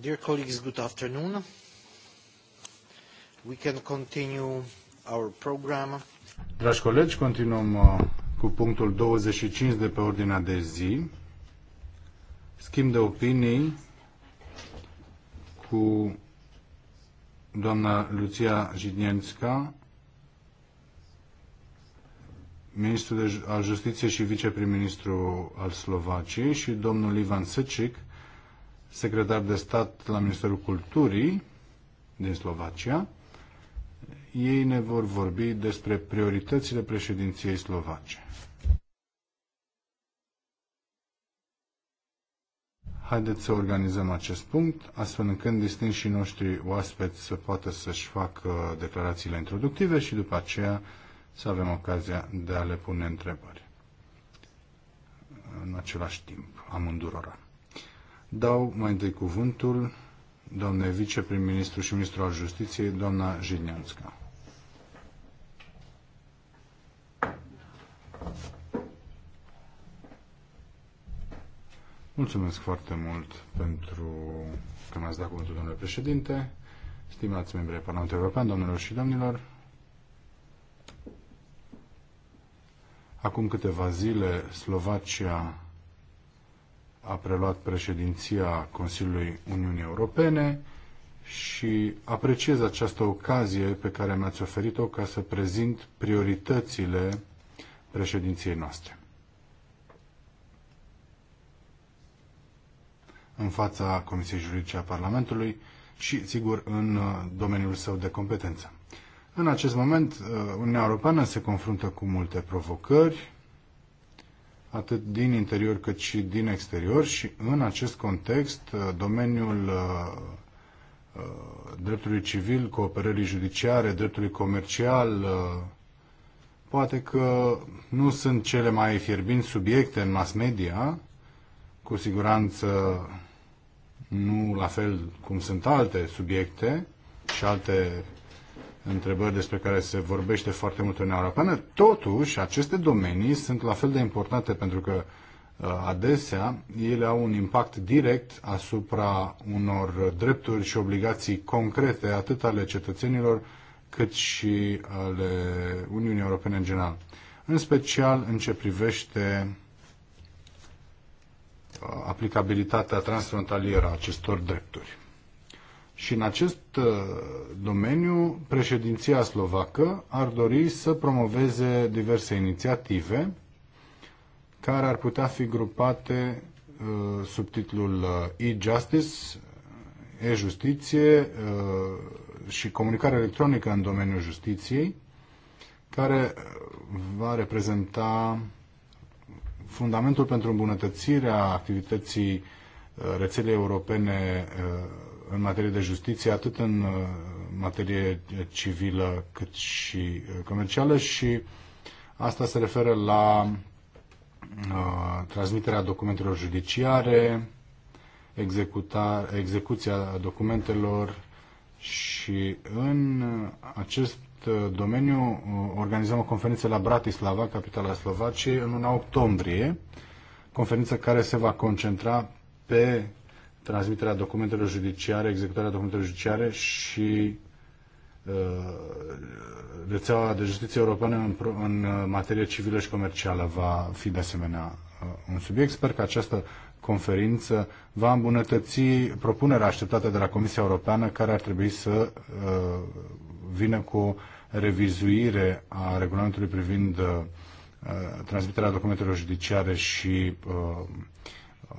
Dear colleagues, good afternoon. We can continue our program. Dragi colegi, continuăm uh, cu punctul 25 de pe ordinea de zi. Schimb de opinii cu doamna Lucia Jidnienska, ministrul al Justiției și viceprim-ministru al Slovaciei și domnul Ivan Secic, secretar de stat la Ministerul Culturii din Slovacia. Ei ne vor vorbi despre prioritățile președinției slovace. Haideți să organizăm acest punct, astfel încât distinșii noștri oaspeți să poată să-și facă declarațiile introductive și după aceea să avem ocazia de a le pune întrebări în același timp amândurora. Dau mai întâi cuvântul doamnei viceprim-ministru și ministru al justiției, doamna Jidneanțca. Mulțumesc foarte mult pentru că mi-ați dat cuvântul, domnule președinte, stimați membri ai Parlamentului European, domnilor și domnilor. Acum câteva zile, Slovacia a preluat președinția Consiliului Uniunii Europene și apreciez această ocazie pe care mi-ați oferit-o ca să prezint prioritățile președinției noastre. în fața Comisiei Juridice a Parlamentului și, sigur, în uh, domeniul său de competență. În acest moment, uh, Uniunea Europeană se confruntă cu multe provocări, atât din interior cât și din exterior și în acest context uh, domeniul uh, uh, dreptului civil, cooperării judiciare, dreptului comercial, poate că nu sunt cele mai fierbinți subiecte în mass media, cu siguranță nu la fel cum sunt alte subiecte și alte întrebări despre care se vorbește foarte mult în Europeană. Totuși, aceste domenii sunt la fel de importante pentru că uh, adesea ele au un impact direct asupra unor drepturi și obligații concrete, atât ale cetățenilor, cât și ale Uniunii Europene în general. În special în ce privește uh, aplicabilitatea transfrontalieră a acestor drepturi. Și în acest uh, domeniu, președinția slovacă ar dori să promoveze diverse inițiative care ar putea fi grupate uh, sub titlul uh, e-justice, e-justiție și comunicare electronică în domeniul justiției, care va reprezenta fundamentul pentru îmbunătățirea activității rețelei europene în materie de justiție, atât în uh, materie civilă cât și uh, comercială și asta se referă la uh, transmiterea documentelor judiciare, executa, execuția documentelor și în acest domeniu organizăm o conferință la Bratislava, capitala Slovaciei, în luna octombrie, conferință care se va concentra pe transmiterea documentelor judiciare, executarea documentelor judiciare și uh, rețeaua de justiție europeană în, în materie civilă și comercială va fi de asemenea uh, un subiect. Sper că această conferință va îmbunătăți propunerea așteptată de la Comisia Europeană care ar trebui să uh, vină cu o revizuire a regulamentului privind uh, transmiterea documentelor judiciare și uh, uh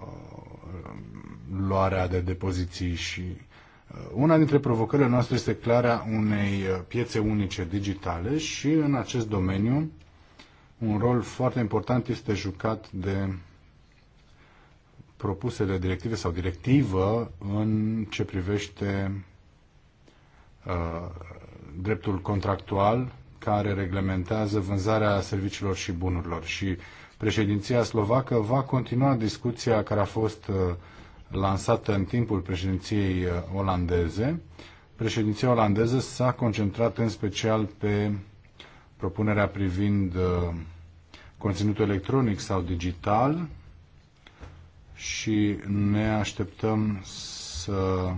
luarea de depoziții și uh, una dintre provocările noastre este clarea unei uh, piețe unice digitale și în acest domeniu un rol foarte important este jucat de propusele directive sau directivă în ce privește uh, dreptul contractual care reglementează vânzarea serviciilor și bunurilor. Și președinția slovacă va continua discuția care a fost uh, lansată în timpul președinției uh, olandeze. Președinția olandeză s-a concentrat în special pe propunerea privind uh, conținutul electronic sau digital și ne așteptăm să uh,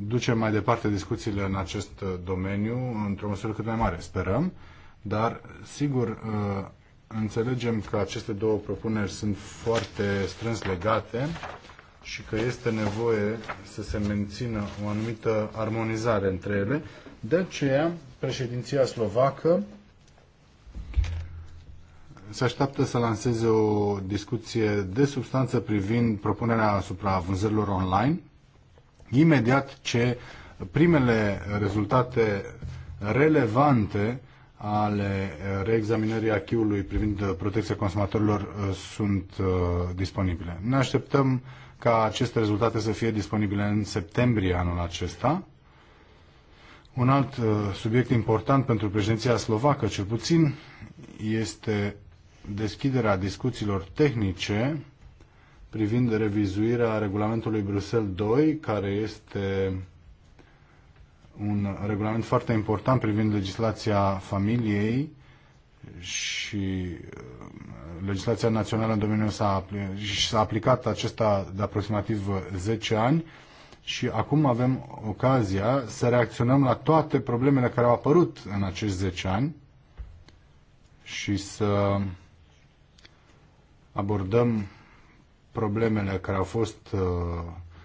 ducem mai departe discuțiile în acest domeniu într-o măsură cât mai mare, sperăm, dar sigur Înțelegem că aceste două propuneri sunt foarte strâns legate și că este nevoie să se mențină o anumită armonizare între ele. De aceea, președinția slovacă se așteaptă să lanseze o discuție de substanță privind propunerea asupra vânzărilor online, imediat ce primele rezultate relevante ale reexaminării achiului privind protecția consumatorilor uh, sunt uh, disponibile. Ne așteptăm ca aceste rezultate să fie disponibile în septembrie anul acesta. Un alt uh, subiect important pentru președinția slovacă, cel puțin, este deschiderea discuțiilor tehnice privind revizuirea regulamentului Bruxelles 2, care este un regulament foarte important privind legislația familiei și uh, legislația națională în domeniul s-a, și a aplicat acesta de aproximativ 10 ani și acum avem ocazia să reacționăm la toate problemele care au apărut în acești 10 ani și să abordăm problemele care au fost uh,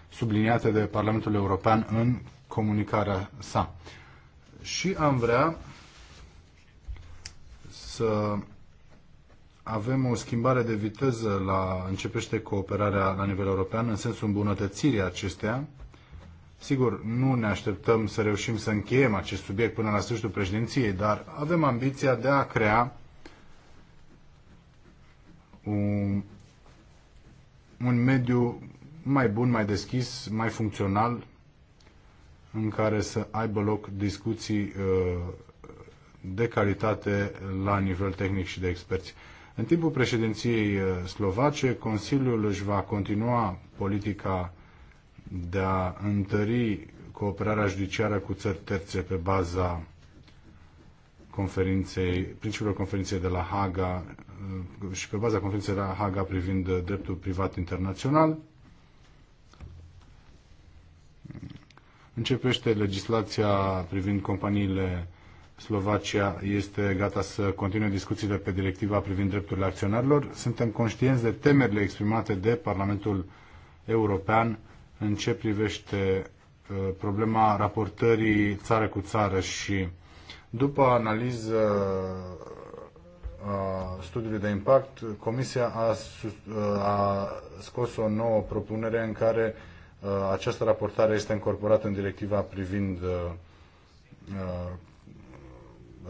subliniate de Parlamentul European în comunicarea sa. Și am vrea să avem o schimbare de viteză la începește cooperarea la nivel european în sensul îmbunătățirii acesteia. Sigur, nu ne așteptăm să reușim să încheiem acest subiect până la sfârșitul președinției, dar avem ambiția de a crea un, un mediu mai bun, mai deschis, mai funcțional în care să aibă loc discuții uh, de calitate la nivel tehnic și de experți. În timpul președinției uh, slovace, Consiliul își va continua politica de a întări cooperarea judiciară cu țări terțe pe baza conferinței, principiilor conferinței de la Haga uh, și pe baza conferinței de la Haga privind dreptul privat internațional. Începește legislația privind companiile Slovacia este gata să continue discuțiile pe directiva privind drepturile acționarilor. Suntem conștienți de temerile exprimate de Parlamentul European în ce privește uh, problema raportării țară cu țară și după analiză uh, a studiului de impact, Comisia a, uh, a scos o nouă propunere în care Uh, această raportare este încorporată în directiva privind uh, uh,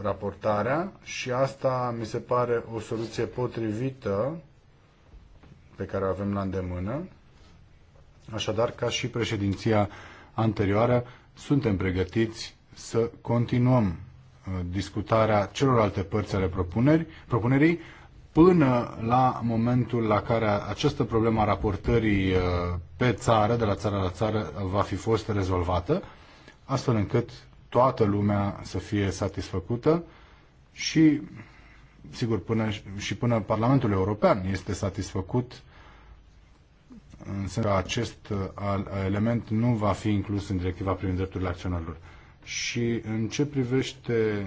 raportarea și asta mi se pare o soluție potrivită pe care o avem la îndemână. Așadar, ca și președinția anterioară, suntem pregătiți să continuăm discutarea celorlalte părți ale propunerii, până la momentul la care această problemă a raportării uh, pe țară, de la țară la țară, uh, va fi fost rezolvată, astfel încât toată lumea să fie satisfăcută și, sigur, până, și până Parlamentul European este satisfăcut în sensul că acest uh, element nu va fi inclus în directiva privind drepturile acționarilor. Și în ce privește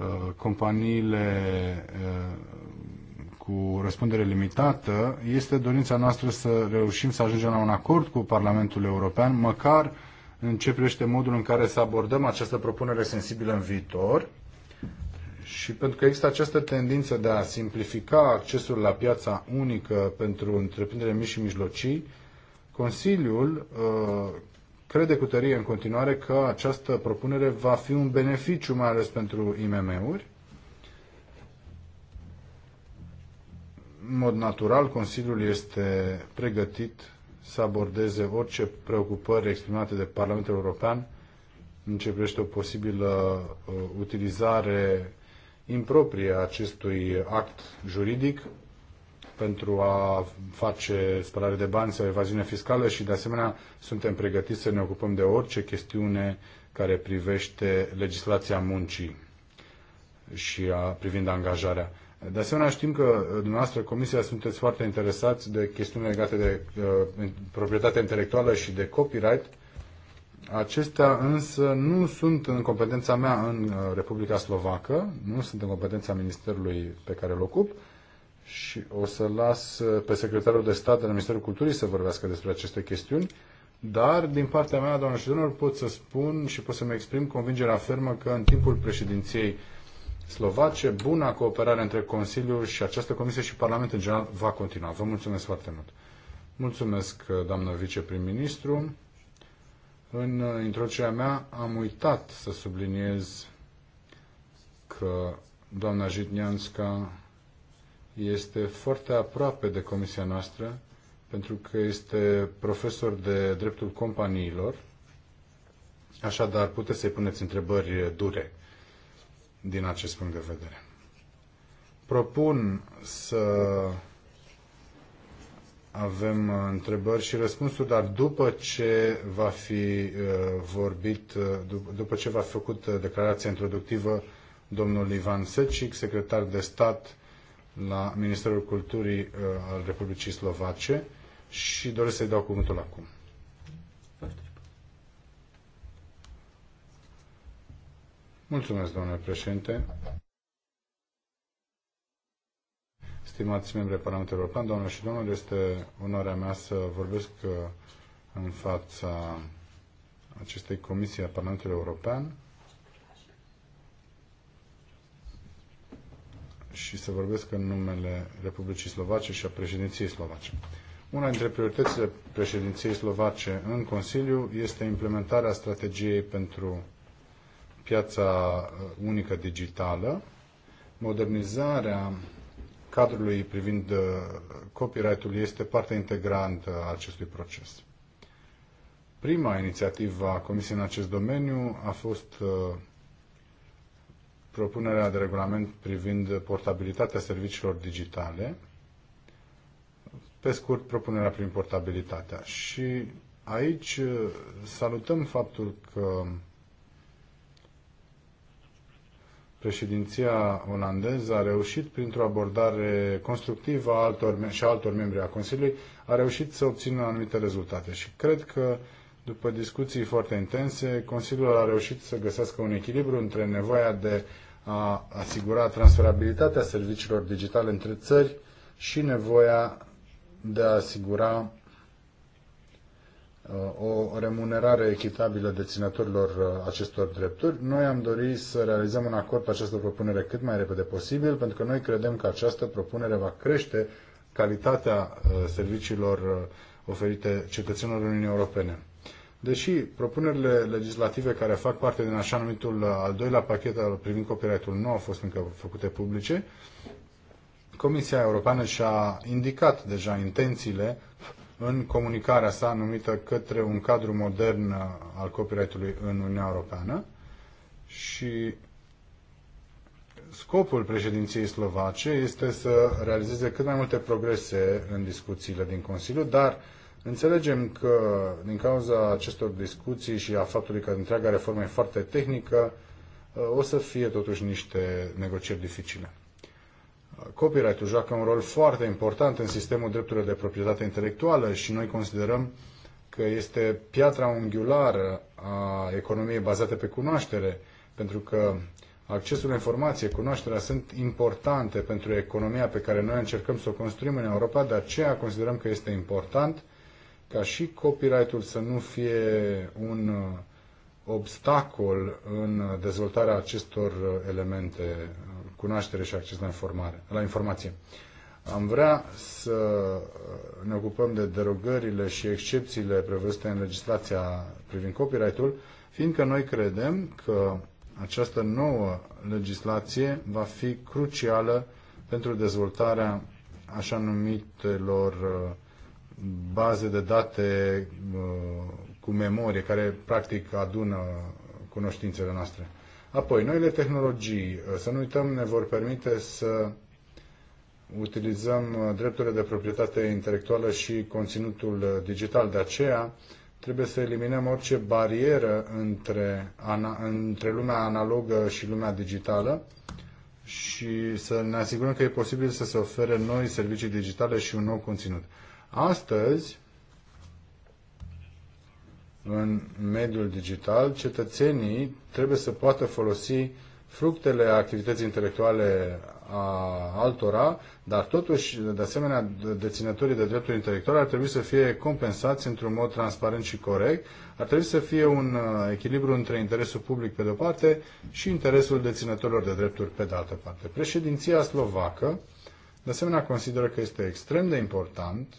Uh, companiile uh, cu răspundere limitată, este dorința noastră să reușim să ajungem la un acord cu Parlamentul European, măcar în ce privește modul în care să abordăm această propunere sensibilă în viitor. Și pentru că există această tendință de a simplifica accesul la piața unică pentru întreprindere mici și mijlocii, Consiliul, uh, crede cu tărie în continuare că această propunere va fi un beneficiu, mai ales pentru IMM-uri. În mod natural, Consiliul este pregătit să abordeze orice preocupări exprimate de Parlamentul European în ce privește o posibilă uh, utilizare improprie a acestui act juridic pentru a face spălare de bani sau evaziune fiscală și, de asemenea, suntem pregătiți să ne ocupăm de orice chestiune care privește legislația muncii și a, privind angajarea. De asemenea, știm că uh, dumneavoastră, Comisia, sunteți foarte interesați de chestiuni legate de uh, proprietatea intelectuală și de copyright. Acestea însă nu sunt în competența mea în uh, Republica Slovacă, nu sunt în competența ministerului pe care îl ocup, și o să las uh, pe secretarul de stat de la Ministerul Culturii să vorbească despre aceste chestiuni, dar din partea mea, doamnă și domnilor, pot să spun și pot să-mi exprim convingerea fermă că în timpul președinției slovace, buna cooperare între Consiliu și această comisie și Parlamentul în general va continua. Vă mulțumesc foarte mult. Mulțumesc, uh, doamnă viceprim-ministru. În uh, introducerea mea am uitat să subliniez că doamna Jitnianska este foarte aproape de comisia noastră, pentru că este profesor de dreptul companiilor, așadar puteți să-i puneți întrebări dure din acest punct de vedere. Propun să avem întrebări și răspunsuri, dar după ce va fi uh, vorbit, uh, după ce va fi făcut uh, declarația introductivă domnul Ivan Secic, secretar de stat la Ministerul Culturii uh, al Republicii Slovace și doresc să-i dau cuvântul acum. Mulțumesc, domnule președinte. Stimați membri ai Parlamentului European, doamnelor și domnule, este onoarea mea să vorbesc uh, în fața acestei comisii a Parlamentului European și să vorbesc în numele Republicii Slovace și a președinției slovace. Una dintre prioritățile președinției slovace în Consiliu este implementarea strategiei pentru piața uh, unică digitală, modernizarea cadrului privind uh, copyright-ul este parte integrantă a acestui proces. Prima inițiativă a Comisiei în acest domeniu a fost uh, propunerea de regulament privind portabilitatea serviciilor digitale, pe scurt, propunerea prin portabilitatea. Și aici uh, salutăm faptul că președinția olandeză a reușit, printr-o abordare constructivă a altor, și a altor membri a Consiliului, a reușit să obțină anumite rezultate. Și cred că după discuții foarte intense, Consiliul a reușit să găsească un echilibru între nevoia de a asigura transferabilitatea serviciilor digitale între țări și nevoia de a asigura uh, o remunerare echitabilă deținătorilor uh, acestor drepturi. Noi am dorit să realizăm un acord pe această propunere cât mai repede posibil, pentru că noi credem că această propunere va crește calitatea uh, serviciilor oferite cetățenilor Uniunii Europene. Deși propunerile legislative care fac parte din așa numitul uh, al doilea pachet al privind copyright-ul nu au fost încă făcute publice, Comisia Europeană și-a indicat deja intențiile în comunicarea sa numită către un cadru modern uh, al copyright-ului în Uniunea Europeană și scopul președinției slovace este să realizeze cât mai multe progrese în discuțiile din Consiliu, dar Înțelegem că din cauza acestor discuții și a faptului că întreaga reformă e foarte tehnică, uh, o să fie totuși niște negocieri dificile. Uh, copyright-ul joacă un rol foarte important în sistemul drepturilor de proprietate intelectuală și noi considerăm că este piatra unghiulară a economiei bazate pe cunoaștere, pentru că accesul la informație, cunoașterea sunt importante pentru economia pe care noi încercăm să o construim în Europa, de aceea considerăm că este important ca și copyright-ul să nu fie un uh, obstacol în dezvoltarea acestor uh, elemente, uh, cunoaștere și acces la, informare, la informație. Am vrea să ne ocupăm de derogările și excepțiile prevăzute în legislația privind copyright-ul, fiindcă noi credem că această nouă legislație va fi crucială pentru dezvoltarea așa numitelor uh, baze de date uh, cu memorie, care practic adună cunoștințele noastre. Apoi, noile tehnologii, uh, să nu uităm, ne vor permite să utilizăm uh, drepturile de proprietate intelectuală și conținutul digital. De aceea, trebuie să eliminăm orice barieră între, ana, între lumea analogă și lumea digitală și să ne asigurăm că e posibil să se ofere noi servicii digitale și un nou conținut. Astăzi, în mediul digital, cetățenii trebuie să poată folosi fructele activității intelectuale a altora, dar totuși, de asemenea, deținătorii de drepturi intelectuale ar trebui să fie compensați într-un mod transparent și corect. Ar trebui să fie un uh, echilibru între interesul public pe de-o parte și interesul deținătorilor de drepturi pe de altă parte. Președinția slovacă, de asemenea, consideră că este extrem de important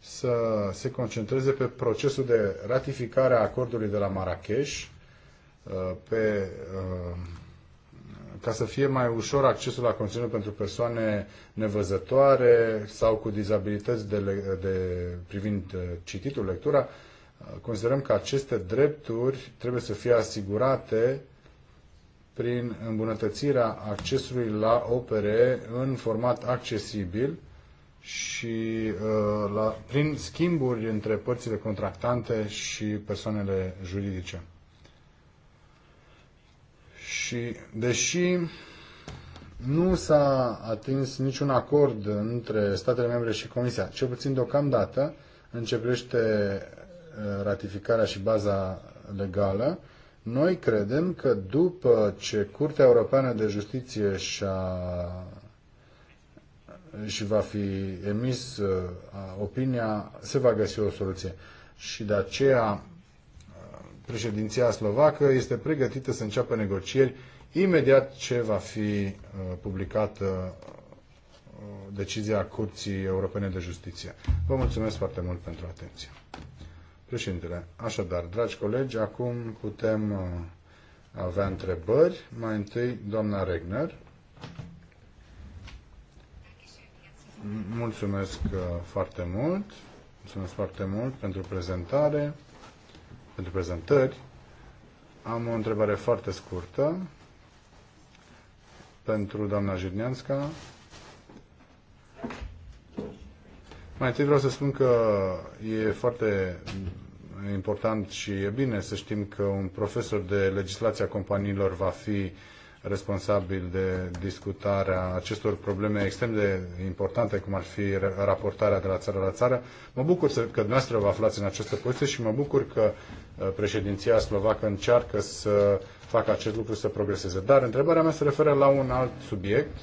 să se concentreze pe procesul de ratificare a acordului de la Marrakesh, uh, pe, uh, ca să fie mai ușor accesul la conținut pentru persoane nevăzătoare sau cu dizabilități de, de, privind uh, cititul, lectura, considerăm că aceste drepturi trebuie să fie asigurate prin îmbunătățirea accesului la opere în format accesibil, și uh, la, prin schimburi între părțile contractante și persoanele juridice. Și deși nu s-a atins niciun acord între statele membre și Comisia, cel puțin deocamdată, începește uh, ratificarea și baza legală, noi credem că după ce Curtea Europeană de Justiție și-a și va fi emis uh, opinia, se va găsi o soluție. Și de aceea uh, președinția slovacă este pregătită să înceapă negocieri imediat ce va fi uh, publicată decizia Curții Europene de Justiție. Vă mulțumesc foarte mult pentru atenție. Președintele, așadar, dragi colegi, acum putem avea întrebări. Mai întâi, doamna Regner. Mulțumesc uh, foarte mult. Mulțumesc foarte mult pentru prezentare, pentru prezentări. Am o întrebare foarte scurtă pentru doamna Jirneanska. Mai întâi vreau să spun că e foarte important și e bine să știm că un profesor de legislație a companiilor va fi responsabil de discutarea acestor probleme extrem de importante, cum ar fi raportarea de la țară la țară. Mă bucur că dumneavoastră vă aflați în această poziție și mă bucur că uh, președinția slovacă încearcă să facă acest lucru să progreseze. Dar întrebarea mea se referă la un alt subiect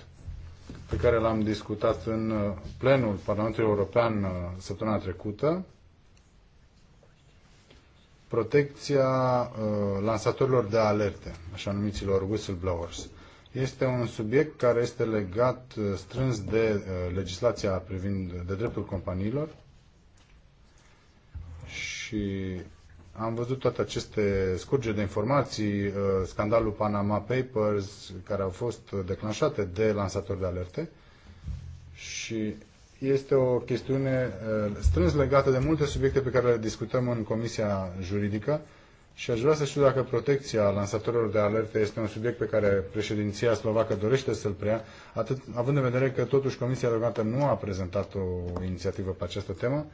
pe care l-am discutat în uh, plenul Parlamentului European uh, săptămâna trecută, protecția uh, lansatorilor de alerte, așa numiților whistleblowers. Este un subiect care este legat uh, strâns de uh, legislația privind uh, de dreptul companiilor și am văzut toate aceste scurgeri de informații, uh, scandalul Panama Papers, care au fost declanșate de lansatori de alerte și este o chestiune uh, strâns legată de multe subiecte pe care le discutăm în Comisia Juridică și aș vrea să știu dacă protecția lansatorilor de alerte este un subiect pe care președinția slovacă dorește să-l preia, atât, având în vedere că totuși Comisia Rogată nu a prezentat o inițiativă pe această temă,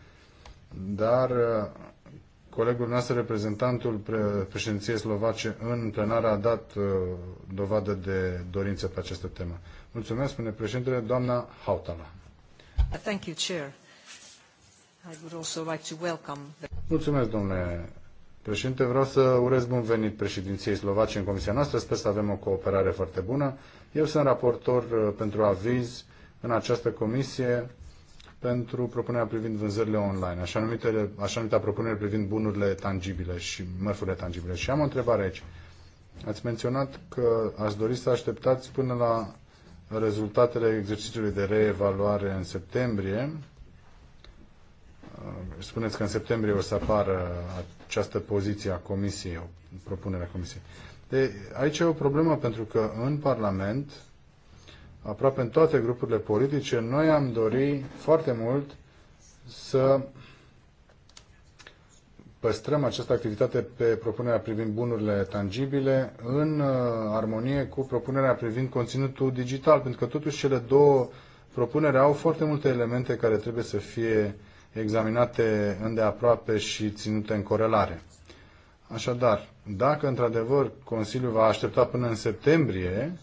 dar uh, colegul nostru, reprezentantul pre președinției slovace în plenară, a dat uh, dovadă de dorință pe această temă. Mulțumesc, spune președintele, doamna Hautala. Thank you, Chair. I would also like to welcome the... Mulțumesc, domnule președinte. Vreau să urez bun venit președinției slovace în comisia noastră. Sper să avem o cooperare foarte bună. Eu sunt raportor uh, pentru aviz în această comisie pentru propunerea privind vânzările online, așa, numitele, așa numita propunere privind bunurile tangibile și mărfurile tangibile. Și am o întrebare aici. Ați menționat că ați dori să așteptați până la rezultatele exercițiului de reevaluare în septembrie. Uh, spuneți că în septembrie o să apară această poziție a Comisiei, propunerea Comisiei. De, aici e o problemă pentru că în Parlament, aproape în toate grupurile politice, noi am dorit foarte mult să păstrăm această activitate pe propunerea privind bunurile tangibile în uh, armonie cu propunerea privind conținutul digital, pentru că totuși cele două propuneri au foarte multe elemente care trebuie să fie examinate îndeaproape și ținute în corelare. Așadar, dacă într-adevăr Consiliul va aștepta până în septembrie,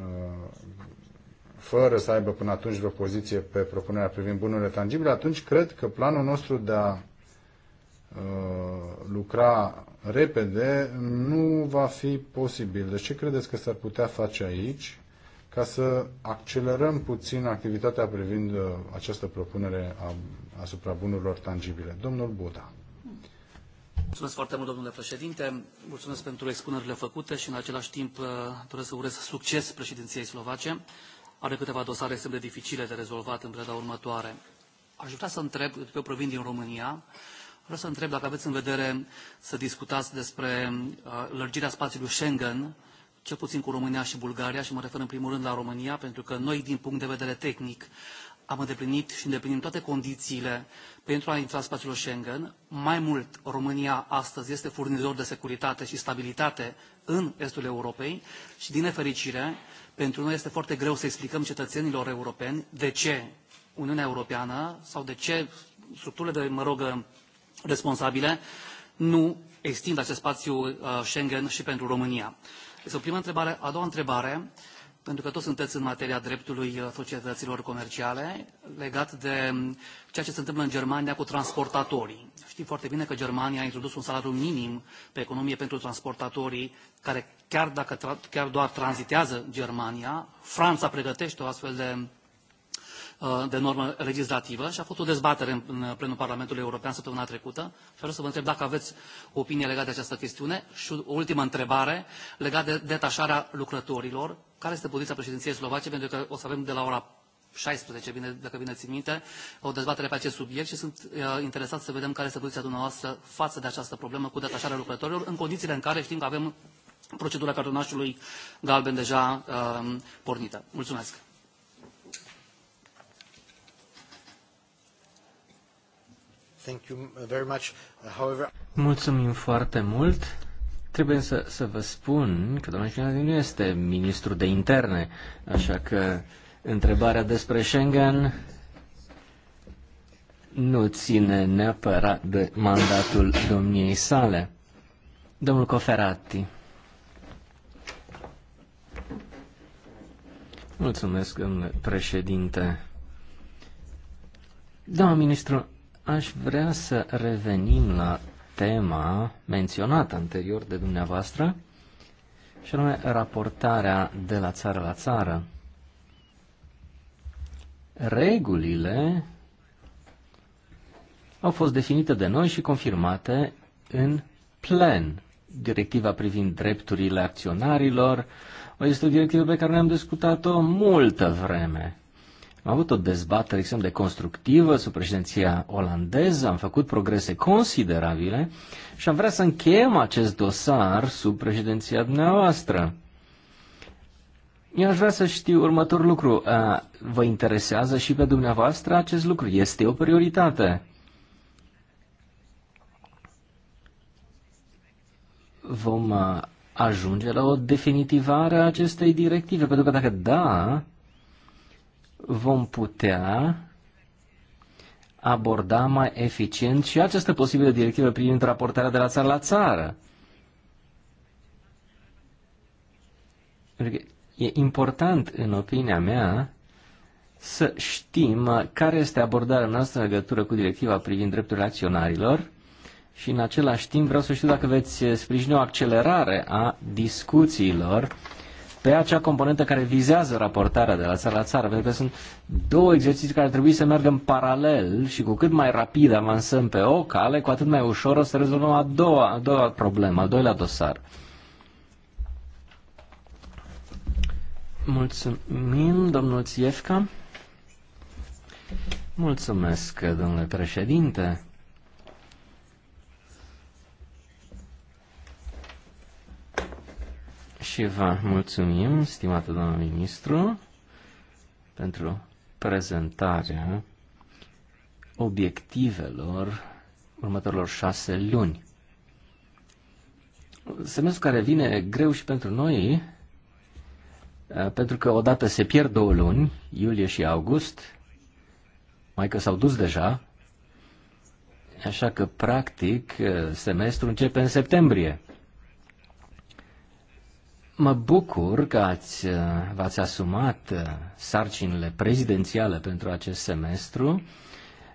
uh, fără să aibă până atunci vreo poziție pe propunerea privind bunurile tangibile, atunci cred că planul nostru de a Uh, lucra repede, nu va fi posibil. Deci ce credeți că s-ar putea face aici ca să accelerăm puțin activitatea privind uh, această propunere a, asupra bunurilor tangibile? Domnul Buda. Mulțumesc foarte mult, domnule președinte. Mulțumesc pentru expunerile făcute și, în același timp, uh, doresc să urez succes președinției slovace. Are câteva dosare semne dificile de rezolvat în perioada următoare. Aș vrea să întreb, eu provin din România, Vreau să întreb dacă aveți în vedere să discutați despre uh, lărgirea spațiului Schengen, cel puțin cu România și Bulgaria, și mă refer în primul rând la România, pentru că noi, din punct de vedere tehnic, am îndeplinit și îndeplinim toate condițiile pentru a intra în spațiul Schengen. Mai mult, România astăzi este furnizor de securitate și stabilitate în estul Europei și, din nefericire, pentru noi este foarte greu să explicăm cetățenilor europeni de ce Uniunea Europeană sau de ce structurile de, mă rog, responsabile, nu extind acest spațiu uh, Schengen și pentru România. Este o primă întrebare. A doua întrebare, pentru că toți sunteți în materia dreptului uh, societăților comerciale, legat de um, ceea ce se întâmplă în Germania cu transportatorii. Știm foarte bine că Germania a introdus un salariu minim pe economie pentru transportatorii, care chiar dacă chiar doar tranzitează Germania, Franța pregătește o astfel de Uh, de normă legislativă și a fost o dezbatere în plenul Parlamentului European săptămâna trecută și vreau să vă întreb dacă aveți o opinie legată de această chestiune și o ultimă întrebare legată de detașarea lucrătorilor. Care este poziția președinției slovace? Pentru că o să avem de la ora 16, bine, dacă bine țin minte, o dezbatere pe acest subiect și sunt uh, interesat să vedem care este poziția dumneavoastră față de această problemă cu detașarea lucrătorilor, în condițiile în care știm că avem procedura cartonașului galben deja uh, pornită. Mulțumesc! Thank you uh, very much. Uh, however... Mulțumim foarte mult. Trebuie să, să vă spun că domnul Șinadin nu este ministru de interne, așa că întrebarea despre Schengen nu ține neapărat de mandatul domniei sale. Domnul Coferati. Mulțumesc, domnule președinte. Domnul ministru, Aș vrea să revenim la tema menționată anterior de dumneavoastră, și anume raportarea de la țară la țară. Regulile au fost definite de noi și confirmate în plen. Directiva privind drepturile acționarilor este o directivă pe care ne-am discutat-o multă vreme. Am avut o dezbatere extrem de constructivă sub președinția olandeză, am făcut progrese considerabile și am vrea să încheiem acest dosar sub președinția dumneavoastră. Eu aș vrea să știu următorul lucru. Vă interesează și pe dumneavoastră acest lucru? Este o prioritate? Vom ajunge la o definitivare a acestei directive? Pentru că dacă da, vom putea aborda mai eficient și această posibilă directivă privind raportarea de la țară la țară. E important, în opinia mea, să știm care este abordarea noastră în legătură cu directiva privind drepturile acționarilor și, în același timp, vreau să știu dacă veți sprijini o accelerare a discuțiilor pe acea componentă care vizează raportarea de la țară la țară, pentru că sunt două exerciții care trebuie să meargă în paralel și cu cât mai rapid avansăm pe o cale, cu atât mai ușor o să rezolvăm a doua, a doua problemă, al doilea dosar. Mulțumim, domnul Țiefca. Mulțumesc, domnule președinte. Și vă mulțumim, stimată doamnă ministru, pentru prezentarea obiectivelor următorilor șase luni. Semestrul care vine greu și pentru noi, eh, pentru că odată se pierd două luni, iulie și august, mai că s-au dus deja, așa că practic eh, semestrul începe în septembrie. Mă bucur că ați, uh, v-ați asumat uh, sarcinile prezidențiale pentru acest semestru.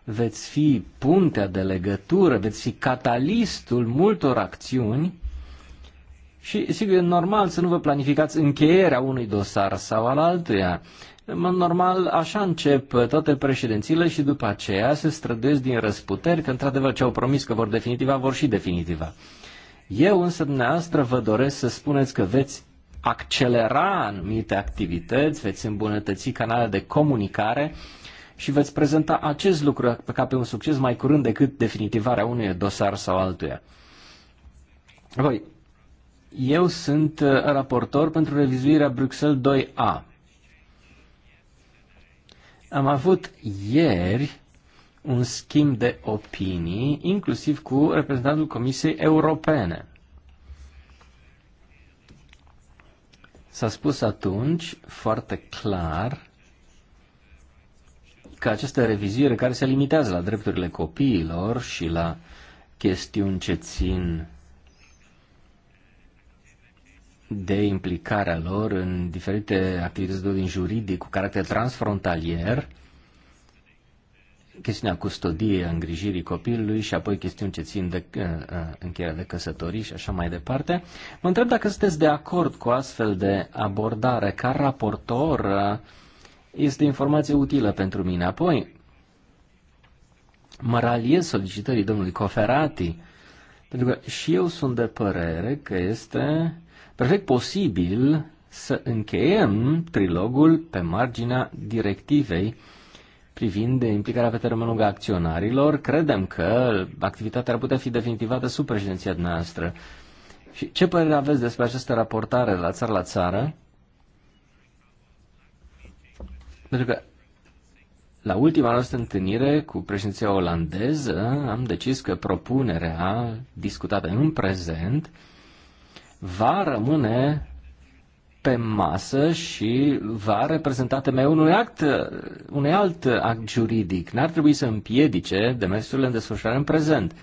Veți fi puntea de legătură, veți fi catalistul multor acțiuni și, sigur, e normal să nu vă planificați încheierea unui dosar sau al altuia. Normal, așa încep uh, toate președințiile și după aceea se străduiesc din răsputeri că, într-adevăr, ce au promis că vor definitiva, vor și definitiva. Eu însă dumneavoastră vă doresc să spuneți că veți accelera anumite activități, veți îmbunătăți canalele de comunicare și veți prezenta acest lucru ca pe un succes mai curând decât definitivarea unui dosar sau altuia. Voi, eu sunt uh, raportor pentru revizuirea Bruxelles 2A. Am avut ieri un schimb de opinii, inclusiv cu reprezentantul Comisiei Europene. S-a spus atunci foarte clar că această revizuire care se limitează la drepturile copiilor și la chestiuni ce țin de implicarea lor în diferite activități de ordin juridic cu caracter transfrontalier chestiunea custodiei, a îngrijirii copilului și apoi chestiuni ce țin de uh, uh, încheierea de căsătorii și așa mai departe. Mă întreb dacă sunteți de acord cu astfel de abordare. Ca raportor uh, este informație utilă pentru mine. Apoi, mă raliez solicitării domnului Coferati, pentru că și eu sunt de părere că este perfect posibil să încheiem trilogul pe marginea directivei privind de implicarea pe termen lung a acționarilor, credem că activitatea ar putea fi definitivată sub președinția noastră. Și ce părere aveți despre această raportare la țară la țară? Pentru că la ultima noastră întâlnire cu președinția olandeză am decis că propunerea discutată în prezent va rămâne pe masă și va reprezenta temeiul unui, act, unui alt act juridic. N-ar trebui să împiedice demersurile în desfășurare în prezent.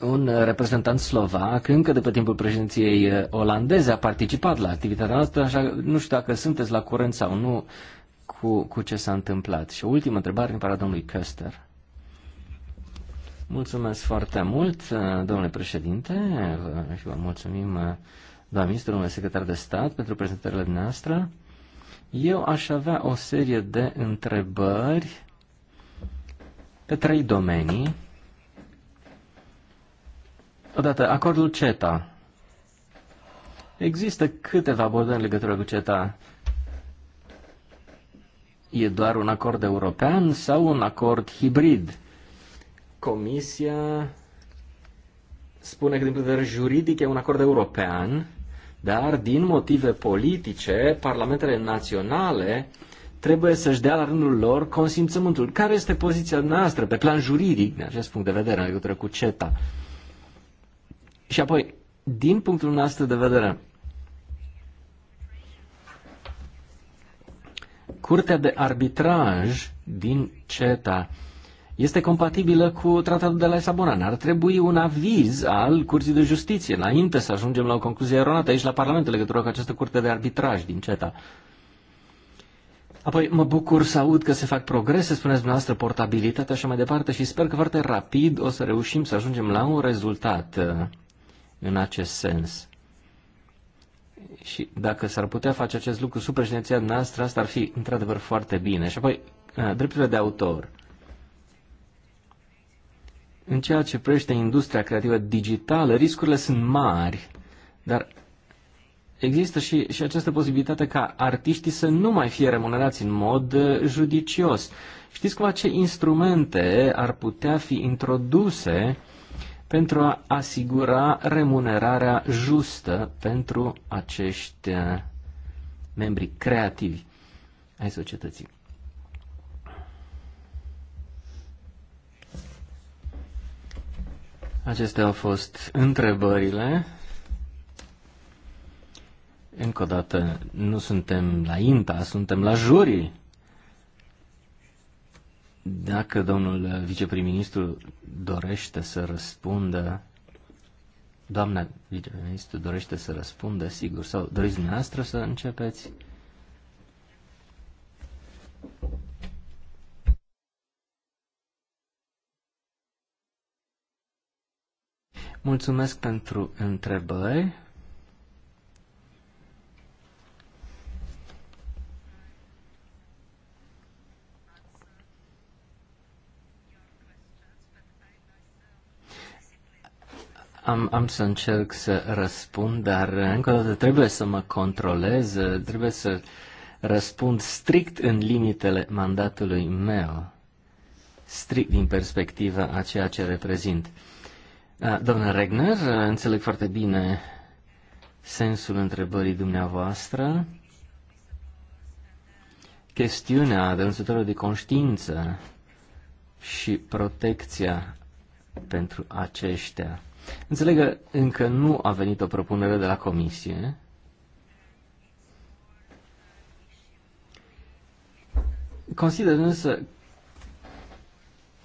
un reprezentant slovac, încă de pe timpul președinției olandeze, a participat la activitatea noastră, așa nu știu dacă sunteți la curent sau nu cu, cu ce s-a întâmplat. Și o ultimă întrebare din partea domnului Köster. Mulțumesc foarte mult, domnule președinte, și vă mulțumim, doamna ministru, domnule secretar de stat, pentru prezentările noastre. Eu aș avea o serie de întrebări pe trei domenii. Odată, acordul CETA. Există câteva abordări în legătură cu CETA. E doar un acord european sau un acord hibrid? Comisia spune că din punct de vedere juridic e un acord european, dar din motive politice, parlamentele naționale trebuie să-și dea la rândul lor consimțământul. Care este poziția noastră pe plan juridic, din acest punct de vedere, în legătură cu CETA? Și apoi, din punctul nostru de vedere, Curtea de arbitraj din CETA este compatibilă cu tratatul de la Lisabona. Ar trebui un aviz al Curții de Justiție, înainte să ajungem la o concluzie eronată aici la Parlament, în legătură cu această curte de arbitraj din CETA. Apoi mă bucur să aud că se fac progrese, spuneți dumneavoastră, portabilitatea și mai departe și sper că foarte rapid o să reușim să ajungem la un rezultat uh, în acest sens. Și dacă s-ar putea face acest lucru sub președinția noastră, asta ar fi într-adevăr foarte bine. Și apoi, uh, drepturile de autor. În ceea ce privește industria creativă digitală, riscurile sunt mari, dar există și, și această posibilitate ca artiștii să nu mai fie remunerați în mod uh, judicios. Știți cumva ce instrumente ar putea fi introduse pentru a asigura remunerarea justă pentru acești uh, membri creativi ai societății? Acestea au fost întrebările. Încă o dată, nu suntem la INTA, suntem la jurii. Dacă domnul viceprim-ministru dorește să răspundă, doamna viceprim-ministru dorește să răspundă, sigur, sau doriți dumneavoastră să începeți? Mulțumesc pentru întrebări. Am, am să încerc să răspund, dar încă o dată trebuie să mă controlez, trebuie să răspund strict în limitele mandatului meu, strict din perspectiva a ceea ce reprezint. Da, Doamna Regner, înțeleg foarte bine sensul întrebării dumneavoastră. Chestiunea denunțătorului de conștiință și protecția pentru aceștia. Înțeleg că încă nu a venit o propunere de la comisie. Consider însă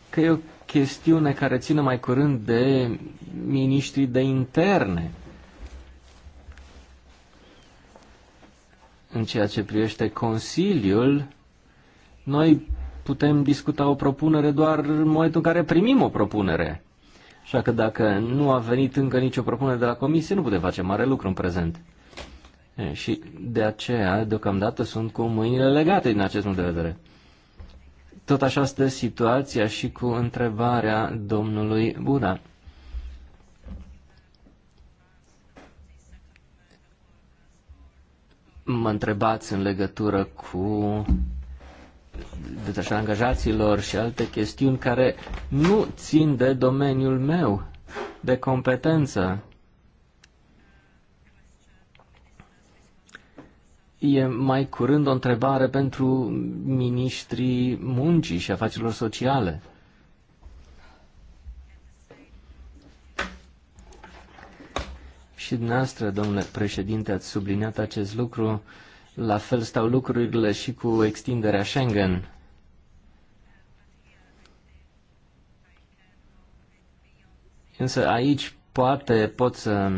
că e o chestiune care ține mai curând de miniștrii de interne. În ceea ce privește Consiliul, noi putem discuta o propunere doar în momentul în care primim o propunere. Așa că dacă nu a venit încă nicio propunere de la Comisie, nu putem face mare lucru în prezent. E, și de aceea, deocamdată, sunt cu mâinile legate din acest punct de vedere. Tot așa stă situația și cu întrebarea domnului Buda. Mă întrebați în legătură cu detașarea angajaților și alte chestiuni care nu țin de domeniul meu de competență. e mai curând o întrebare pentru ministrii muncii și afacerilor sociale. Și dumneavoastră, domnule președinte, ați subliniat acest lucru. La fel stau lucrurile și cu extinderea Schengen. Însă aici poate pot să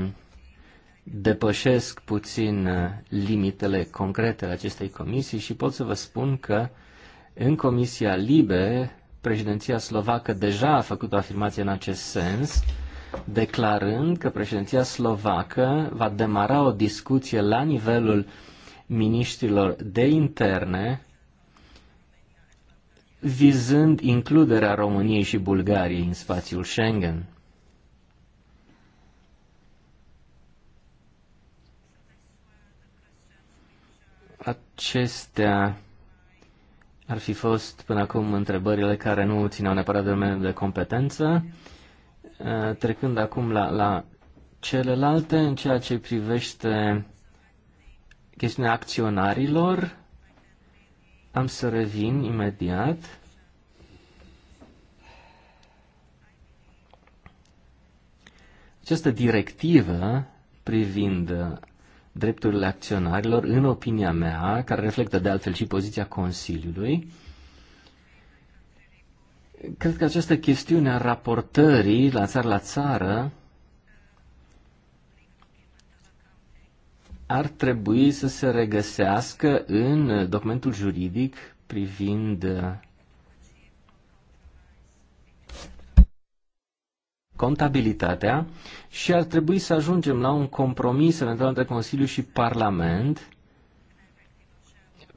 depășesc puțin uh, limitele concrete ale acestei comisii și pot să vă spun că în Comisia Libe, președinția slovacă deja a făcut o afirmație în acest sens, declarând că președinția slovacă va demara o discuție la nivelul miniștrilor de interne vizând includerea României și Bulgariei în spațiul Schengen. Acestea ar fi fost până acum întrebările care nu țineau neapărat de domeniul de competență. Uh, trecând acum la, la celelalte, în ceea ce privește chestiunea acționarilor, am să revin imediat. Această directivă privind drepturile acționarilor, în opinia mea, care reflectă de altfel și poziția Consiliului, cred că această chestiune a raportării la țară la țară ar trebui să se regăsească în documentul juridic privind contabilitatea și ar trebui să ajungem la un compromis eventual între Consiliu și Parlament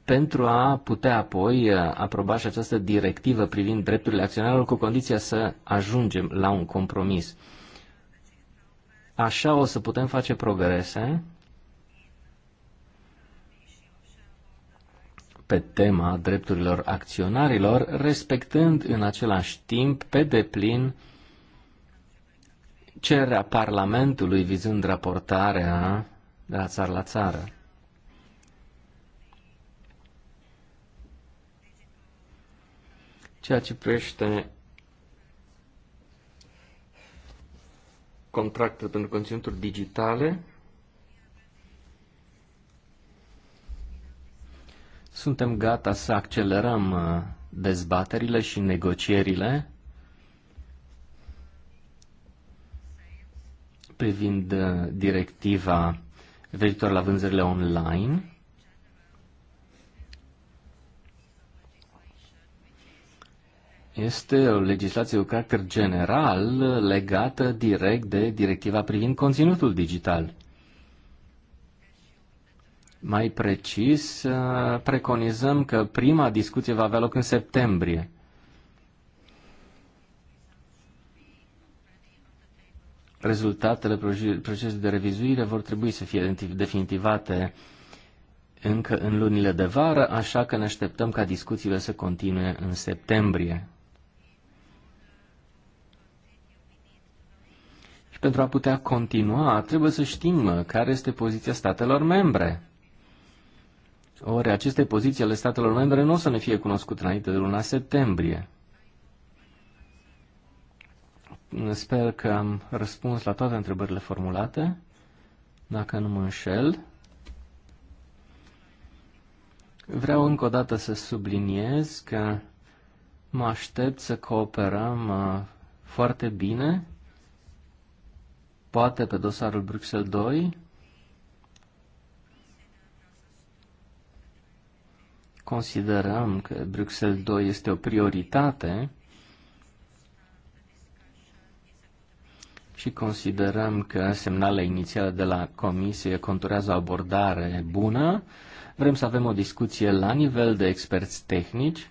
pentru a putea apoi uh, aproba și această directivă privind drepturile acționarilor cu condiția să ajungem la un compromis. Așa o să putem face progrese pe tema drepturilor acționarilor, respectând în același timp pe deplin cererea Parlamentului vizând raportarea de la țară la țară. Ceea ce privește contractele pentru conținuturi digitale, suntem gata să accelerăm uh, dezbaterile și negocierile privind uh, directiva referitor la vânzările online. Este o legislație cu caracter general legată direct de directiva privind conținutul digital. Mai precis, uh, preconizăm că prima discuție va avea loc în septembrie. Rezultatele procesului de revizuire vor trebui să fie definitivate încă în lunile de vară, așa că ne așteptăm ca discuțiile să continue în septembrie. Și pentru a putea continua, trebuie să știm care este poziția statelor membre. Ori aceste poziții ale statelor membre nu o să ne fie cunoscute înainte de luna septembrie. Sper că am răspuns la toate întrebările formulate, dacă nu mă înșel. Vreau încă o dată să subliniez că mă aștept să cooperăm uh, foarte bine, poate pe dosarul Bruxelles 2, considerăm că Bruxelles 2 este o prioritate și considerăm că semnalele inițiale de la Comisie conturează o abordare bună. Vrem să avem o discuție la nivel de experți tehnici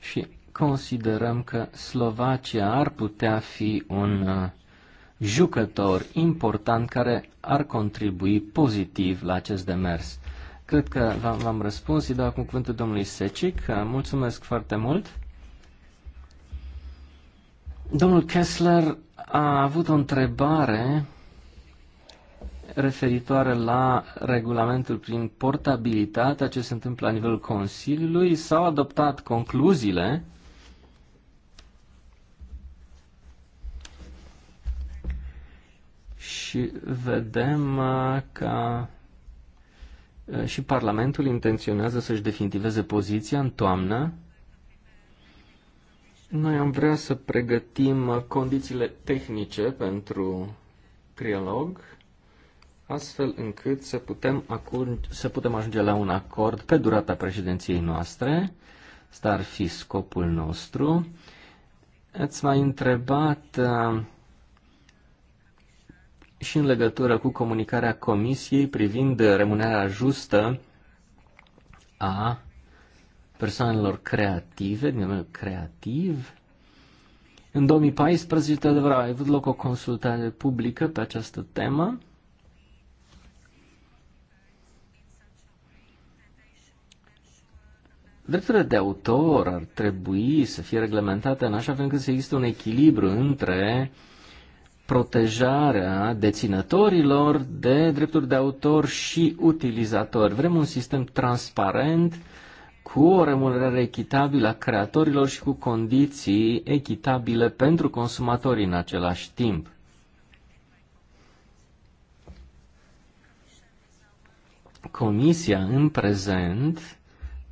și considerăm că Slovacia ar putea fi un uh, jucător important care ar contribui pozitiv la acest demers. Cred că v-am răspuns. Îi dau acum cuvântul domnului Secic. Mulțumesc foarte mult. Domnul Kessler a avut o întrebare referitoare la regulamentul prin portabilitate, ce se întâmplă la nivelul Consiliului. S-au adoptat concluziile și vedem uh, că uh, și Parlamentul intenționează să-și definitiveze poziția în toamnă noi am vrea să pregătim condițiile tehnice pentru trilog, astfel încât să putem, acur- să putem ajunge la un acord pe durata președinției noastre. Asta ar fi scopul nostru. Ați mai întrebat uh, și în legătură cu comunicarea Comisiei privind remunerea justă a persoanelor creative, din domeniul creativ. În 2014, de adevărat, a avut loc o consultare publică pe această temă. Drepturile de autor ar trebui să fie reglementate în așa fel încât să există un echilibru între protejarea deținătorilor de drepturi de autor și utilizatori. Vrem un sistem transparent cu o remunerare echitabilă a creatorilor și cu condiții echitabile pentru consumatorii în același timp. Comisia în prezent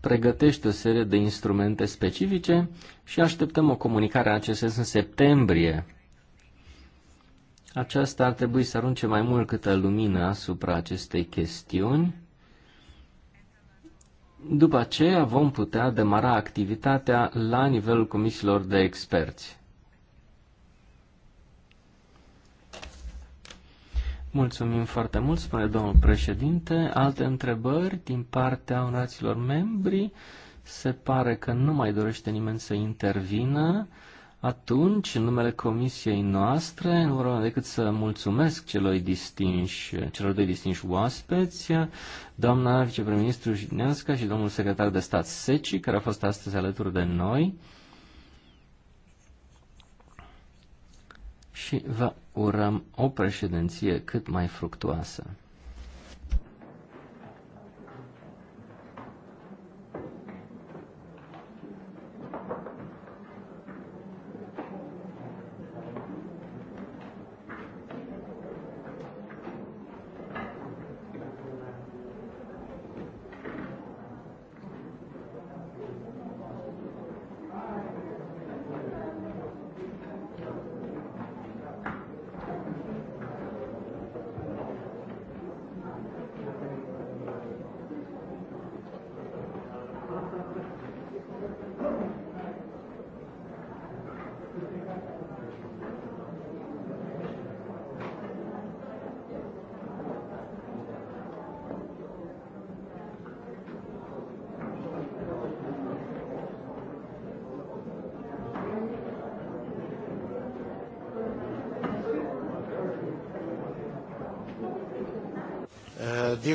pregătește o serie de instrumente specifice și așteptăm o comunicare a acest sens în septembrie. Aceasta ar trebui să arunce mai mult câtă lumină asupra acestei chestiuni după aceea vom putea demara activitatea la nivelul comisiilor de experți. Mulțumim foarte mult, spune domnul președinte. Alte întrebări din partea onoraților membri? Se pare că nu mai dorește nimeni să intervină. Atunci, în numele comisiei noastre, nu vreau decât să mulțumesc celor, distinși, celor doi distinși oaspeți, doamna vicepreministru Jidneasca și domnul secretar de stat Seci, care a fost astăzi alături de noi. Și vă urăm o președinție cât mai fructuoasă.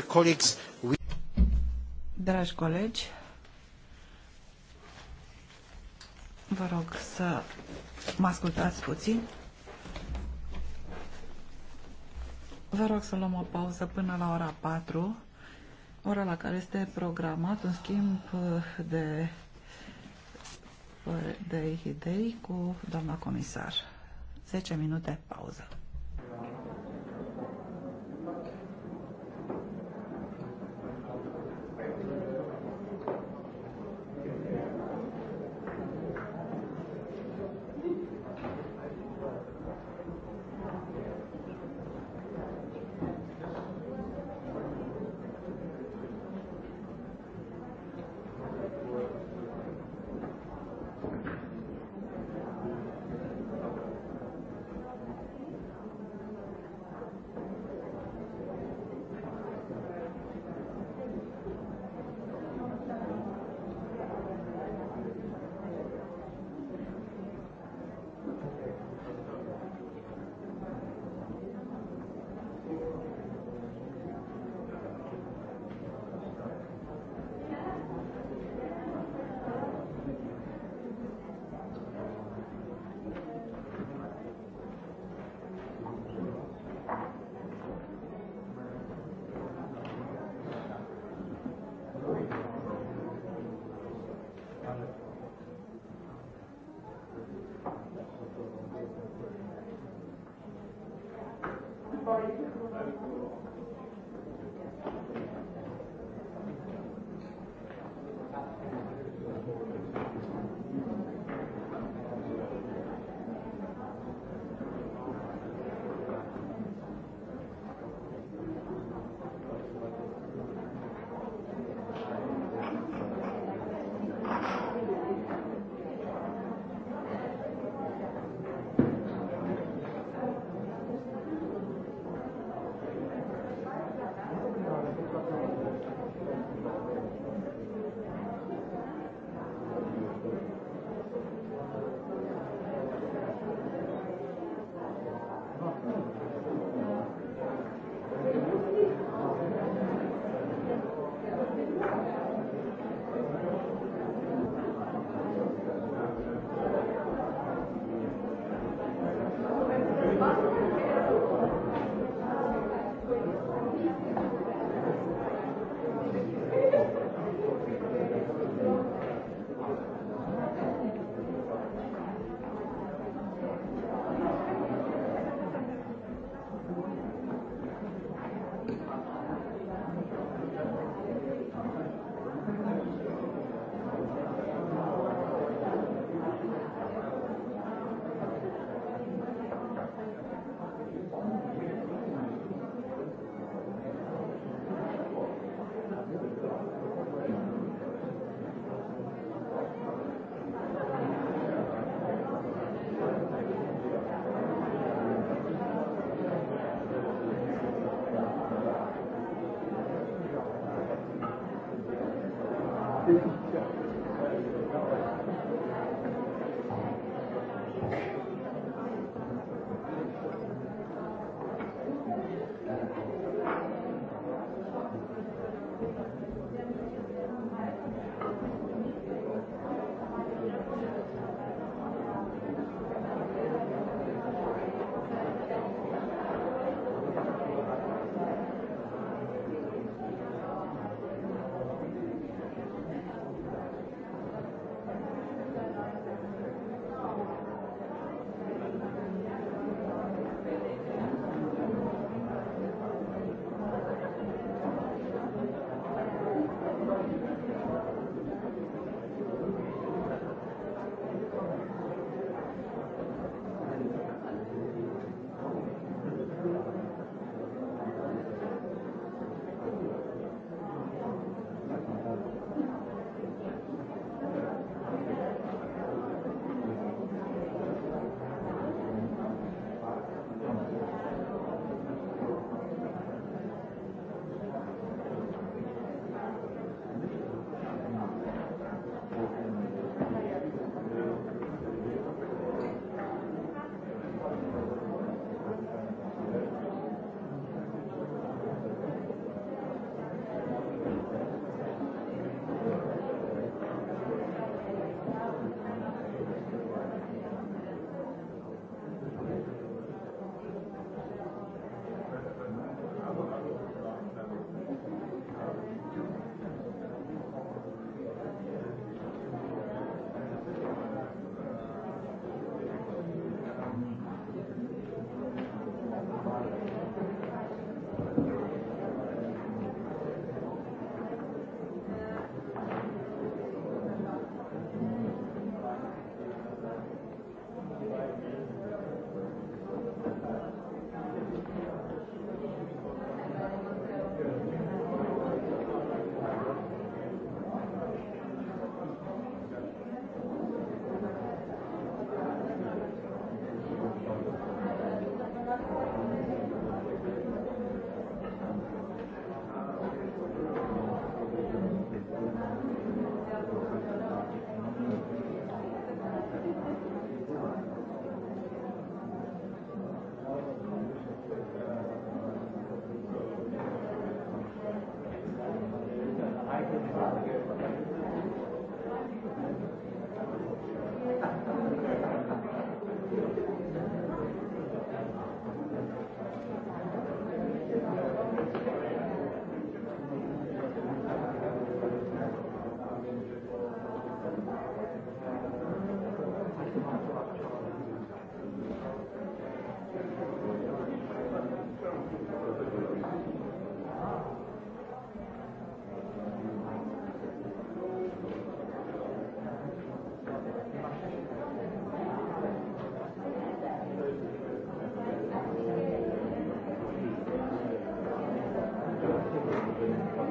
colleagues, we... Dragi colegi, vă rog să mă ascultați puțin. Vă rog să luăm o pauză până la ora 4, ora la care este programat un schimb de, de idei cu doamna comisar. 10 minute pauză.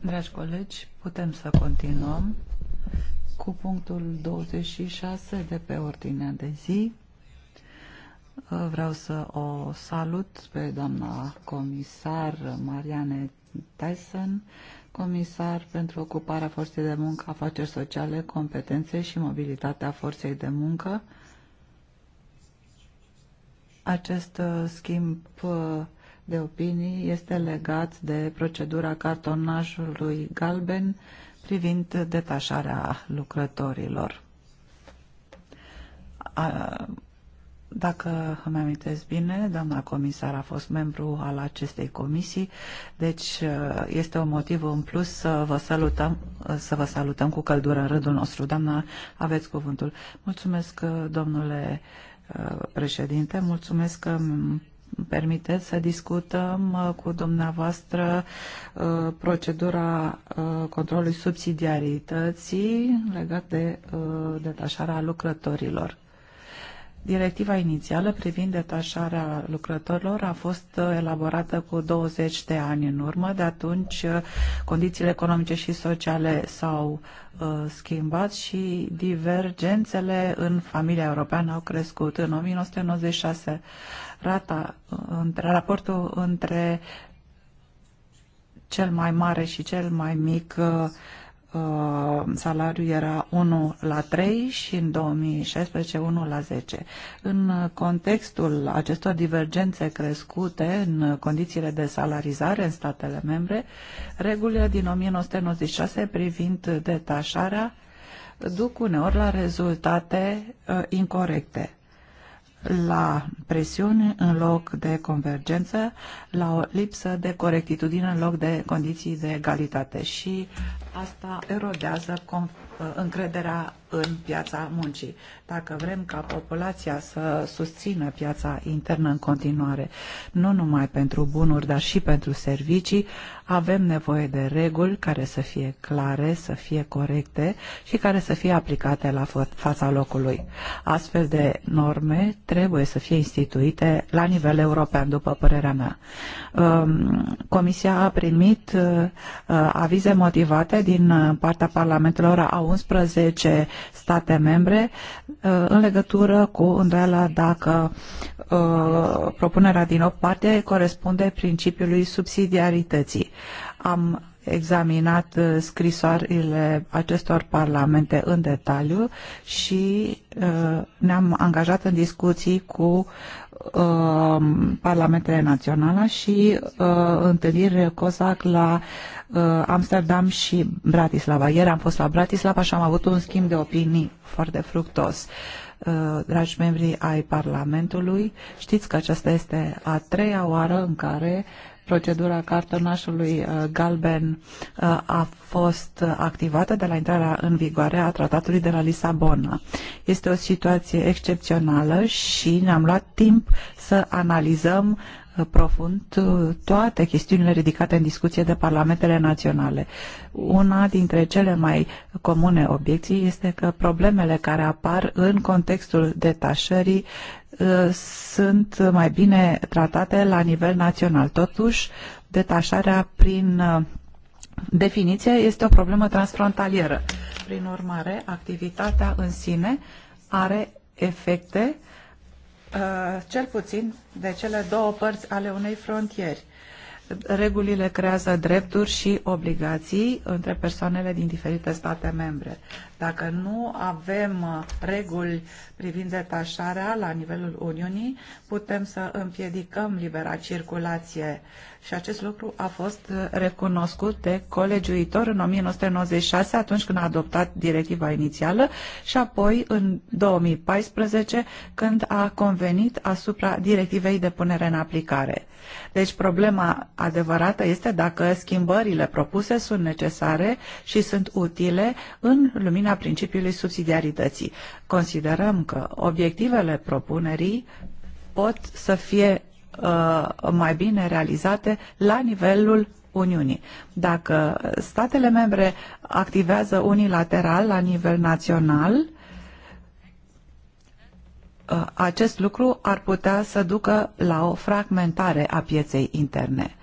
Dragi colegi, putem să continuăm cu punctul 26 de pe ordinea de zi. Vreau să o salut pe doamna comisar Mariane Tyson, comisar pentru ocuparea forței de muncă, afaceri sociale, competențe și mobilitatea forței de muncă. Acest schimb de opinii este legat de procedura cartonajului galben privind detașarea lucrătorilor. A, dacă îmi amintesc bine, doamna comisar a fost membru al acestei comisii, deci este un motiv în plus să vă salutăm, să vă salutăm cu căldură în rândul nostru. Doamna, aveți cuvântul. Mulțumesc, domnule președinte, mulțumesc că permiteți să discutăm uh, cu dumneavoastră uh, procedura uh, controlului subsidiarității legat de detașarea lucrătorilor. Directiva inițială privind detașarea lucrătorilor a fost uh, elaborată cu 20 de ani în urmă. De atunci, uh, condițiile economice și sociale s-au uh, schimbat și divergențele în familia europeană au crescut. În 1996, rata, între, raportul între cel mai mare și cel mai mic uh, Uh, salariul era 1 la 3 și în 2016 1 la 10. În contextul acestor divergențe crescute în condițiile de salarizare în statele membre, regulile din 1996 privind detașarea duc uneori la rezultate uh, incorrecte la presiune în loc de convergență, la o lipsă de corectitudine în loc de condiții de egalitate și asta erodează uh, încrederea în piața muncii. Dacă vrem ca populația să susțină piața internă în continuare, nu numai pentru bunuri, dar și pentru servicii, avem nevoie de reguli care să fie clare, să fie corecte și care să fie aplicate la fața locului. Astfel de norme trebuie să fie instituite la nivel european, după părerea mea. Um, Comisia a primit uh, uh, avize motivate din uh, partea parlamentelor a 11 state membre uh, în legătură cu îndoiala dacă uh, propunerea din o parte corespunde principiului subsidiarității. Am examinat uh, scrisorile acestor parlamente în detaliu și ne-am angajat în discuții cu uh, parlamentele naționale și uh, întâlniri COSAC la uh, Amsterdam și Bratislava. Ieri am fost la Bratislava și am avut un schimb de opinii foarte fructos. Uh, dragi membri ai Parlamentului, știți că aceasta este a treia oară în care procedura cartonașului uh, galben uh, a fost activată de la intrarea în vigoare a tratatului de la Lisabona. Este o situație excepțională și ne-am luat timp să analizăm uh, profund toate chestiunile ridicate în discuție de parlamentele naționale. Una dintre cele mai comune obiecții este că problemele care apar în contextul detașării Uh, sunt mai bine tratate la nivel național. Totuși, detașarea prin uh, definiție este o problemă transfrontalieră. Prin urmare, activitatea în sine are efecte uh, cel puțin de cele două părți ale unei frontieri. Regulile creează drepturi și obligații între persoanele din diferite state membre. Dacă nu avem uh, reguli privind detașarea la nivelul Uniunii, putem să împiedicăm libera circulație. Și acest lucru a fost uh, recunoscut de colegiuitor în 1996, atunci când a adoptat directiva inițială, și apoi în 2014, când a convenit asupra directivei de punere în aplicare. Deci problema adevărată este dacă schimbările propuse sunt necesare și sunt utile în lumina marginea principiului subsidiarității. Considerăm că obiectivele propunerii pot să fie uh, mai bine realizate la nivelul Uniunii. Dacă statele membre activează unilateral la nivel național, uh, acest lucru ar putea să ducă la o fragmentare a pieței interne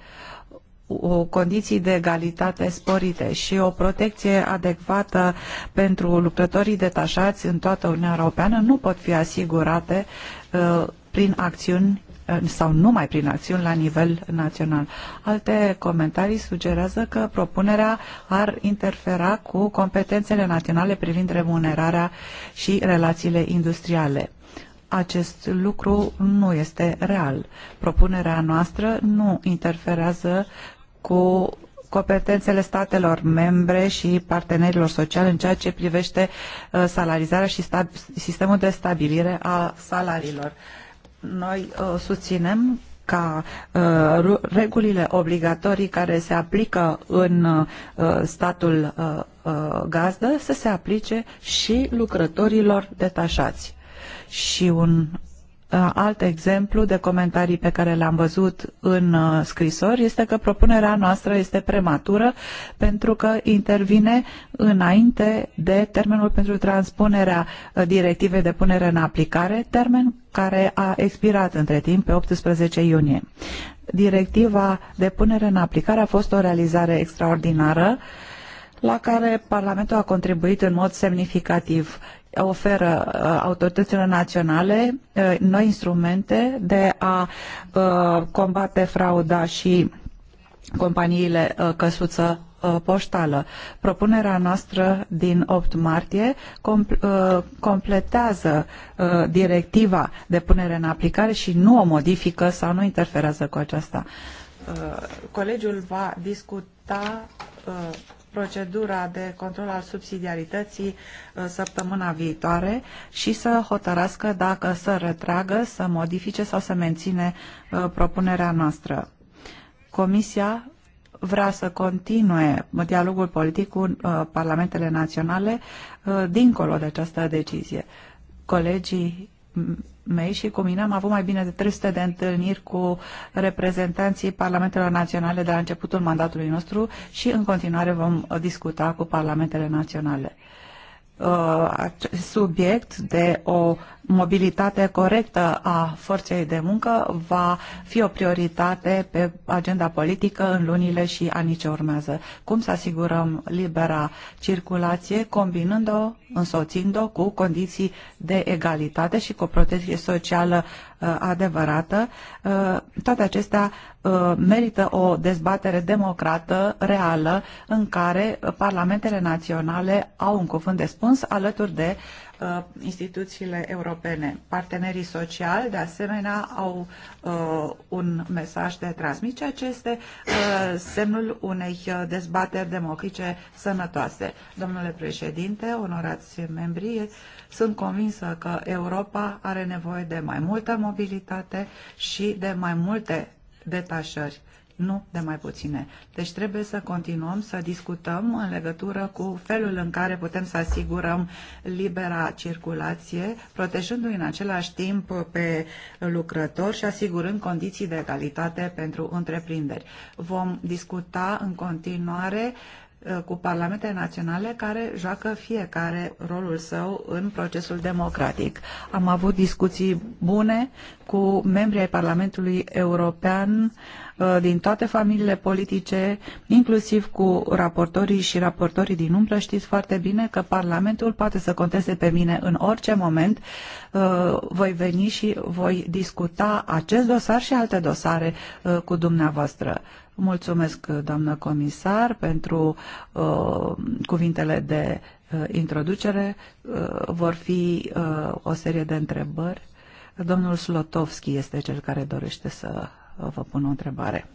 condiții de egalitate sporite și o protecție adecvată pentru lucrătorii detașați în toată Uniunea Europeană nu pot fi asigurate uh, prin acțiuni uh, sau numai prin acțiuni la nivel național. Alte comentarii sugerează că propunerea ar interfera cu competențele naționale privind remunerarea și relațiile industriale. Acest lucru nu este real. Propunerea noastră nu interferează cu competențele statelor membre și partenerilor sociali în ceea ce privește uh, salarizarea și sistemul de stabilire a salariilor. Noi uh, susținem ca uh, regulile obligatorii care se aplică în uh, statul uh, uh, gazdă să se aplice și lucrătorilor detașați. Și un Alt exemplu de comentarii pe care le-am văzut în uh, scrisori este că propunerea noastră este prematură pentru că intervine înainte de termenul pentru transpunerea uh, directivei de punere în aplicare, termen care a expirat între timp pe 18 iunie. Directiva de punere în aplicare a fost o realizare extraordinară la care Parlamentul a contribuit în mod semnificativ oferă uh, autorităților naționale uh, noi instrumente de a uh, combate frauda și companiile căsuță poștală. Propunerea noastră din 8 martie completează directiva de punere în aplicare și nu o modifică sau nu interferează cu aceasta. Colegiul va discuta procedura de control al subsidiarității uh, săptămâna viitoare și să hotărască dacă să retragă, să modifice sau să menține uh, propunerea noastră. Comisia vrea să continue dialogul politic cu uh, parlamentele naționale dincolo de această decizie. Colegii mei și cu mine am avut mai bine de 300 de întâlniri cu reprezentanții Parlamentelor Naționale de la începutul mandatului nostru și în continuare vom discuta cu Parlamentele Naționale. Uh, acest subiect de o mobilitate corectă a forței de muncă va fi o prioritate pe agenda politică în lunile și anii ce urmează. Cum să asigurăm libera circulație, combinând-o, însoțind-o cu condiții de egalitate și cu o protecție socială Uh, adevărată, uh, toate acestea uh, merită o dezbatere democrată, reală, în care parlamentele naționale au un cuvânt de spus alături de instituțiile europene. Partenerii sociali, de asemenea, au uh, un mesaj de transmis, ceea ce este uh, semnul unei dezbateri democrice sănătoase. Domnule președinte, onorați membrii, sunt convinsă că Europa are nevoie de mai multă mobilitate și de mai multe detașări nu de mai puține. Deci trebuie să continuăm să discutăm în legătură cu felul în care putem să asigurăm libera circulație, protejându-i în același timp pe lucrători și asigurând condiții de egalitate pentru întreprinderi. Vom discuta în continuare uh, Uh, cu parlamente naționale care joacă fiecare rolul său în procesul democratic. Am avut discuții bune cu membrii ai Parlamentului European uh, din toate familiile politice, inclusiv cu raportorii și raportorii din umbră. Știți foarte bine că Parlamentul poate să conteze pe mine în orice moment. Uh, voi veni și voi discuta acest dosar și alte dosare cu dumneavoastră. Mulțumesc, doamnă comisar, pentru uh, cuvintele de uh, introducere. Uh, vor fi uh, o serie de întrebări. Domnul Slotovski este cel care dorește să uh, vă pună o întrebare.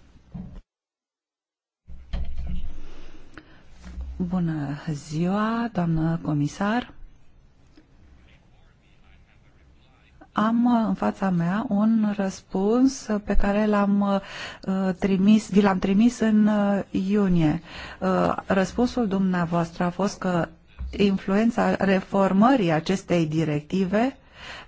Bună ziua, doamnă comisar. Am uh, în fața mea un răspuns uh, pe care l-am uh, trimis, vi l-am trimis în iunie. Răspunsul dumneavoastră a fost că influența reformării acestei directive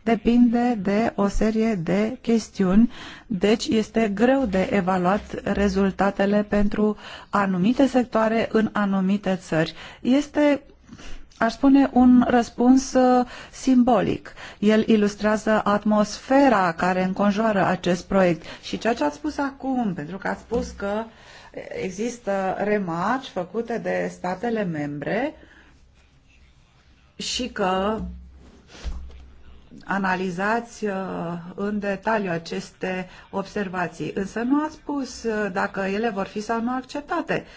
depinde de o serie de chestiuni, deci este greu de evaluat rezultatele pentru anumite sectoare în anumite țări. Este aș spune, un răspuns uh, simbolic. El ilustrează atmosfera care înconjoară acest proiect. Și ceea ce ați spus acum, pentru că ați spus că există remarci făcute de statele membre și că analizați uh, în detaliu aceste observații, însă nu ați spus uh, dacă ele vor fi sau nu acceptate. Uh,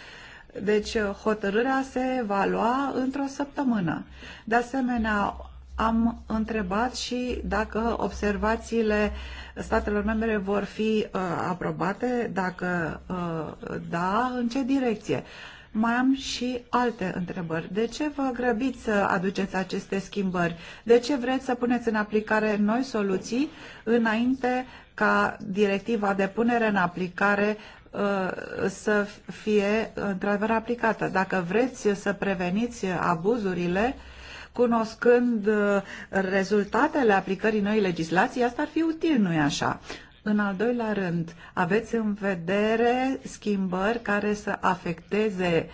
deci uh, hotărârea se va lua într-o săptămână. De asemenea, am întrebat și dacă observațiile statelor membre vor fi uh, aprobate, dacă uh, da, în ce direcție. Mai am și alte întrebări. De ce vă grăbiți să aduceți aceste schimbări? De ce vreți să puneți în aplicare noi soluții înainte ca directiva de punere în aplicare Uh, să fie într-adevăr aplicată. Dacă vreți să preveniți abuzurile, cunoscând uh, rezultatele aplicării noii legislații, asta ar fi util, nu-i așa? În al doilea rând, aveți în vedere schimbări care să afecteze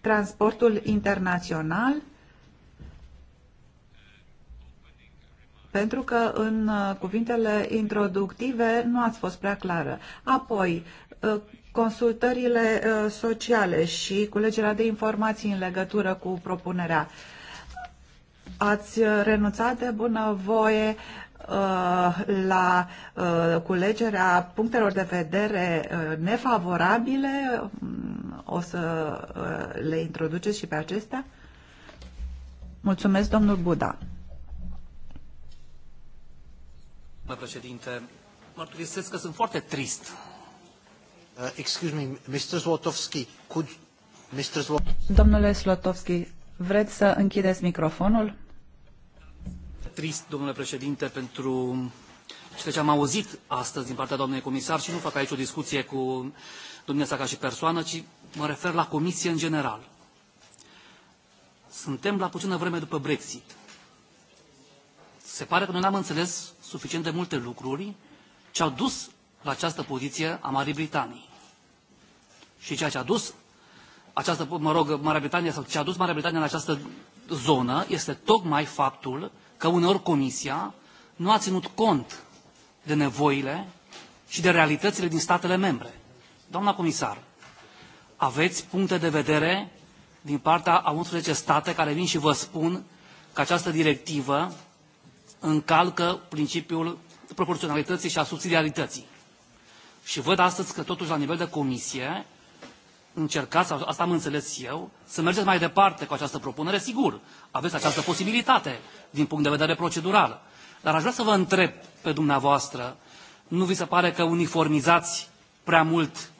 transportul internațional pentru că în uh, cuvintele introductive nu ați fost prea clară. Apoi, uh, consultările uh, sociale și culegerea de informații în legătură cu propunerea. Ați renunțat de bunăvoie la culegerea punctelor de vedere nefavorabile, mm, o să le introduceți și pe acestea? Mulțumesc, domnul Buda. Domnule președinte, mărturisesc că sunt foarte trist. Uh, excuse me, Mr. Zlotovski, could Mr. Zlotovski... Domnule Slotovski, vreți să închideți microfonul? Trist, domnule președinte, pentru ceea ce am auzit astăzi din partea doamnei comisar și nu fac aici o discuție cu dumneavoastră ca și persoană, ci mă refer la comisie în general. Suntem la puțină vreme după Brexit. Se pare că noi n-am înțeles suficient de multe lucruri ce au dus la această poziție a Marii Britanii. Și ceea ce a dus această, mă rog, Marea Britanie sau ce a dus Marea Britanie în această zonă este tocmai faptul că uneori Comisia nu a ținut cont de nevoile și de realitățile din statele membre. Doamna comisar, aveți puncte de vedere din partea a 11 state care vin și vă spun că această directivă încalcă principiul proporționalității și a subsidiarității. Și văd astăzi că totuși la nivel de comisie încercați, asta am înțeles eu, să mergeți mai departe cu această propunere, sigur, aveți această posibilitate din punct de vedere procedural. Dar aș vrea să vă întreb pe dumneavoastră, nu vi se pare că uniformizați prea mult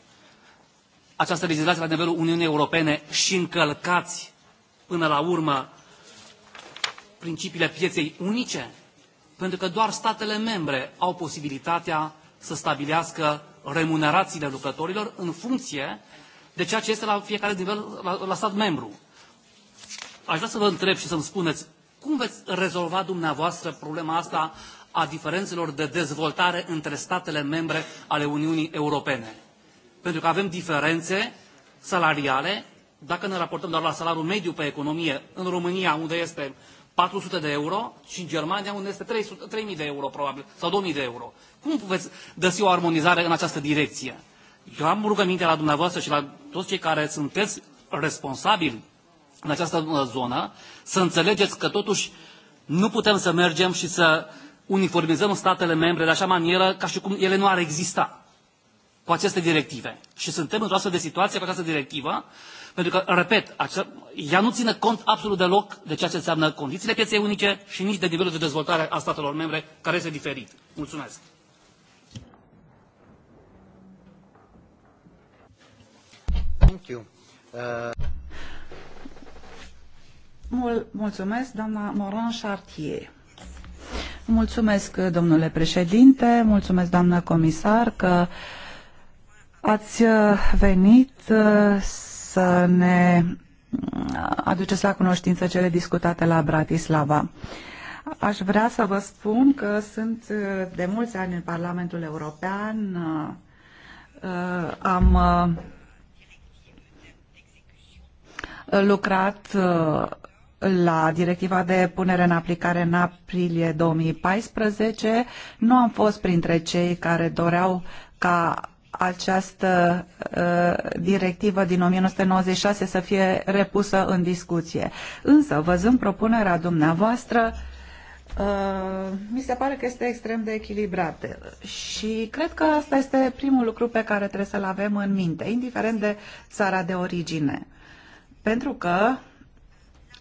această legislație la nivelul Uniunii Europene și încălcați până la urmă principiile pieței unice? pentru că doar statele membre au posibilitatea să stabilească remunerațiile lucrătorilor în funcție de ceea ce este la fiecare nivel, la, la stat membru. Aș vrea să vă întreb și să-mi spuneți cum veți rezolva dumneavoastră problema asta a diferențelor de dezvoltare între statele membre ale Uniunii Europene. Pentru că avem diferențe salariale, dacă ne raportăm doar la salariul mediu pe economie, în România, unde este 400 de euro și în Germania unde este 300, 3.000 de euro probabil sau 2.000 de euro. Cum veți găsi o armonizare în această direcție? Eu am rugăminte la dumneavoastră și la toți cei care sunteți responsabili în această uh, zonă să înțelegeți că totuși nu putem să mergem și să uniformizăm statele membre de așa manieră ca și cum ele nu ar exista cu aceste directive. Și suntem într-o astfel de situație cu această directivă pentru că, repet, acea, ea nu ține cont absolut deloc de ceea ce înseamnă condițiile pieței unice și nici de nivelul de dezvoltare a statelor membre, care este diferit. Mulțumesc! Thank you. Uh... Mul mulțumesc, doamna Moran Chartier. Mulțumesc, domnule președinte, mulțumesc, doamnă comisar, că ați venit uh, să ne aduceți la cunoștință cele discutate la Bratislava. Aș vrea să vă spun că sunt de mulți ani în Parlamentul European, am uh, lucrat uh, la directiva de punere în aplicare în aprilie 2014. Nu am fost printre cei care doreau ca această uh, directivă din 1996 să fie repusă în discuție. Însă, văzând propunerea dumneavoastră, uh, mi se pare că este extrem de echilibrată și cred că asta este primul lucru pe care trebuie să-l avem în minte, indiferent de țara de origine. Pentru că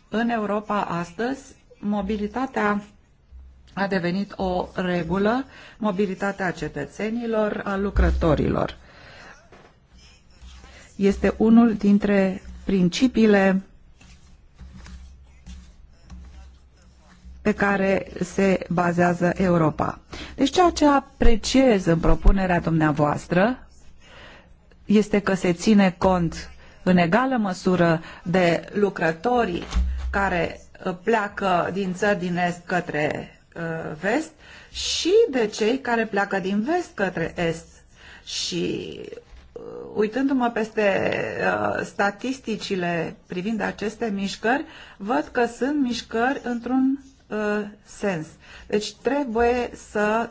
în Europa astăzi mobilitatea a devenit o regulă mobilitatea cetățenilor, a lucrătorilor. Este unul dintre principiile pe care se bazează Europa. Deci ceea ce apreciez în propunerea dumneavoastră este că se ține cont în egală măsură de lucrătorii care pleacă din țări din Est către Uh, vest și de cei care pleacă din vest către est. Și uh, uitându-mă peste uh, statisticile privind aceste mișcări, văd că sunt mișcări într-un uh, sens. Deci trebuie să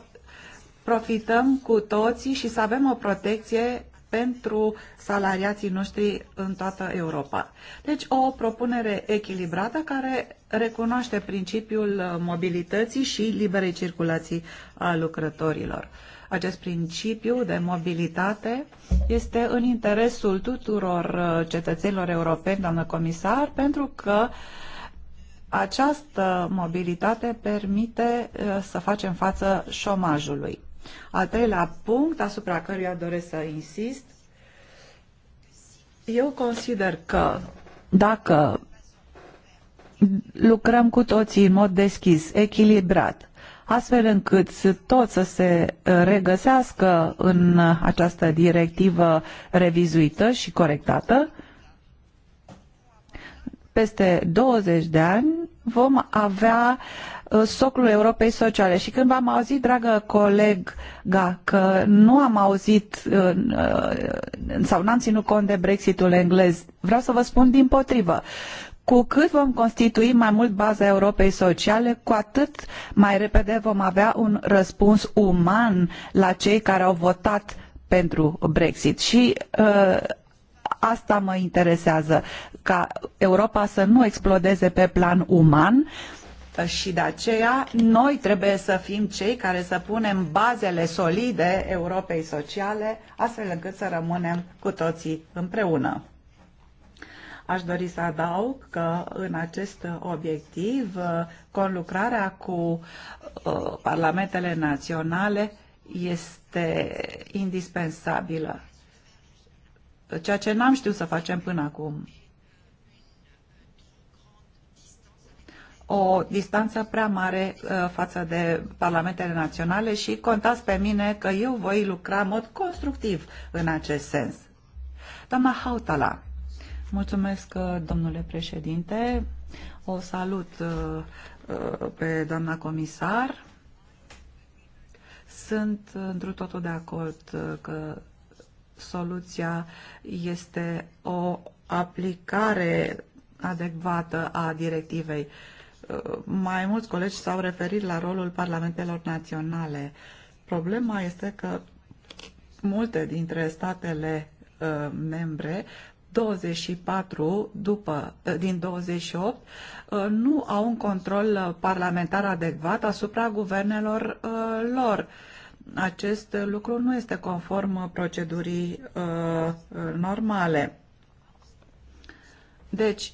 profităm cu toții și să avem o protecție pentru salariații noștri în toată Europa. Deci o propunere echilibrată care recunoaște principiul uh, mobilității și liberei circulații a lucrătorilor. Acest principiu de mobilitate este în interesul tuturor uh, cetățenilor europeni, doamnă comisar, pentru că această mobilitate permite uh, să facem față șomajului. Al treilea punct asupra căruia doresc să insist, eu consider că dacă lucrăm cu toții în mod deschis, echilibrat, astfel încât tot să se uh, regăsească în această directivă revizuită și corectată, peste 20 de ani vom avea uh, Uh, soclul Europei Sociale. Și când v-am auzit, dragă colegă, că nu am auzit uh, uh, sau n-am ținut cont de Brexitul englez, vreau să vă spun din potrivă cu cât vom constitui mai mult baza Europei Sociale, cu atât mai repede vom avea un răspuns uman la cei care au votat pentru Brexit. Și uh, asta mă interesează, ca Europa să nu explodeze pe plan uman, uh, și de aceea noi trebuie să fim cei care să punem bazele solide Europei sociale, astfel încât să rămânem cu toții împreună. Aș dori să adaug că în acest obiectiv, conlucrarea cu uh, parlamentele naționale este indispensabilă. Ceea ce n-am știut să facem până acum. o distanță prea mare uh, față de parlamentele naționale și contați pe mine că eu voi lucra în mod constructiv în acest sens. Doamna Hautala, mulțumesc, uh, domnule președinte, o salut uh, pe doamna comisar. Sunt întru totul de acord că soluția este o aplicare adecvată a directivei. Uh, mai mulți colegi s-au referit la rolul parlamentelor naționale. Problema este că multe dintre statele uh, membre 24 după, uh, din 28 uh, nu au un control parlamentar adecvat asupra guvernelor lor. Acest lucru nu este conform procedurii normale. Deci,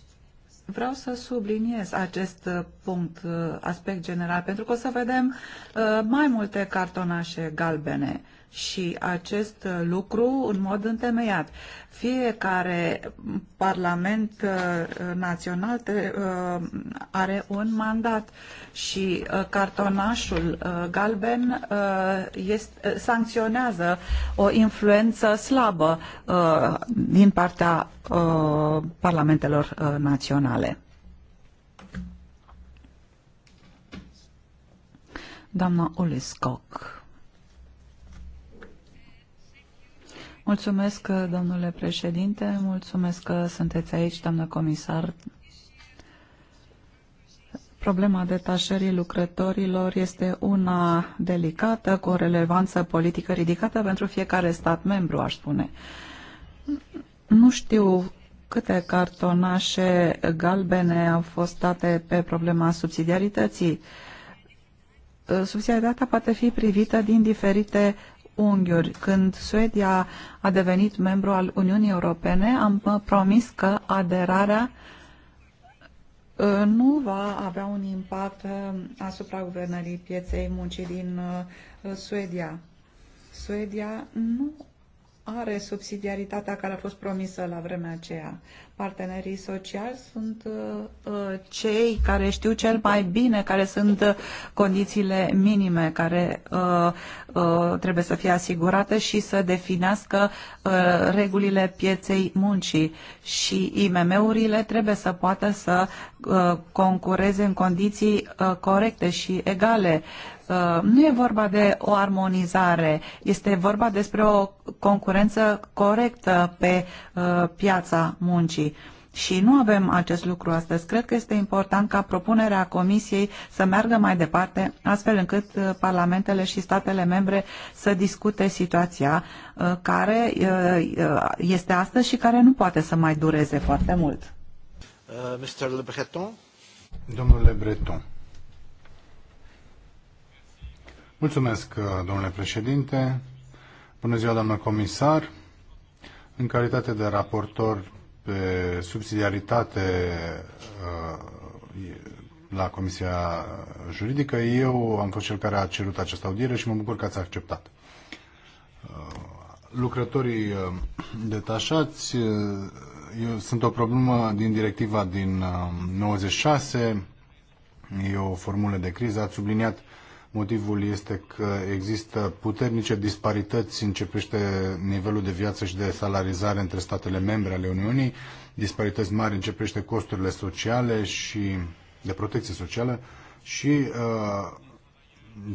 Vreau să subliniez acest uh, punct, uh, aspect general, pentru că o să vedem uh, mai multe cartonașe galbene și acest uh, lucru în mod întemeiat. Fiecare parlament uh, național uh, are un mandat și cartonașul galben este, sancționează o influență slabă din partea parlamentelor naționale. Doamna Uliscoc. Mulțumesc, domnule președinte, mulțumesc că sunteți aici, doamnă comisar. Problema detașării lucrătorilor este una delicată, cu o relevanță politică ridicată pentru fiecare stat membru, aș spune. Nu știu câte cartonașe galbene au fost date pe problema subsidiarității. Subsidiaritatea poate fi privită din diferite unghiuri. Când Suedia a devenit membru al Uniunii Europene, am uh, promis că aderarea uh, nu va avea un impact uh, asupra guvernării pieței muncii din Suedia. Suedia nu are subsidiaritatea care a fost promisă la vremea aceea. Partenerii sociali sunt uh, uh cei care știu cel mai bine care sunt uh, condițiile minime care uh, uh, trebuie să fie asigurate și să definească uh, regulile pieței muncii. Și IMM-urile trebuie să poată să concureze în condiții corecte și egale Uh, nu e vorba de o armonizare, este vorba despre o concurență corectă pe uh, piața muncii. Și nu avem acest lucru astăzi. Cred că este important ca propunerea Comisiei să meargă mai departe, astfel încât uh, parlamentele și statele membre să discute situația care este astăzi și care nu poate să mai dureze foarte mult. Mr. Le Breton. Domnule Breton. Mulțumesc, uh, domnule președinte. Bună ziua, doamnă comisar. În calitate de raportor pe subsidiaritate uh, la Comisia Juridică, eu am fost cel care a cerut această audiere și mă bucur că ați acceptat. Uh, lucrătorii detașați eu, sunt o problemă din directiva din 96, e o formulă de criză, ați subliniat Motivul este că există puternice disparități în ce privește nivelul de viață și de salarizare între statele membre ale Uniunii, disparități mari în ce privește costurile sociale și de protecție socială și uh,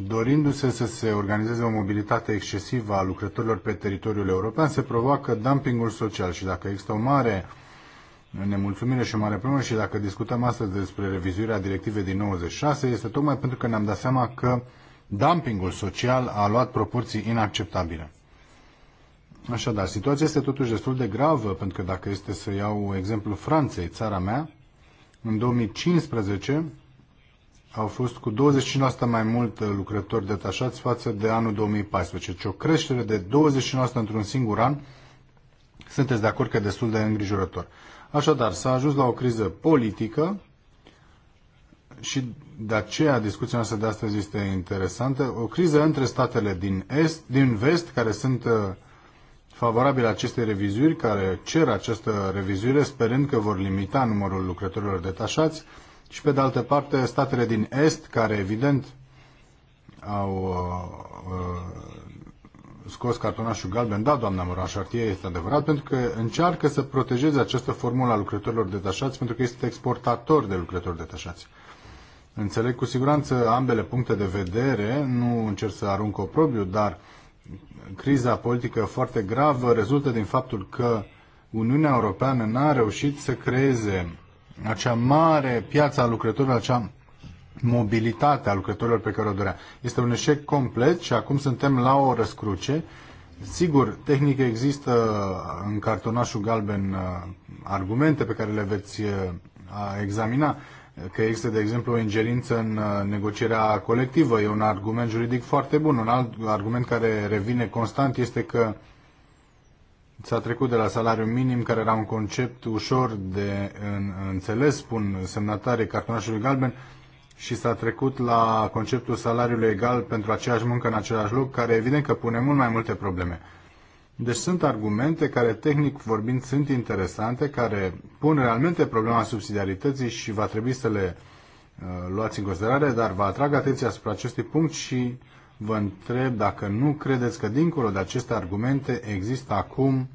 dorindu-se să se organizeze o mobilitate excesivă a lucrătorilor pe teritoriul european, se provoacă dumpingul social și dacă există o mare nemulțumire și o mare problemă și dacă discutăm astăzi despre revizuirea directivei din 96, este tocmai pentru că ne-am dat seama că dumpingul social a luat proporții inacceptabile. Așadar, situația este totuși destul de gravă, pentru că dacă este să iau exemplu Franței, țara mea, în 2015 au fost cu 25% mai mult lucrători detașați față de anul 2014, deci o creștere de 29% într-un singur an, sunteți de acord că e destul de îngrijorător. Așadar, s-a ajuns la o criză politică și de aceea discuția noastră de astăzi este interesantă. O criză între statele din est, din vest, care sunt uh, favorabile acestei revizuiri, care cer această revizuire sperând că vor limita numărul lucrătorilor detașați și pe de altă parte statele din est, care evident au uh, uh, scos cartonașul galben. Da, doamna Moran Chartier, este adevărat, pentru că încearcă să protejeze această formulă a lucrătorilor detașați, pentru că este exportator de lucrători detașați. Înțeleg cu siguranță ambele puncte de vedere, nu încerc să arunc propriu, dar criza politică foarte gravă rezultă din faptul că Uniunea Europeană n-a reușit să creeze acea mare piață a lucrătorilor, acea mobilitatea lucrătorilor pe care o dorea. Este un eșec complet și acum suntem la o răscruce. Sigur, tehnică există în cartonașul galben uh, argumente pe care le veți uh, examina, că există, de exemplu, o ingerință în uh, negocierea colectivă. E un argument juridic foarte bun. Un alt argument care revine constant este că s-a trecut de la salariul minim, care era un concept ușor de înțeles, spun semnatarii cartonașului galben, și s-a trecut la conceptul salariului egal pentru aceeași muncă în același loc, care evident că pune mult mai multe probleme. Deci sunt argumente care, tehnic vorbind, sunt interesante, care pun realmente problema subsidiarității și va trebui să le uh, luați în considerare, dar vă atrag atenția asupra acestui punct și vă întreb dacă nu credeți că, dincolo de aceste argumente, există acum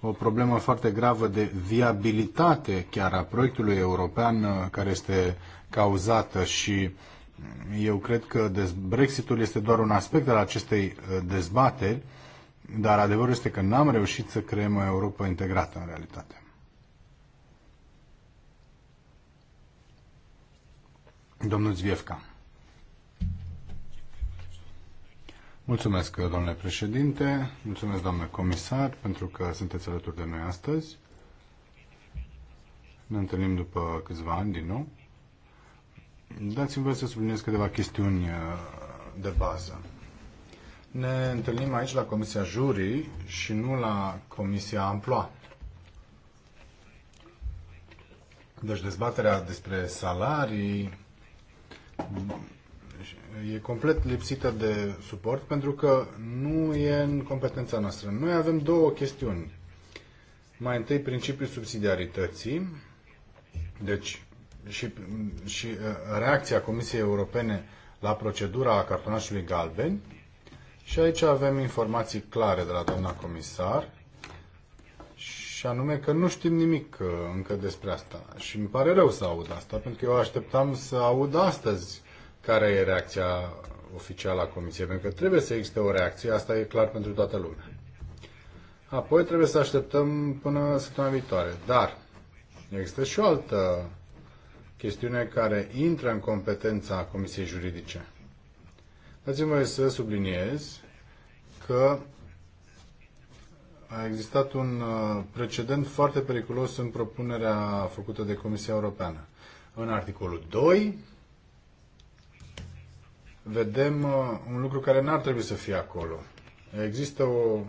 o problemă foarte gravă de viabilitate chiar a proiectului european uh, care este cauzată și eu cred că Brexitul este doar un aspect al acestei uh, dezbateri, dar adevărul este că n-am reușit să creăm o Europa integrată în realitate. Domnul Zviefka. Mulțumesc, domnule președinte, mulțumesc, domnule comisar, pentru că sunteți alături de noi astăzi. Ne întâlnim după câțiva ani din nou. Dați-mi voie să subliniez câteva chestiuni uh, de bază. Ne întâlnim aici la Comisia Jurii și nu la Comisia Amploa. Deci dezbaterea despre salarii e complet lipsită de suport pentru că nu e în competența noastră. Noi avem două chestiuni. Mai întâi principiul subsidiarității, deci și, și uh, reacția Comisiei Europene la procedura a cartonașului galben. Și aici avem informații clare de la doamna comisar și anume că nu știm nimic uh, încă despre asta. Și îmi pare rău să aud asta, pentru că eu așteptam să aud astăzi care e reacția oficială a Comisiei, pentru că trebuie să existe o reacție, asta e clar pentru toată lumea. Apoi trebuie să așteptăm până săptămâna viitoare. Dar există și o altă chestiune care intră în competența Comisiei Juridice. Dați-mi voie să subliniez că a existat un uh, precedent foarte periculos în propunerea făcută de Comisia Europeană. În articolul 2 vedem uh, un lucru care n-ar trebui să fie acolo. Există o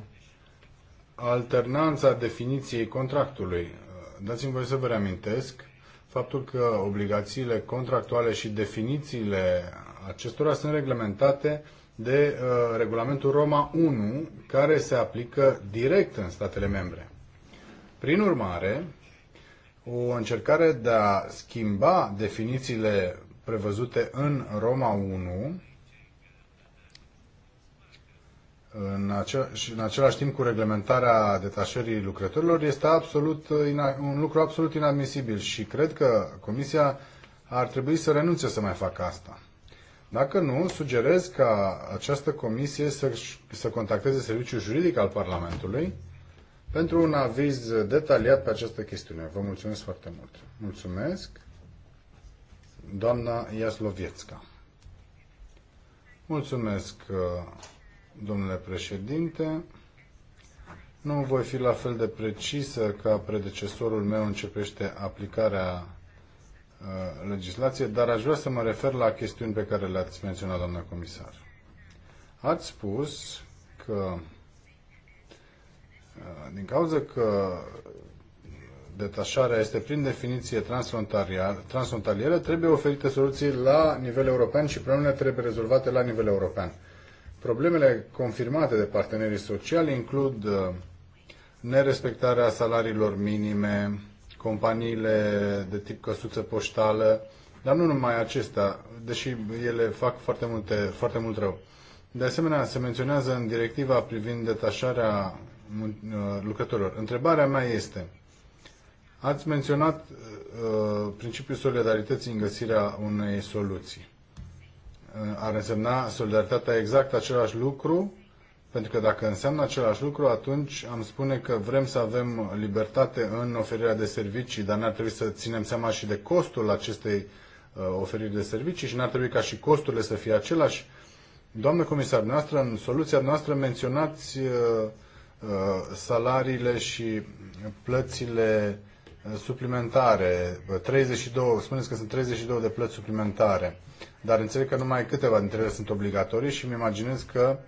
alternanță a definiției contractului. Uh, dați-mi voie să vă reamintesc faptul că obligațiile contractuale și definițiile acestora sunt reglementate de uh, regulamentul Roma 1, care se aplică direct în statele membre. Prin urmare, o încercare de a schimba definițiile prevăzute în Roma 1 în acea, și în același timp cu reglementarea detașării lucrătorilor este absolut, un lucru absolut inadmisibil și cred că Comisia ar trebui să renunțe să mai facă asta. Dacă nu, sugerez ca această comisie să, să contacteze serviciul juridic al Parlamentului pentru un aviz detaliat pe această chestiune. Vă mulțumesc foarte mult. Mulțumesc. Doamna Iasloviețca. Mulțumesc. Uh, domnule președinte. Nu voi fi la fel de precisă ca predecesorul meu începește aplicarea uh, legislației, dar aș vrea să mă refer la chestiuni pe care le-ați menționat, doamna comisar. Ați spus că uh, din cauza că detașarea este prin definiție transfrontalieră, trebuie oferite soluții la nivel european și problemele trebuie rezolvate la nivel european. Problemele confirmate de partenerii sociali includ uh, nerespectarea salariilor minime, companiile de tip căsuță poștală, dar nu numai acestea, deși ele fac foarte, multe, foarte mult rău. De asemenea, se menționează în directiva privind detașarea uh, lucrătorilor. Întrebarea mea este, ați menționat uh, principiul solidarității în găsirea unei soluții. Uh, ar însemna solidaritatea exact același lucru, pentru că dacă înseamnă același lucru, atunci am spune că vrem să avem libertate în oferirea de servicii, dar n-ar trebui să ținem seama și de costul acestei uh, oferiri de servicii și n-ar trebui ca și costurile să fie același. Doamnă comisar, noastră, în soluția noastră menționați uh, salariile și plățile suplimentare, 32, spuneți că sunt 32 de plăți suplimentare dar înțeleg că numai câteva dintre ele sunt obligatorii și îmi imaginez că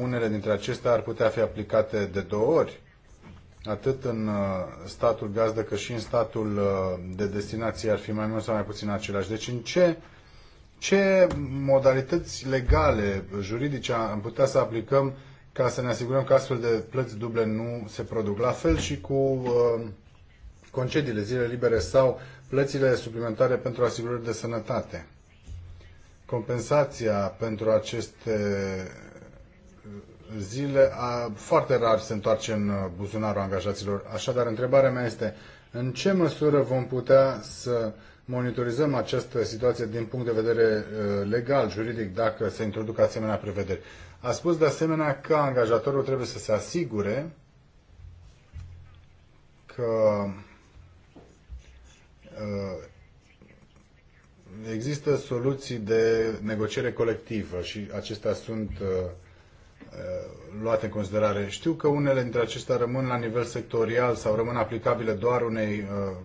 unele dintre acestea ar putea fi aplicate de două ori, atât în uh, statul gazdă cât și în statul uh, de destinație ar fi mai mult sau mai puțin același. Deci în ce, ce modalități legale, juridice am putea să aplicăm ca să ne asigurăm că astfel de plăți duble nu se produc. La fel și cu uh, concediile, zile libere sau plățile suplimentare pentru asigurări de sănătate compensația pentru aceste uh, zile a, foarte rar se întoarce în uh, buzunarul angajaților. Așadar, întrebarea mea este în ce măsură vom putea să monitorizăm această situație din punct de vedere uh, legal, juridic, dacă se introduc asemenea prevederi. A spus de asemenea că angajatorul trebuie să se asigure că există soluții de negociere colectivă și acestea sunt uh, uh, luate în considerare. Știu că unele dintre acestea rămân la nivel sectorial sau rămân aplicabile doar unei uh,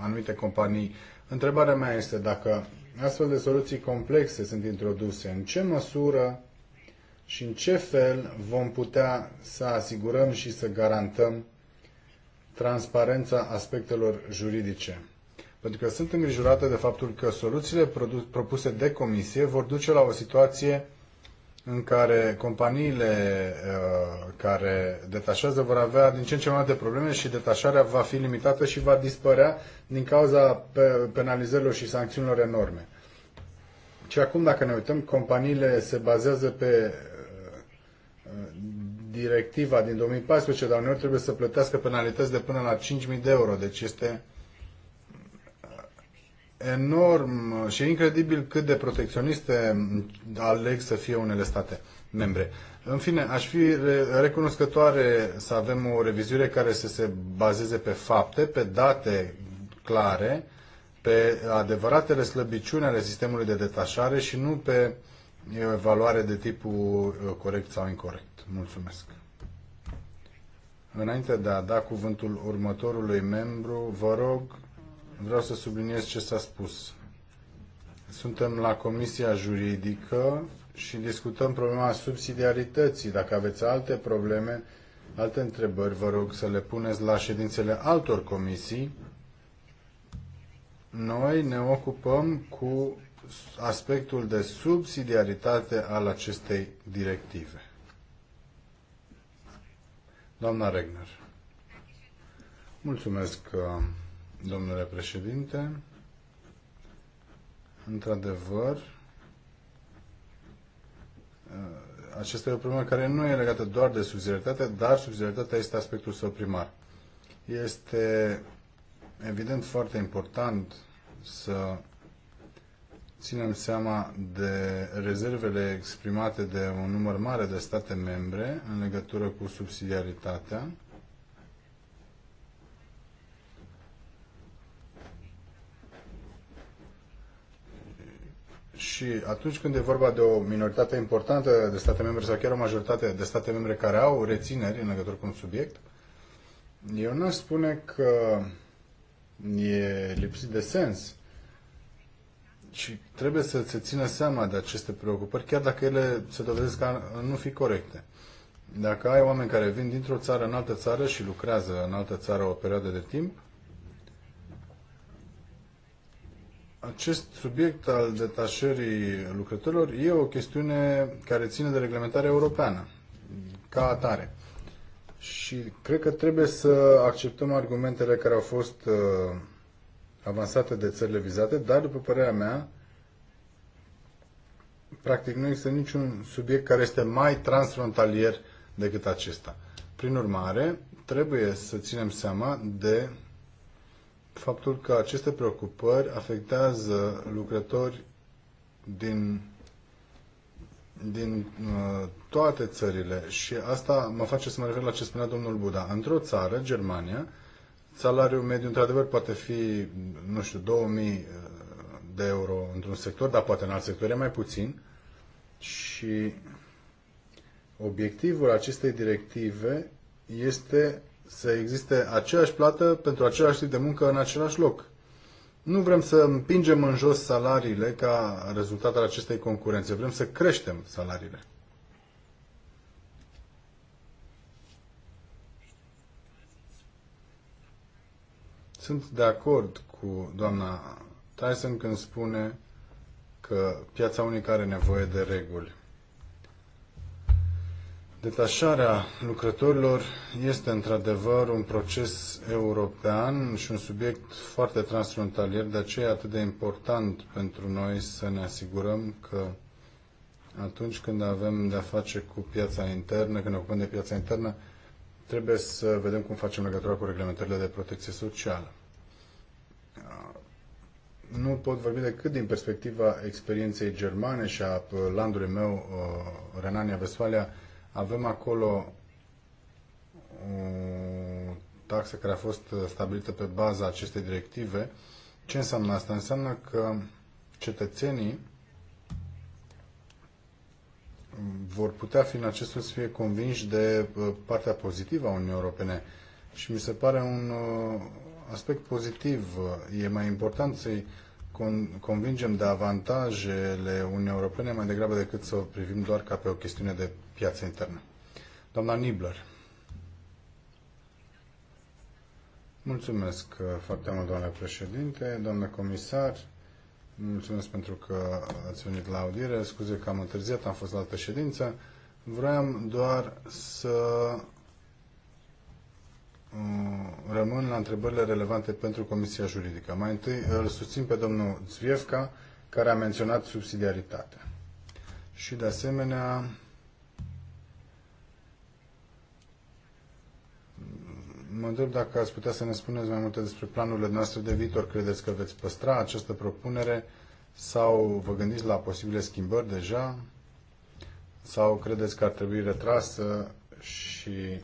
anumite companii. Întrebarea mea este dacă astfel de soluții complexe sunt introduse, în ce măsură și în ce fel vom putea să asigurăm și să garantăm transparența aspectelor juridice pentru că sunt îngrijorată de faptul că soluțiile propuse de comisie vor duce la o situație în care companiile uh, care detașează vor avea din ce în ce mai multe probleme și detașarea va fi limitată și va dispărea din cauza pe penalizărilor și sancțiunilor enorme. Și acum, dacă ne uităm, companiile se bazează pe uh, directiva din 2014, dar uneori trebuie să plătească penalități de până la 5.000 de euro. Deci este enorm și e incredibil cât de protecționiste aleg să fie unele state membre. În fine, aș fi recunoscătoare să avem o revizuire care să se bazeze pe fapte, pe date clare, pe adevăratele slăbiciuni ale sistemului de detașare și nu pe evaluare de tipul uh, corect sau incorrect. Mulțumesc. Înainte de a da cuvântul următorului membru, vă rog vreau să subliniez ce s-a spus. Suntem la Comisia Juridică și discutăm problema subsidiarității. Dacă aveți alte probleme, alte întrebări, vă rog să le puneți la ședințele altor comisii. Noi ne ocupăm cu aspectul de subsidiaritate al acestei directive. Doamna Regner. Mulțumesc. Uh, domnule președinte. Într-adevăr, uh, acesta e o problemă care nu e legată doar de subsidiaritate, dar subsidiaritatea este aspectul său primar. Este evident foarte important să ținem seama de rezervele exprimate de un număr mare de state membre în legătură cu subsidiaritatea și atunci când e vorba de o minoritate importantă de state membre sau chiar o majoritate de state membre care au rețineri în legătură cu un subiect, eu nu spune că e lipsit de sens și trebuie să se țină seama de aceste preocupări, chiar dacă ele se dovedesc a nu fi corecte. Dacă ai oameni care vin dintr-o țară în altă țară și lucrează în altă țară o perioadă de timp, acest subiect al detașării lucrătorilor e o chestiune care ține de reglementarea europeană, ca atare. Și cred că trebuie să acceptăm argumentele care au fost uh, avansate de țările vizate, dar, după părerea mea, practic nu există niciun subiect care este mai transfrontalier decât acesta. Prin urmare, trebuie să ținem seama de faptul că aceste preocupări afectează lucrători din, din uh, toate țările și asta mă face să mă refer la ce spunea domnul Buda. Într-o țară, Germania, salariul mediu într-adevăr poate fi, nu știu, 2000 uh, de euro într-un sector, dar poate în alt sector e mai puțin și obiectivul acestei directive este să existe aceeași plată pentru același tip de muncă în același loc. Nu vrem să împingem în jos salariile ca rezultat al acestei concurențe. Vrem să creștem salariile. Sunt de acord cu doamna Tyson când spune că piața unică are nevoie de reguli. Detașarea lucrătorilor este într-adevăr un proces european și un subiect foarte transfrontalier, de aceea e atât de important pentru noi să ne asigurăm că atunci când avem de-a face cu piața internă, când ne ocupăm de piața internă, trebuie să vedem cum facem legătura cu reglementările de protecție socială. Nu pot vorbi decât din perspectiva experienței germane și a landului meu, uh, Renania-Vestfalia, avem acolo o uh, taxă care a fost uh, stabilită pe baza acestei directive. Ce înseamnă asta? Înseamnă că cetățenii vor putea fi în acest fel să fie convinși de uh, partea pozitivă a Uniunii Europene. Și mi se pare un aspect pozitiv. E mai important să-i convingem de avantajele Uniunii Europene mai degrabă decât să o privim doar ca pe o chestiune de piața internă. Doamna Nibler. Mulțumesc uh, foarte mult, doamne președinte, doamne comisar. Mulțumesc pentru că ați venit la audiere. Scuze că am întârziat, am fost la altă ședință. Vreau doar să uh, rămân la întrebările relevante pentru Comisia Juridică. Mai întâi îl susțin pe domnul Zviefka, care a menționat subsidiaritatea. Și de asemenea, Mă întreb dacă ați putea să ne spuneți mai multe despre planurile noastre de viitor. Credeți că veți păstra această propunere sau vă gândiți la posibile schimbări deja? Sau credeți că ar trebui retrasă și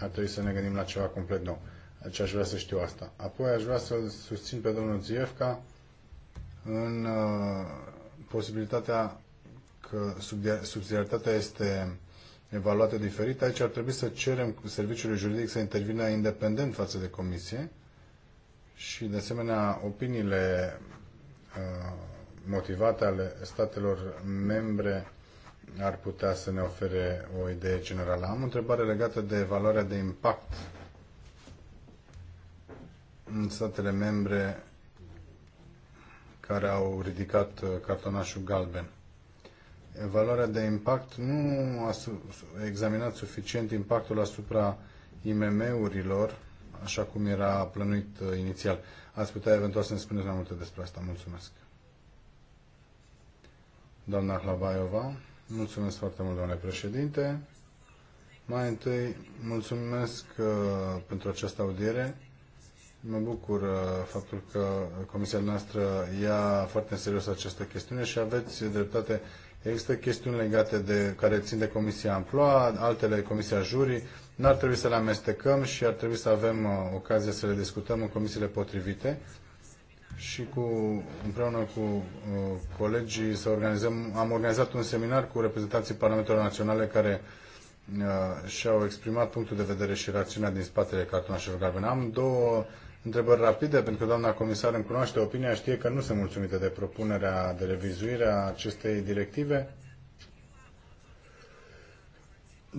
ar trebui să ne gândim la ceva complet nou? Deci aș vrea să știu asta. Apoi aș vrea să-l susțin pe domnul Ziefca în uh, posibilitatea că subsidiaritatea este evaluate diferit. Aici ar trebui să cerem serviciului juridic să intervină independent față de comisie și, de asemenea, opiniile uh, motivate ale statelor membre ar putea să ne ofere o idee generală. Am o întrebare legată de evaluarea de impact în statele membre care au ridicat uh, cartonașul galben evaluarea de impact nu a examinat suficient impactul asupra IMM-urilor, așa cum era plănuit uh, inițial. Ați putea eventual să ne spuneți mai multe despre asta. Mulțumesc. Doamna Hlabaiova, mulțumesc foarte mult, domnule președinte. Mai întâi, mulțumesc uh, pentru această audiere. Mă bucur uh, faptul că comisia noastră ia foarte în serios această chestiune și aveți dreptate Există chestiuni legate de care țin de Comisia Amploa, altele Comisia Jurii. N-ar trebui să le amestecăm și ar trebui să avem uh, ocazia să le discutăm în comisiile potrivite și cu, împreună cu uh, colegii să organizăm, am organizat un seminar cu reprezentanții Parlamentelor Naționale care uh, și-au exprimat punctul de vedere și rațiunea din spatele cartonașelor galbene. Am două uh, întrebări rapide, pentru că doamna comisar îmi cunoaște opinia, știe că nu sunt mulțumită de propunerea de revizuire a acestei directive.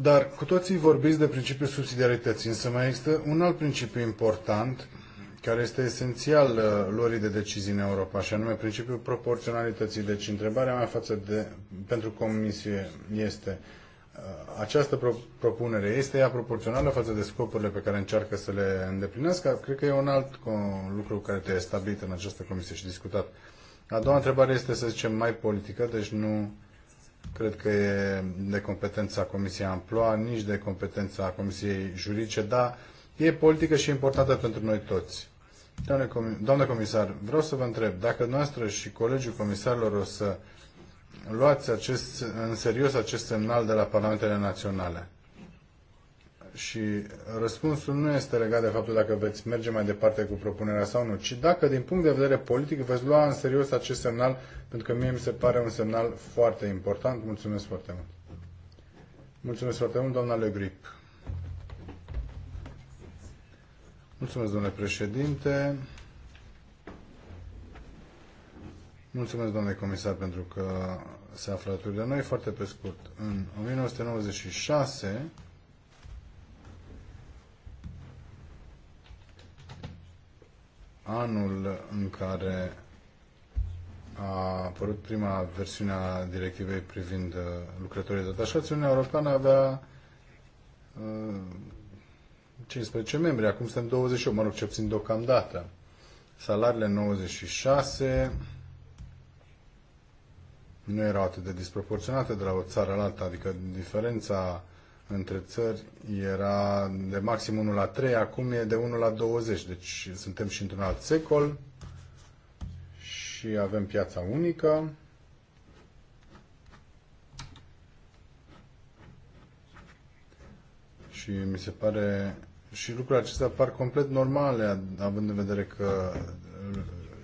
Dar cu toții vorbiți de principiul subsidiarității, însă mai există un alt principiu important care este esențial uh, luării de decizii în Europa, și anume principiul proporționalității. Deci întrebarea mea față de, pentru comisie este Uh, această propunere este ea proporțională față de scopurile pe care încearcă să le îndeplinească? Cred că e un alt lucru care te-ai stabilit în această comisie și discutat. A doua întrebare este, să zicem, mai politică, deci nu cred că e de competența Comisiei Amploa, nici de competența Comisiei Juridice, dar e politică și importantă pentru noi toți. Doamne, comisar, vreau să vă întreb, dacă noastră și colegiul comisarilor o să luați acest, în serios acest semnal de la Parlamentele Naționale. Și răspunsul nu este legat de faptul dacă veți merge mai departe cu propunerea sau nu, ci dacă din punct de vedere politic veți lua în serios acest semnal, pentru că mie mi se pare un semnal foarte important. Mulțumesc foarte mult. Mulțumesc foarte mult, doamna Le Grip. Mulțumesc, domnule președinte. Mulțumesc, domnule comisar, pentru că se află alături de noi. Foarte pe scurt, în 1996 anul în care a apărut prima versiune a directivei privind uh, lucrătorii detașați, Uniunea Europeană avea 15 uh, membri, acum suntem 28, mă rog, ce puțin deocamdată. Salariile 96, nu erau atât de disproporționate de la o țară la alta, adică diferența între țări era de maxim 1 la 3, acum e de 1 la 20, deci suntem și într-un alt secol și avem piața unică. Și mi se pare și lucrurile acestea par complet normale, având în vedere că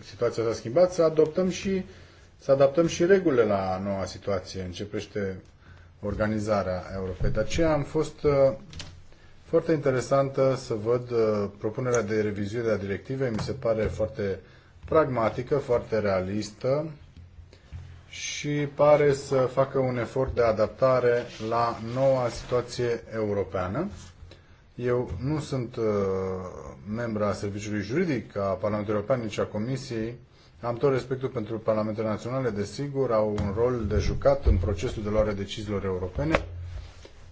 situația s-a schimbat, să adoptăm și să adaptăm și regulile la noua situație, începește organizarea Europei. De aceea am fost uh, foarte interesantă să văd uh, propunerea de revizuire a directivei, mi se pare foarte pragmatică, foarte realistă și pare să facă un efort de adaptare la noua situație europeană. Eu nu sunt uh, membru a Serviciului Juridic a Parlamentului European, nici a Comisiei, am tot respectul pentru Parlamentele Naționale, desigur, au un rol de jucat în procesul de luare deciziilor europene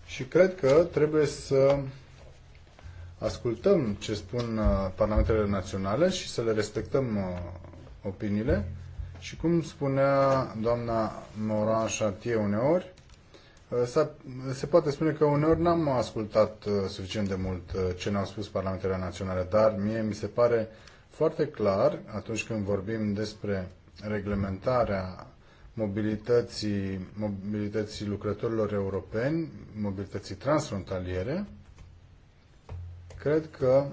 și cred că trebuie să ascultăm ce spun uh, Parlamentele Naționale și să le respectăm uh, opiniile. Și cum spunea doamna Moran Chartier uneori, uh, se poate spune că uneori n-am ascultat suficient de mult ce ne-au spus Parlamentele Naționale, dar mie mi se pare foarte clar atunci când vorbim despre reglementarea mobilității, mobilității lucrătorilor europeni, mobilității transfrontaliere, cred că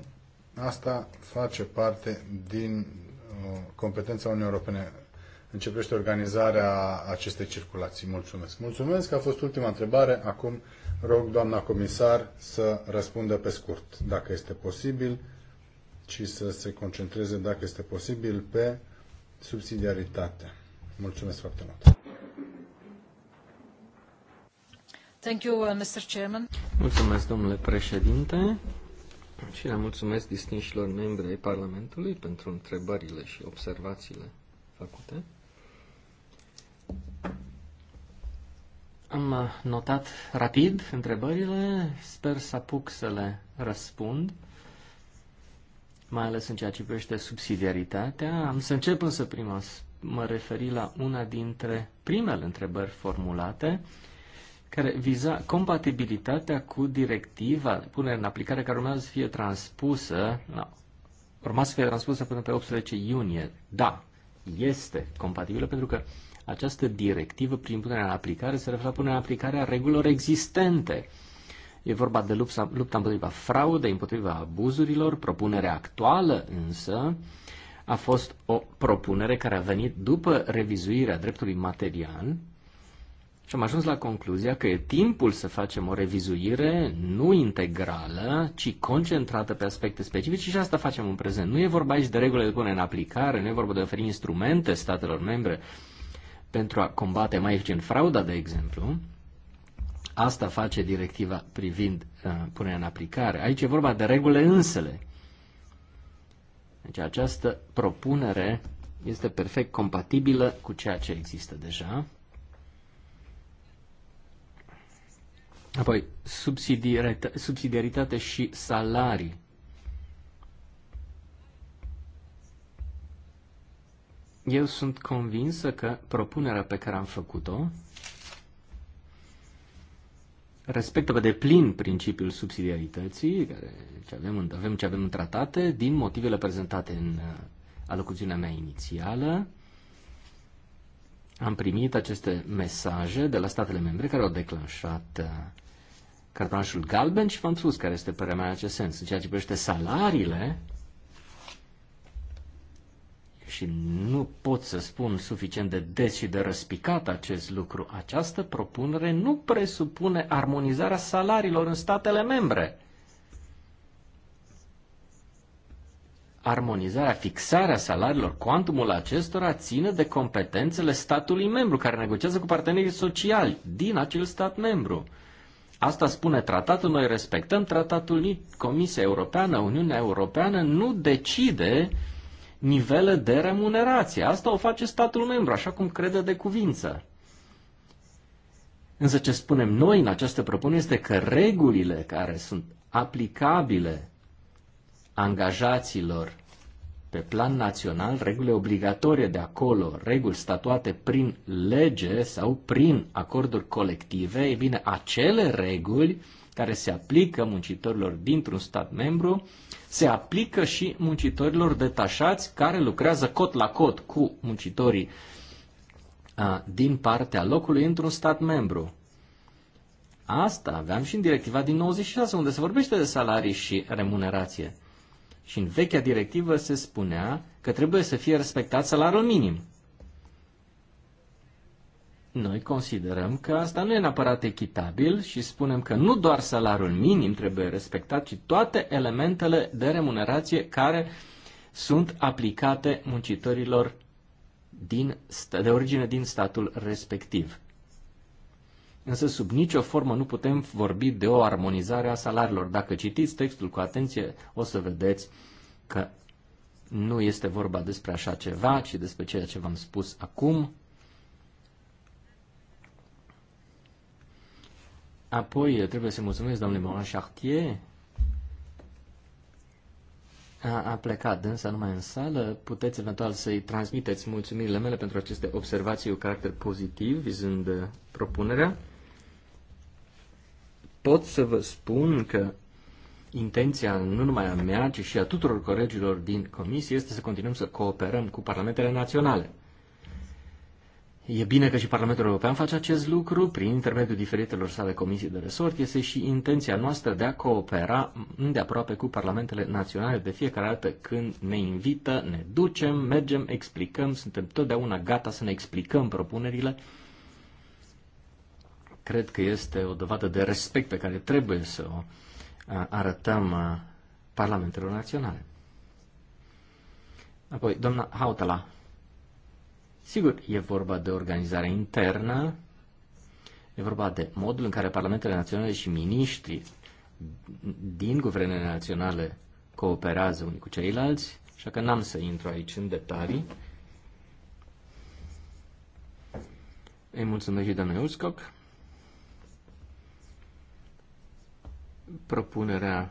asta face parte din uh, competența Uniunii Europene. Începește organizarea acestei circulații. Mulțumesc. Mulțumesc că a fost ultima întrebare. Acum rog doamna comisar să răspundă pe scurt, dacă este posibil ci să se concentreze, dacă este posibil, pe subsidiaritate. Mulțumesc foarte mult! Thank you, uh, Mr. Chairman. Mulțumesc, domnule președinte, și le mulțumesc distinșilor membri ai Parlamentului pentru întrebările și observațiile făcute. Am uh, notat rapid întrebările, sper să apuc să le răspund mai ales în ceea ce privește subsidiaritatea. Am să încep însă prima, mă referi la una dintre primele întrebări formulate, care viza compatibilitatea cu directiva punere în aplicare care urmează să fie transpusă, no, urma să fie transpusă până pe 18 iunie. Da, este compatibilă pentru că această directivă prin punerea în aplicare se referă la punerea în aplicare a regulilor existente E vorba de lupta, lupta împotriva fraudei, împotriva abuzurilor. Propunerea actuală însă a fost o propunere care a venit după revizuirea dreptului material și am ajuns la concluzia că e timpul să facem o revizuire nu integrală, ci concentrată pe aspecte specifice și asta facem în prezent. Nu e vorba aici de regulile de pune în aplicare, nu e vorba de a oferi instrumente statelor membre pentru a combate mai eficient frauda, de exemplu, Asta face directiva privind uh, punerea în aplicare. Aici e vorba de regulile însele. Deci această propunere este perfect compatibilă cu ceea ce există deja. Apoi, subsidiaritate și salarii. Eu sunt convinsă că propunerea pe care am făcut-o respectă pe deplin principiul subsidiarității, care ce avem, avem ce avem în tratate, din motivele prezentate în uh, alocuțiunea mea inițială. Am primit aceste mesaje de la statele membre care au declanșat uh, cartonașul galben și v-am spus care este părerea mea în acest sens. În ceea ce privește salariile, și nu pot să spun suficient de des și de răspicat acest lucru, această propunere nu presupune armonizarea salariilor în statele membre. Armonizarea, fixarea salariilor, cuantumul acestora ține de competențele statului membru care negociază cu partenerii sociali din acel stat membru. Asta spune tratatul, noi respectăm tratatul, Comisia Europeană, Uniunea Europeană nu decide uh, nivele de remunerație. Asta o face statul membru, așa cum crede de cuvință. Însă ce spunem noi în această propunere este că regulile care sunt aplicabile angajaților pe plan național, regulile obligatorie de acolo, reguli statuate prin lege sau prin acorduri colective, e bine, acele reguli care se aplică muncitorilor dintr-un stat membru, se aplică și muncitorilor detașați care lucrează cot la cot cu muncitorii a, din partea locului într-un stat membru. Asta aveam și în directiva din 96, unde se vorbește de salarii și remunerație. Și în vechea directivă se spunea că trebuie să fie respectat salariul minim. Noi considerăm că asta nu e neapărat echitabil și spunem că nu doar salariul minim trebuie respectat, ci toate elementele de remunerație care sunt aplicate muncitorilor din, de origine din statul respectiv. Însă sub nicio formă nu putem vorbi de o armonizare a salariilor. Dacă citiți textul cu atenție, o să vedeți că nu este vorba despre așa ceva, ci despre ceea ce v-am spus acum. Apoi trebuie să mulțumesc domnului Moran Chartier. A, a plecat dânsa numai în sală. Puteți eventual să-i transmiteți mulțumirile mele pentru aceste observații cu caracter pozitiv, vizând uh, propunerea. Pot să vă spun că intenția nu numai a mea, ci și a tuturor colegilor din comisie este să continuăm să cooperăm cu parlamentele naționale. E bine că și Parlamentul European face acest lucru prin intermediul diferitelor sale comisii de resort. Este și intenția noastră de a coopera îndeaproape cu parlamentele naționale de fiecare dată când ne invită, ne ducem, mergem, explicăm, suntem totdeauna gata să ne explicăm propunerile. Cred că este o dovadă de respect pe care trebuie să o arătăm parlamentelor naționale. Apoi, doamna Hautala, Sigur, e vorba de organizare internă, e vorba de modul în care parlamentele naționale și miniștrii din guvernele naționale cooperează unii cu ceilalți, așa că n-am să intru aici în detalii. Îi mulțumesc și doamnei Uscoc. Propunerea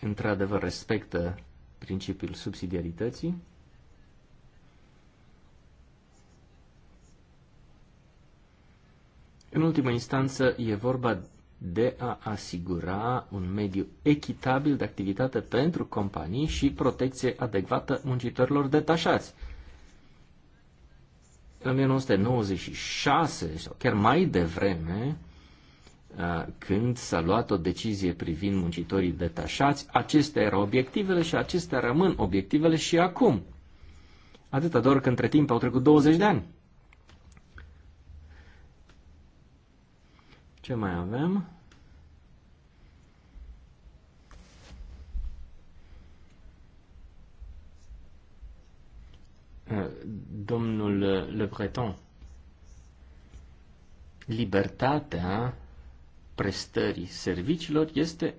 într-adevăr respectă principiul subsidiarității. În ultima instanță, e vorba de a asigura un mediu echitabil de activitate pentru companii și protecție adecvată muncitorilor detașați. În 1996 sau chiar mai devreme, când s-a luat o decizie privind muncitorii detașați, acestea erau obiectivele și acestea rămân obiectivele și acum. Atâta doar că între timp au trecut 20 de ani. Ce mai avem? Domnul Le Breton, libertatea prestării serviciilor este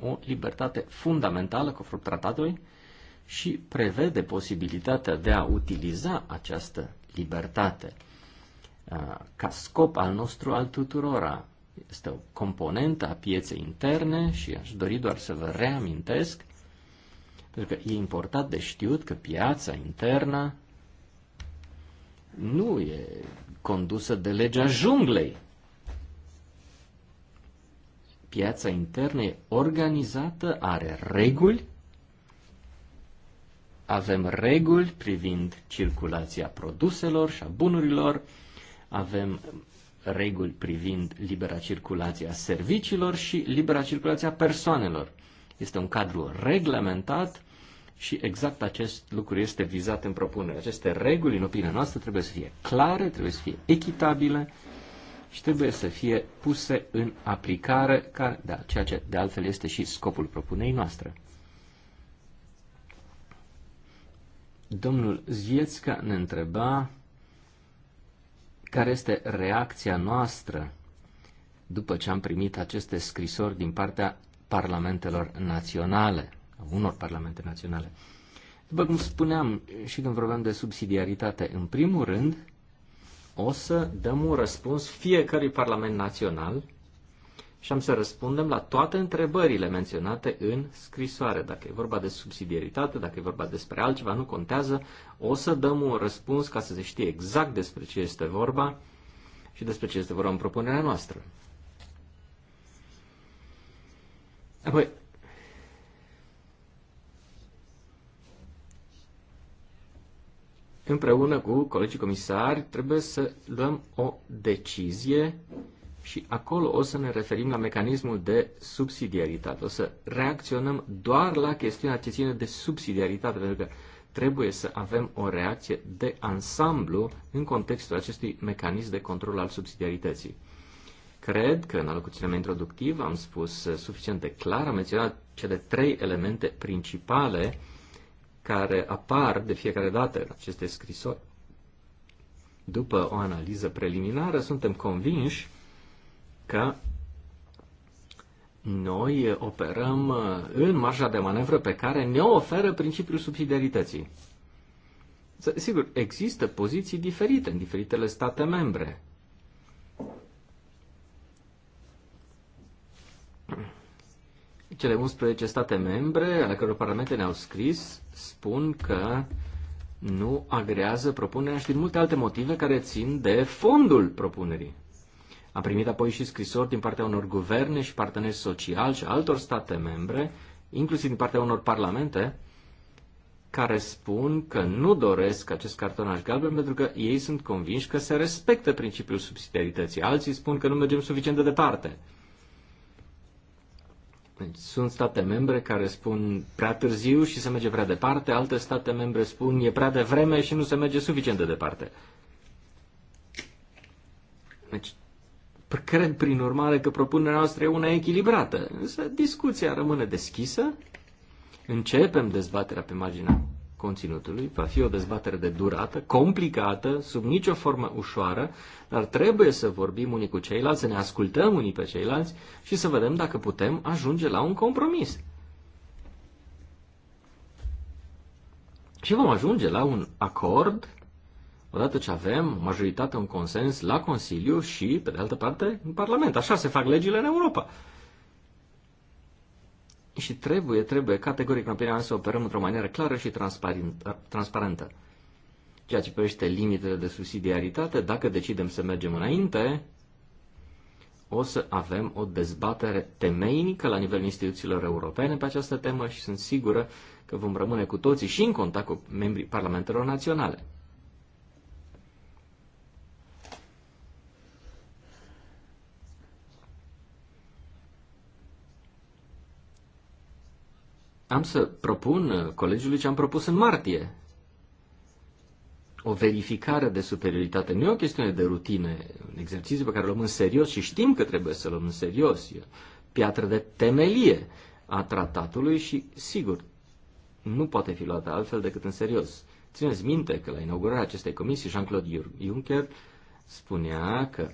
o libertate fundamentală conform tratatului și prevede posibilitatea de a utiliza această libertate ca scop al nostru al tuturora. Este o componentă a pieței interne și aș dori doar să vă reamintesc, pentru că e important de știut că piața internă nu e condusă de legea junglei. Piața internă e organizată, are reguli. Avem reguli privind circulația produselor și a bunurilor, avem reguli privind libera circulație a serviciilor și libera circulație a persoanelor. Este un cadru reglementat și exact acest lucru este vizat în propunere. Aceste reguli, în opinia noastră, trebuie să fie clare, trebuie să fie echitabile și trebuie să fie puse în aplicare, ca, da, ceea ce de altfel este și scopul propunerii noastre. Domnul Zviețca ne întreba care este reacția noastră după ce am primit aceste scrisori din partea parlamentelor naționale, unor parlamente naționale. După cum spuneam și când vorbeam de subsidiaritate, în primul rând o să dăm un răspuns fiecărui parlament național și am să răspundem la toate întrebările menționate în scrisoare. Dacă e vorba de subsidiaritate, dacă e vorba despre altceva, nu contează. O să dăm un răspuns ca să se știe exact despre ce este vorba și despre ce este vorba în propunerea noastră. Apoi, împreună cu colegii comisari, trebuie să luăm o decizie și acolo o să ne referim la mecanismul de subsidiaritate. O să reacționăm doar la chestiunea ce ține de subsidiaritate, pentru că trebuie să avem o reacție de ansamblu în contextul acestui mecanism de control al subsidiarității. Cred că în alocuțiunea mea introductivă am spus suficient de clar, am menționat cele trei elemente principale care apar de fiecare dată în aceste scrisori. După o analiză preliminară, suntem convinși că noi operăm uh, în marja de manevră pe care ne oferă principiul subsidiarității. Sigur, există poziții diferite în diferitele state membre. Cele 11 state membre ale căror parlamente ne-au scris spun că nu agrează propunerea și din multe alte motive care țin de fondul propunerii. Am primit apoi și scrisori din partea unor guverne și parteneri sociali și altor state membre, inclusiv din partea unor parlamente, care spun că nu doresc acest cartonaș galben pentru că ei sunt convinși că se respectă principiul subsidiarității. Alții spun că nu mergem suficient de departe. Deci, sunt state membre care spun prea târziu și se merge prea departe, alte state membre spun e prea devreme și nu se merge suficient de departe. Deci Cred, prin urmare, că propunerea noastră e una echilibrată, însă discuția rămâne deschisă. Începem dezbaterea pe marginea conținutului. Va fi o dezbatere de durată, complicată, sub nicio formă ușoară, dar trebuie să vorbim unii cu ceilalți, să ne ascultăm unii pe ceilalți și să vedem dacă putem ajunge la un compromis. Și vom ajunge la un acord odată ce avem majoritate, un consens la Consiliu și, pe de altă parte, în Parlament. Așa se fac legile în Europa. Și trebuie, trebuie, categoric, în opinia mea, să operăm într-o manieră clară și transparentă. Ceea ce privește limitele de subsidiaritate, dacă decidem să mergem înainte, o să avem o dezbatere temeinică la nivelul instituțiilor europene pe această temă și sunt sigură că vom rămâne cu toții și în contact cu membrii parlamentelor naționale. am să propun uh, colegiului ce am propus în martie. O verificare de superioritate nu e o chestiune de rutine, un exercițiu pe care îl luăm în serios și știm că trebuie să-l luăm în serios. E piatră de temelie a tratatului și, sigur, nu poate fi luată altfel decât în serios. Țineți minte că la inaugurarea acestei comisii Jean-Claude Juncker spunea că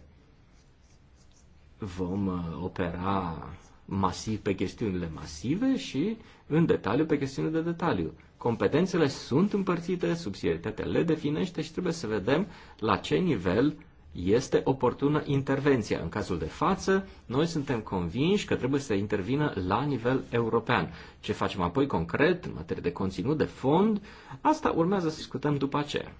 vom uh, opera masiv pe chestiunile masive și în detaliu pe chestiunile de detaliu. Competențele sunt împărțite, subsidiaritatea le definește și trebuie să vedem la ce nivel este oportună intervenția. În cazul de față, noi suntem convinși că trebuie să intervină la nivel european. Ce facem apoi concret, în materie de conținut, de fond, asta urmează să discutăm după aceea.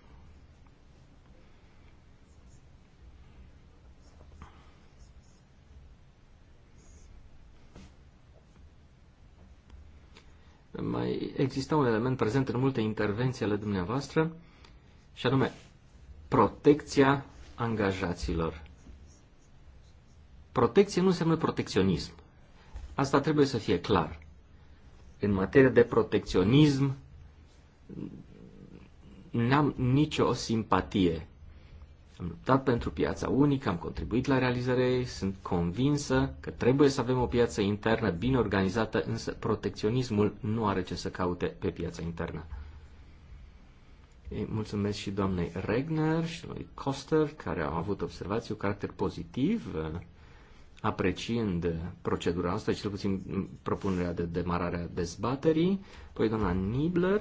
mai exista un element prezent în multe intervenții ale dumneavoastră, și anume protecția angajaților. Protecție nu înseamnă protecționism. Asta trebuie să fie clar. În materie de protecționism, n-am nicio simpatie am luptat pentru piața unică, am contribuit la realizarea ei, sunt convinsă că trebuie să avem o piață internă bine organizată, însă protecționismul nu are ce să caute pe piața internă. mulțumesc și doamnei Regner și lui Coster, care au avut observații cu caracter pozitiv, apreciind procedura asta, cel puțin propunerea de demarare a dezbaterii, Păi doamna Nibler,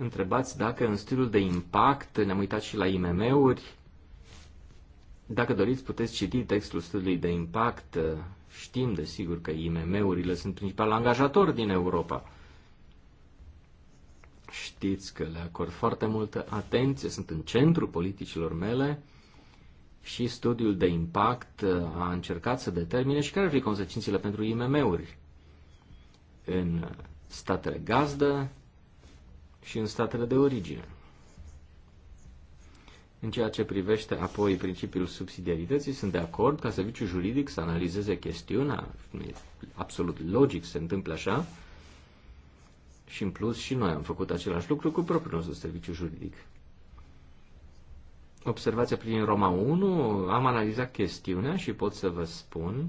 întrebați dacă în studiul de impact ne-am uitat și la IMM-uri. Dacă doriți, puteți citi textul studiului de impact. Știm, desigur, că IMM-urile sunt principal angajator din Europa. Știți că le acord foarte multă atenție, sunt în centrul politicilor mele și studiul de impact a încercat să determine și care ar fi consecințele pentru IMM-uri în statele gazdă, și în statele de origine. În ceea ce privește apoi principiul subsidiarității, sunt de acord ca serviciul juridic să analizeze chestiunea, e absolut logic se întâmple așa, și în plus și noi am făcut același lucru cu propriul nostru serviciu juridic. Observația prin Roma 1, am analizat chestiunea și pot să vă spun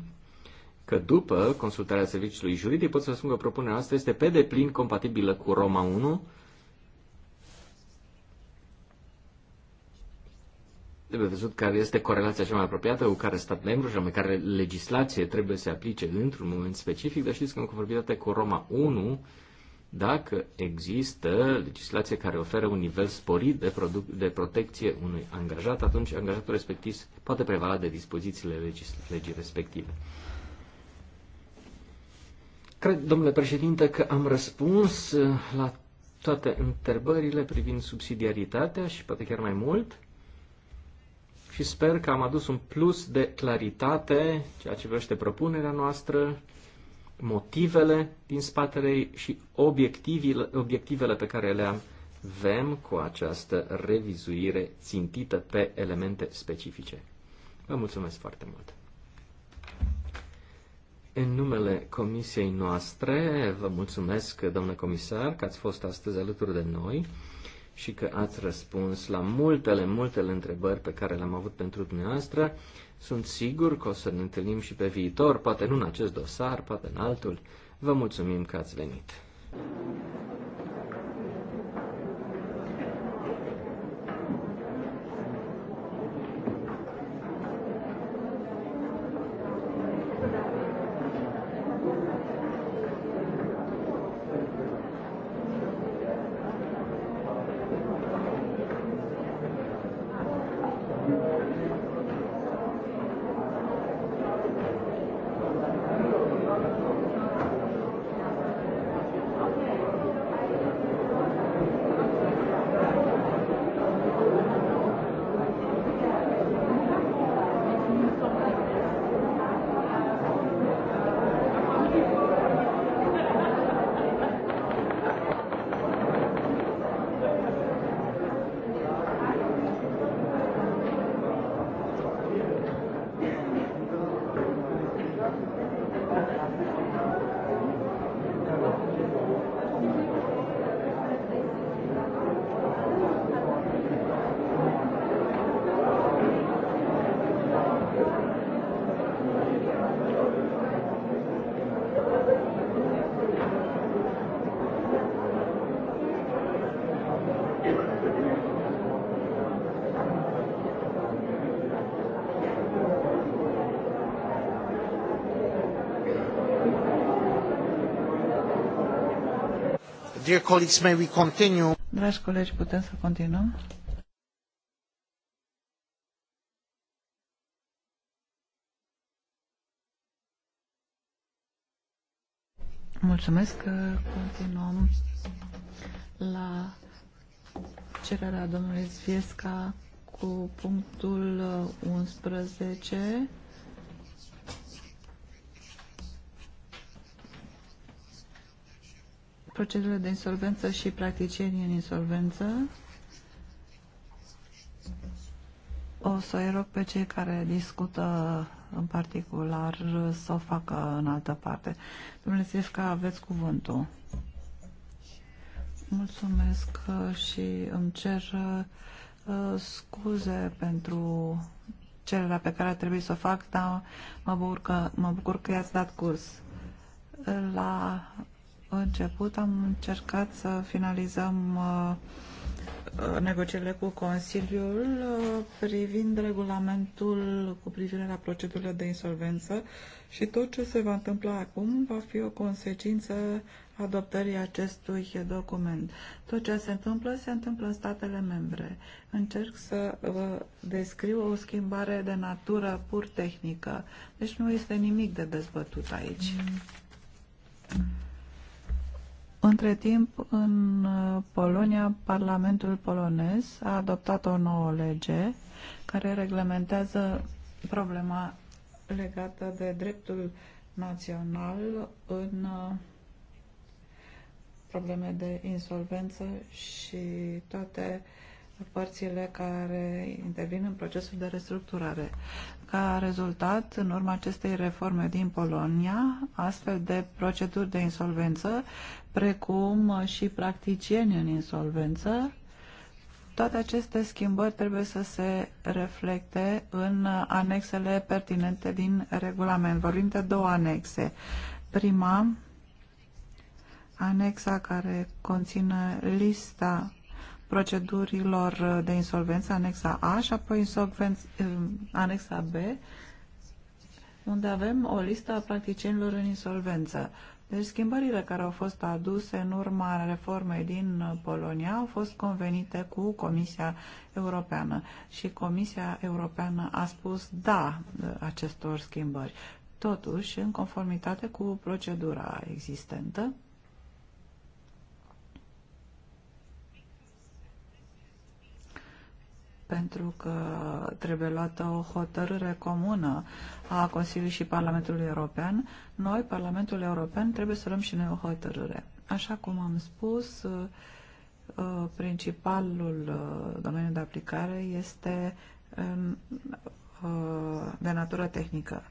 că după consultarea serviciului juridic pot să vă spun că propunerea noastră este pe deplin compatibilă cu Roma 1 Trebuie văzut care este corelația cea mai apropiată cu care stat membru și mai care legislație trebuie să se aplice într-un moment specific, dar știți că în conformitate cu Roma 1, dacă există legislație care oferă un nivel sporit de, produc- de protecție unui angajat, atunci angajatul respectiv poate prevala de dispozițiile legis- legii respective. Cred, domnule președinte, că am răspuns uh, la toate întrebările privind subsidiaritatea și poate chiar mai mult și sper că am adus un plus de claritate, ceea ce vrește propunerea noastră, motivele din spatele ei și obiectivele, obiectivele pe care le avem cu această revizuire țintită pe elemente specifice. Vă mulțumesc foarte mult! În numele comisiei noastre, vă mulțumesc, domnule comisar, că ați fost astăzi alături de noi și că ați răspuns la multele, multele întrebări pe care le-am avut pentru dumneavoastră. Sunt sigur că o să ne întâlnim și pe viitor, poate nu în acest dosar, poate în altul. Vă mulțumim că ați venit. Dear colleagues, may we continue? Dragi colegi, putem să continuăm? Mulțumesc că continuăm la cererea domnului Zviesca cu punctul 11 uh, procedurile de insolvență și practicienii în insolvență. O să-i rog pe cei care discută în particular să o facă în altă parte. Domnule Sifca, aveți cuvântul. Mulțumesc și îmi cer uh, scuze pentru cererea pe care a trebuit să o fac, dar mă bucur că, mă bucur că i-ați dat curs. La început am încercat să finalizăm uh, uh, negocierile cu Consiliul uh, privind regulamentul cu privire la procedurile de insolvență și tot ce se va întâmpla acum va fi o consecință adoptării acestui document. Tot ce se întâmplă, se întâmplă în statele membre. Încerc să vă descriu o schimbare de natură pur tehnică. Deci nu este nimic de dezbătut aici. Mm. Între timp, în uh, Polonia, Parlamentul polonez a adoptat o nouă lege care reglementează problema legată de dreptul național în uh, probleme de insolvență și toate părțile care intervin în procesul de restructurare. Ca rezultat, în urma acestei reforme din Polonia, astfel de proceduri de insolvență precum și practicieni în insolvență, toate aceste schimbări trebuie să se reflecte în anexele pertinente din regulament. Vorbim de două anexe. Prima, anexa care conține lista procedurilor de insolvență, anexa A și apoi anexa B, unde avem o listă a practicienilor în insolvență. Deci schimbările care au fost aduse în urma reformei din Polonia au fost convenite cu Comisia Europeană și Comisia Europeană a spus da ă, acestor schimbări. Totuși, în conformitate cu procedura existentă, pentru că trebuie luată o hotărâre comună a Consiliului și Parlamentului European, noi, Parlamentul European, trebuie să luăm și noi o hotărâre. Așa cum am spus, uh, principalul uh, domeniu de aplicare este uh, de natură tehnică.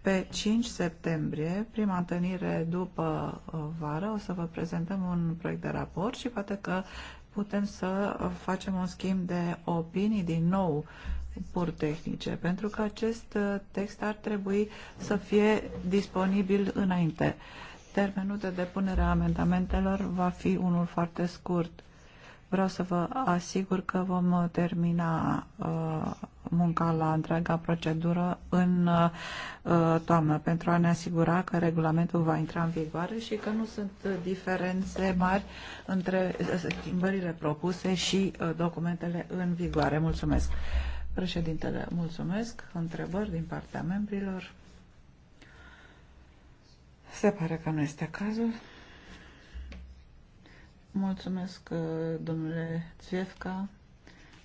Pe 5 septembrie, prima întâlnire după vară, o să vă prezentăm un proiect de raport și poate că putem să facem un schimb de opinii din nou pur tehnice, pentru că acest uh, text ar trebui să fie disponibil înainte. Termenul de depunere a amendamentelor va fi unul foarte scurt. Vreau să vă asigur că vom termina uh, munca la întreaga procedură în uh, toamnă pentru a ne asigura că regulamentul va intra în vigoare și că nu sunt diferențe mari între uh, schimbările propuse și documentele în vigoare. Mulțumesc. Președintele, mulțumesc. Întrebări din partea membrilor? Se pare că nu este cazul. Mulțumesc, uh, domnule Țiefca,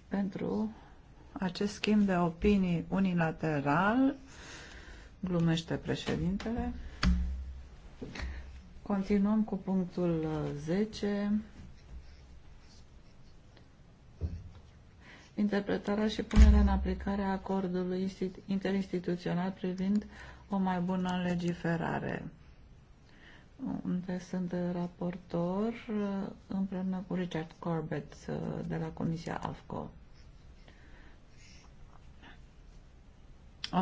pentru acest schimb de opinii unilateral, glumește președintele. Continuăm cu punctul 10. Uh, Interpretarea și punerea în aplicare a acordului interinstituțional privind o mai bună legiferare unde sunt raportor uh, împreună cu Richard Corbett uh, de la Comisia AFCO.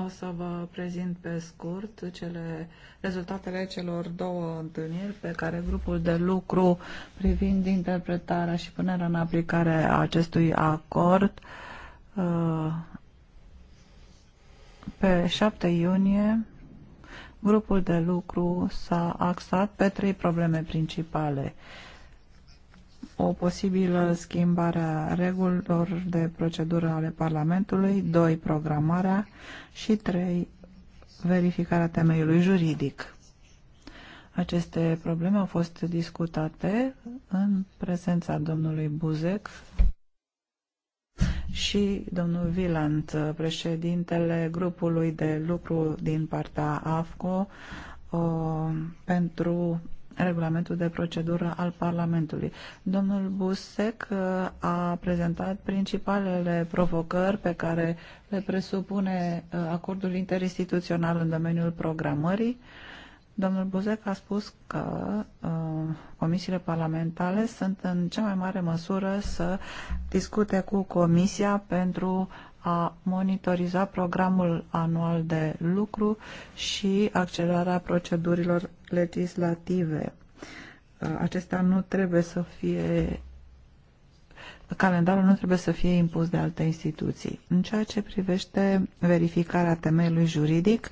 O să vă prezint pe scurt cele, rezultatele celor două întâlniri pe care grupul de lucru privind interpretarea și punerea în aplicare a acestui acord uh, pe 7 iunie Grupul de lucru s-a axat pe trei probleme principale. O posibilă schimbare a regulilor de procedură ale Parlamentului, doi, programarea și trei, verificarea temeiului juridic. Aceste probleme au fost discutate în prezența domnului Buzec, și domnul Viland, președintele grupului de lucru din partea AFCO uh, pentru regulamentul de procedură al Parlamentului. Domnul Busec uh, a prezentat principalele provocări pe care le presupune uh, acordul interinstituțional în domeniul programării, Domnul Buzec a spus că uh, comisiile parlamentare sunt în cea mai mare măsură să discute cu Comisia pentru a monitoriza programul anual de lucru și accelerarea procedurilor legislative. Uh, acestea nu trebuie să fie calendarul nu trebuie să fie impus de alte instituții. În ceea ce privește verificarea temeiului juridic,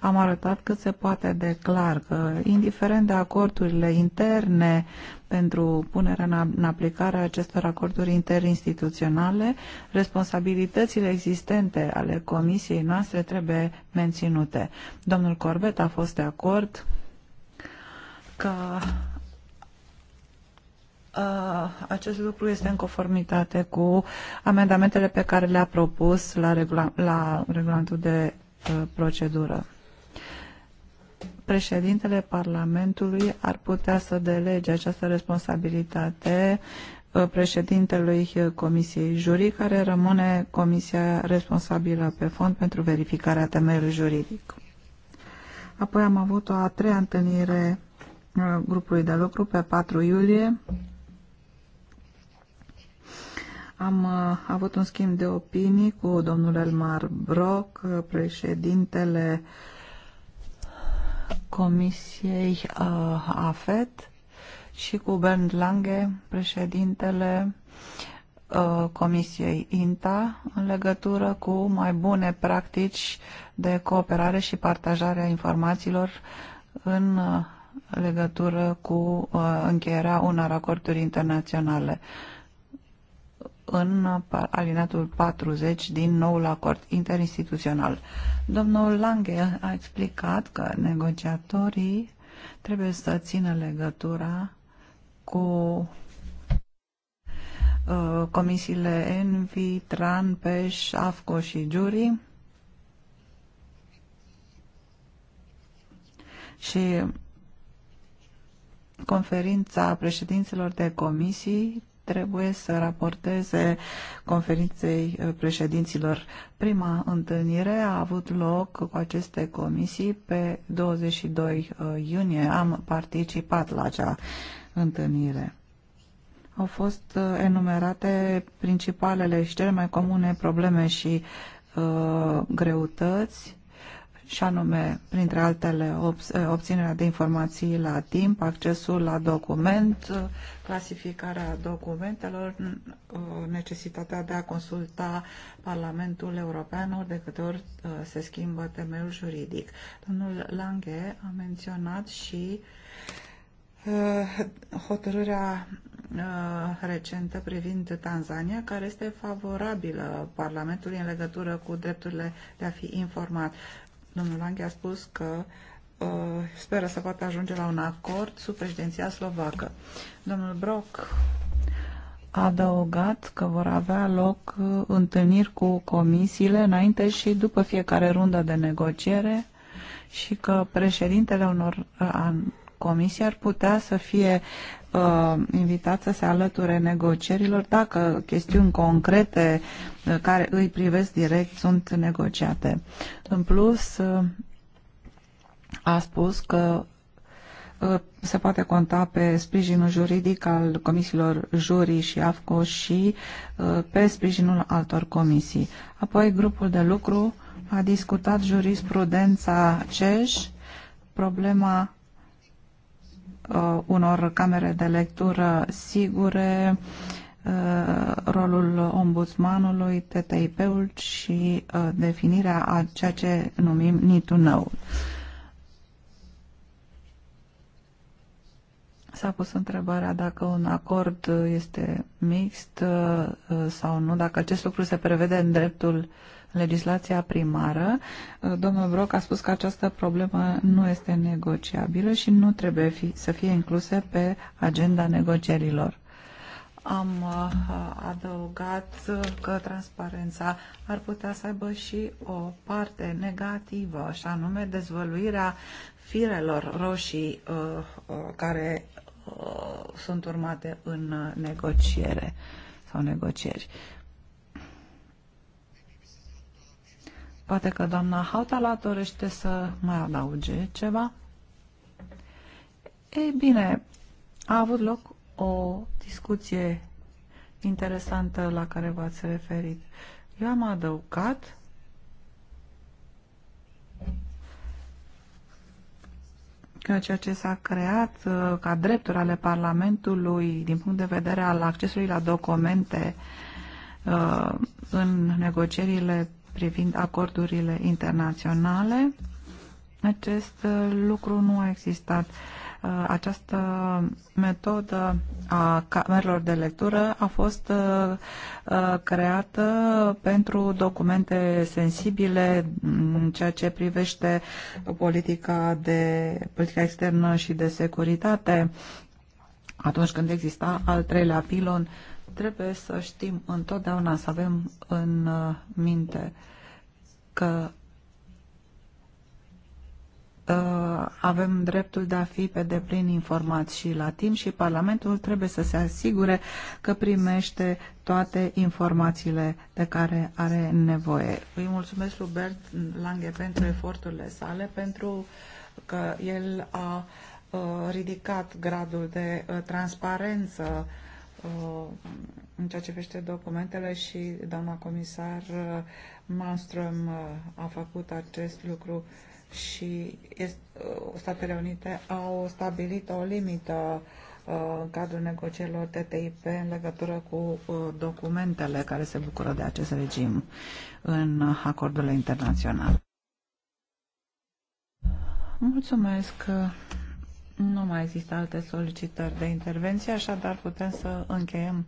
am arătat cât se poate de clar că, indiferent de acordurile interne pentru punerea în aplicare a acestor acorduri interinstituționale, responsabilitățile existente ale comisiei noastre trebuie menținute. Domnul Corbet a fost de acord că. Uh, acest lucru este în conformitate cu amendamentele pe care le-a propus la, regula la regulamentul de uh, procedură. Președintele Parlamentului ar putea să delege această responsabilitate uh, președintelui Comisiei Jurii, care rămâne comisia responsabilă pe fond pentru verificarea temeiului juridic. Apoi am avut o a treia întâlnire grupului de lucru pe 4 iulie am uh, avut un schimb de opinii cu domnul Elmar Brock, uh, președintele Comisiei uh, AFET și cu Bernd Lange, președintele Comisiei INTA în legătură cu mai bune practici de cooperare și partajare a informațiilor în legătură cu încheierea unor acorduri internaționale în alinatul 40 din noul acord interinstituțional. Domnul Lange a explicat că negociatorii trebuie să țină legătura cu uh, comisiile Envi, Tran, Peș, AFCO și Juri și conferința președinților de comisii trebuie să raporteze conferinței uh, președinților. Prima întâlnire a avut loc cu aceste comisii pe 22 uh, iunie. Am participat la acea întâlnire. Au fost uh, enumerate principalele și cele mai comune probleme și uh, greutăți și anume, printre altele, eh, obținerea de informații la timp, accesul la document, eh, clasificarea documentelor, eh, necesitatea de a consulta Parlamentul European ori de câte ori se schimbă temeiul juridic. Domnul Lange a menționat și hotărârea recentă privind Tanzania, care este favorabilă Parlamentului în legătură cu drepturile de a fi informat. Domnul Lange a spus că uh, speră să poată ajunge la un acord sub președinția slovacă. Domnul Brock a adăugat că vor avea loc uh, întâlniri cu comisiile înainte și după fiecare rundă de negociere și că președintele unor uh, comisii ar putea să fie uh, invitat să se alăture negocierilor dacă chestiuni concrete uh, care îi privesc direct sunt negociate. În plus, uh, a spus că uh, se poate conta pe sprijinul juridic al comisiilor jurii și AFCO și uh, pe sprijinul altor comisii. Apoi, grupul de lucru a discutat jurisprudența CEJ, problema Uh, unor camere de lectură sigure, uh, rolul ombudsmanului, TTIP-ul și uh, definirea a ceea ce numim nou. S-a pus întrebarea dacă un acord este mixt sau nu, dacă acest lucru se prevede în dreptul legislația primară. Uh, domnul Broc a spus că această problemă nu este negociabilă și nu trebuie fi, să fie incluse pe agenda negocierilor. Am uh, adăugat uh, că transparența ar putea să aibă și o parte negativă, și anume dezvăluirea firelor roșii care sunt urmate în negociere sau negocieri. Poate că doamna Hautala dorește să mai adauge ceva. Ei bine, a avut loc o discuție interesantă la care v-ați referit. Eu am adăugat că ceea ce s-a creat uh, ca drepturi ale Parlamentului din punct de vedere al accesului la documente uh, în negocierile privind acordurile internaționale. Acest uh, lucru nu a existat. Uh, această metodă a camerelor de lectură a fost uh, creată pentru documente sensibile în ceea ce privește politica, de, politica externă și de securitate atunci când exista al treilea pilon trebuie să știm întotdeauna, să avem în uh, minte că uh, avem dreptul de a fi pe deplin informați și la timp și Parlamentul trebuie să se asigure că primește toate informațiile de care are nevoie. Îi mulțumesc lui Bert Lange pentru eforturile sale, pentru că el a uh, ridicat gradul de transparență în ceea ce privește documentele și doamna comisar uh, Malmström uh, a făcut acest lucru și uh, Statele Unite au stabilit o limită în cadrul negocierilor TTIP în legătură cu documentele care se bucură de acest regim în acordurile internaționale. Mulțumesc nu mai există alte solicitări de intervenție, așadar putem să încheiem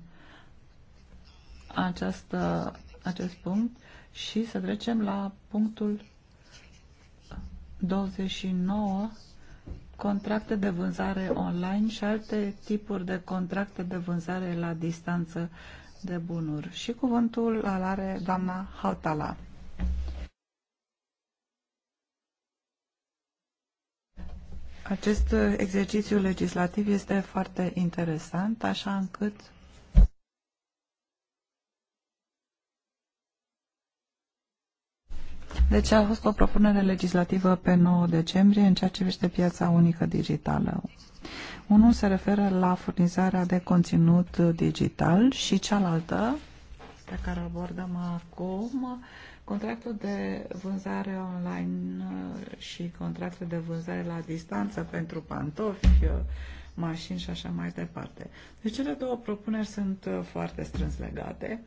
această, acest punct și să trecem la punctul 29 contracte de vânzare online și alte tipuri de contracte de vânzare la distanță de bunuri. Și cuvântul îl are doamna Hautala. Acest exercițiu legislativ este foarte interesant, așa încât Deci a fost o propunere legislativă pe 9 decembrie în ceea ce privește piața unică digitală. Unul se referă la furnizarea de conținut digital și cealaltă pe care o abordăm acum Contractul de vânzare online uh, și contractul de vânzare la distanță pentru pantofi, uh, mașini și așa mai departe. Deci cele două propuneri sunt uh, foarte strâns legate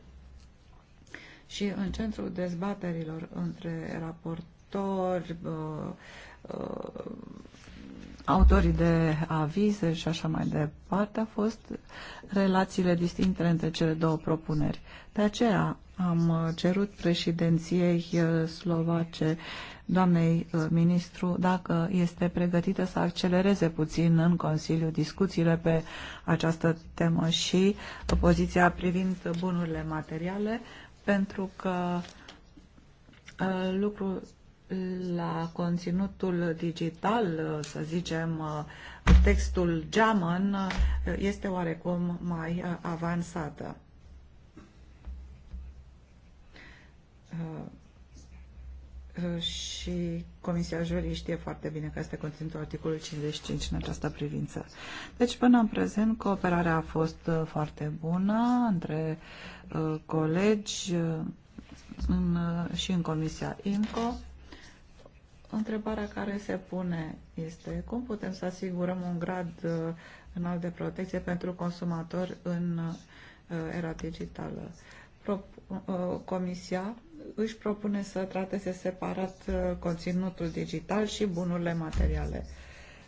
și în centrul dezbaterilor între raportori, autorii de avize și așa mai departe a fost relațiile distincte între cele două propuneri. De aceea am uh, cerut președinției uh, slovace, doamnei uh, ministru, dacă este pregătită să accelereze puțin în Consiliu discuțiile pe această temă și poziția privind bunurile materiale, pentru că lucru la conținutul digital, să zicem, textul German este oarecum mai avansată. Uh, uh, și Comisia Jurii știe foarte bine că este conținutul articolului 55 în această privință. Deci, până în prezent, cooperarea a fost uh, foarte bună între colegi în, și în Comisia INCO. Întrebarea care se pune este cum putem să asigurăm un grad înalt de protecție pentru consumatori în era digitală. comisia își propune să trateze separat uh, conținutul digital și bunurile materiale.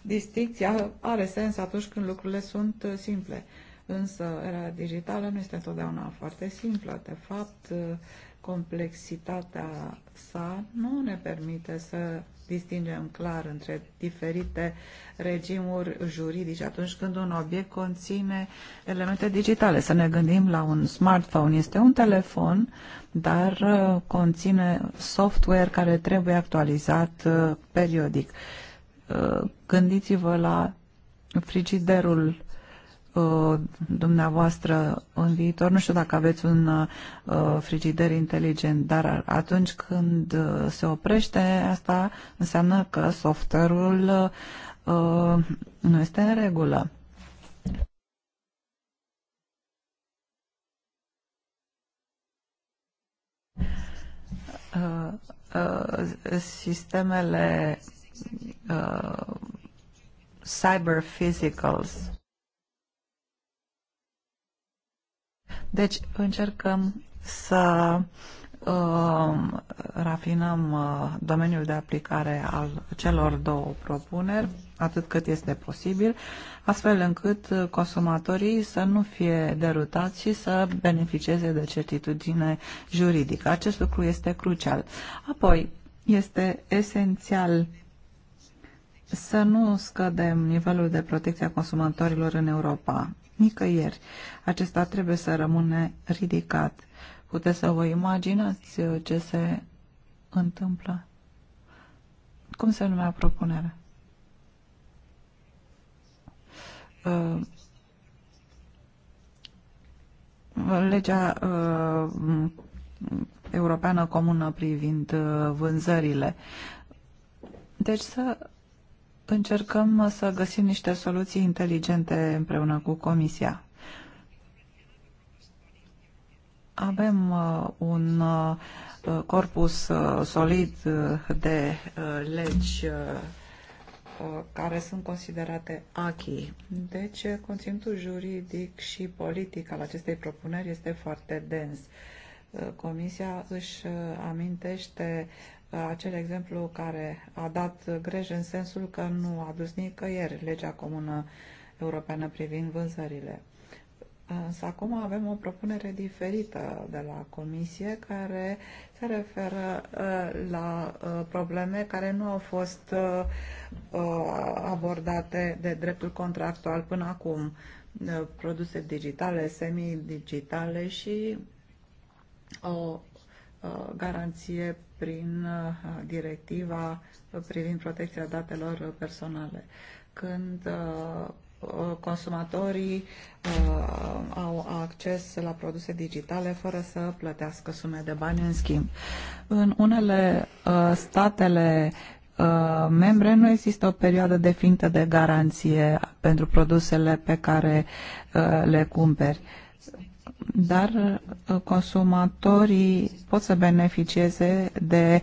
Distinția are sens atunci când lucrurile sunt uh, simple, însă era digitală nu este întotdeauna foarte simplă. De fapt, uh, complexitatea sa nu ne permite să distingem clar între diferite regimuri juridice atunci când un obiect conține elemente digitale. Să ne gândim la un smartphone. Este un telefon, dar uh, conține software care trebuie actualizat uh, periodic. Uh, gândiți-vă la frigiderul Uh, dumneavoastră în viitor. Nu știu dacă aveți un uh, frigider inteligent, dar atunci când uh, se oprește, asta înseamnă că software-ul nu este în regulă. sistemele uh, cyber physicals Deci încercăm să uh, rafinăm uh, domeniul de aplicare al celor două propuneri, atât cât este posibil, astfel încât consumatorii să nu fie derutați și să beneficieze de certitudine juridică. Acest lucru este crucial. Apoi, este esențial să nu scădem nivelul de protecție a consumatorilor în Europa nicăieri. Acesta trebuie să rămâne ridicat. Puteți să vă imaginați uh, ce se întâmplă? Cum se numea propunerea? Uh, legea uh, europeană comună privind vânzările. Deci să încercăm să găsim niște soluții inteligente împreună cu Comisia. Avem uh, un uh, corpus uh, solid uh, de uh, legi uh, uh care sunt considerate achi. Deci, conținutul juridic și politic al acestei propuneri este foarte dens. Uh, Comisia își uh, amintește acel exemplu care a dat grej în sensul că nu a dus nicăieri legea comună europeană privind vânzările. Însă acum avem o propunere diferită de la Comisie care se referă uh, la uh, probleme care nu au fost uh, abordate de dreptul contractual până acum, produse digitale, semi-digitale și o Uh, garanție prin uh, directiva privind protecția datelor personale. Când uh, consumatorii au acces la produse digitale fără să plătească sume de bani în schimb. În unele statele membre nu există o perioadă definită de garanție pentru produsele pe care le cumperi dar uh, consumatorii pot să beneficieze de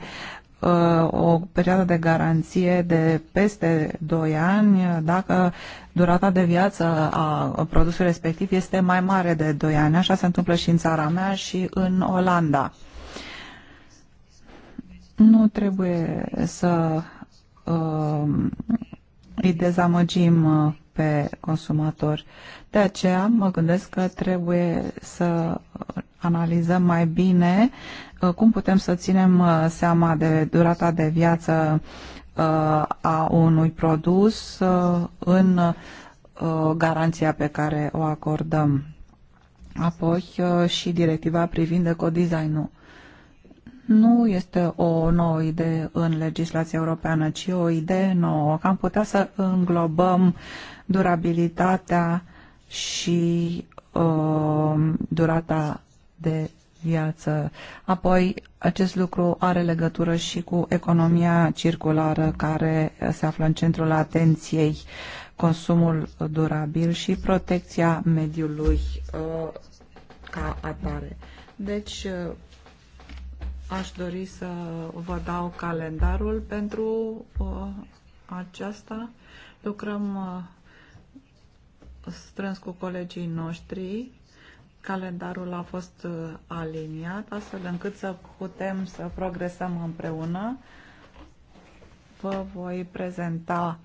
uh, o perioadă de garanție de peste 2 ani dacă durata de viață a produsului respectiv este mai mare de 2 ani. Așa se întâmplă și în țara mea și în Olanda. Nu trebuie să uh, îi dezamăgim uh, pe consumator. De aceea mă gândesc că trebuie să analizăm mai bine uh, cum putem să ținem uh, seama de durata de viață uh, a unui produs în garanția pe care o acordăm. Apoi și directiva privind ecodesign-ul. Nu este o nouă idee în legislația europeană, ci o idee nouă, am putea să înglobăm uh, durabilitatea și uh, durata de viață. Apoi, acest lucru are legătură și cu economia circulară care se află în centrul atenției, consumul durabil și protecția mediului uh, ca atare. Deci, uh, aș dori să vă dau calendarul pentru uh, aceasta. Lucrăm uh, strâns cu colegii noștri. Calendarul a fost uh, aliniat astfel încât să putem să progresăm împreună. Vă voi prezenta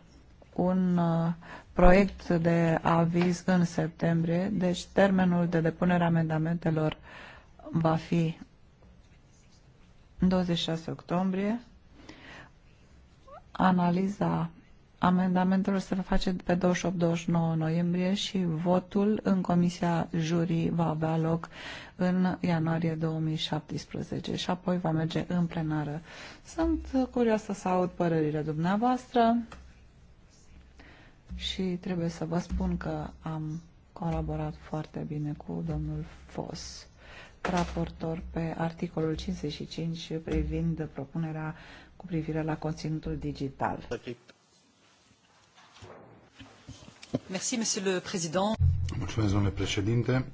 un uh, proiect de aviz în septembrie, deci termenul de depunere amendamentelor va fi 26 octombrie. Analiza Amendamentul se va face pe 28-29 noiembrie și votul în Comisia Jurii va avea loc în ianuarie 2017 și apoi va merge în plenară. Sunt curioasă să aud părerile dumneavoastră și trebuie să vă spun că am colaborat foarte bine cu domnul Fos, raportor pe articolul 55 privind propunerea cu privire la conținutul digital. Perfect. Mulțumesc, domnule președinte.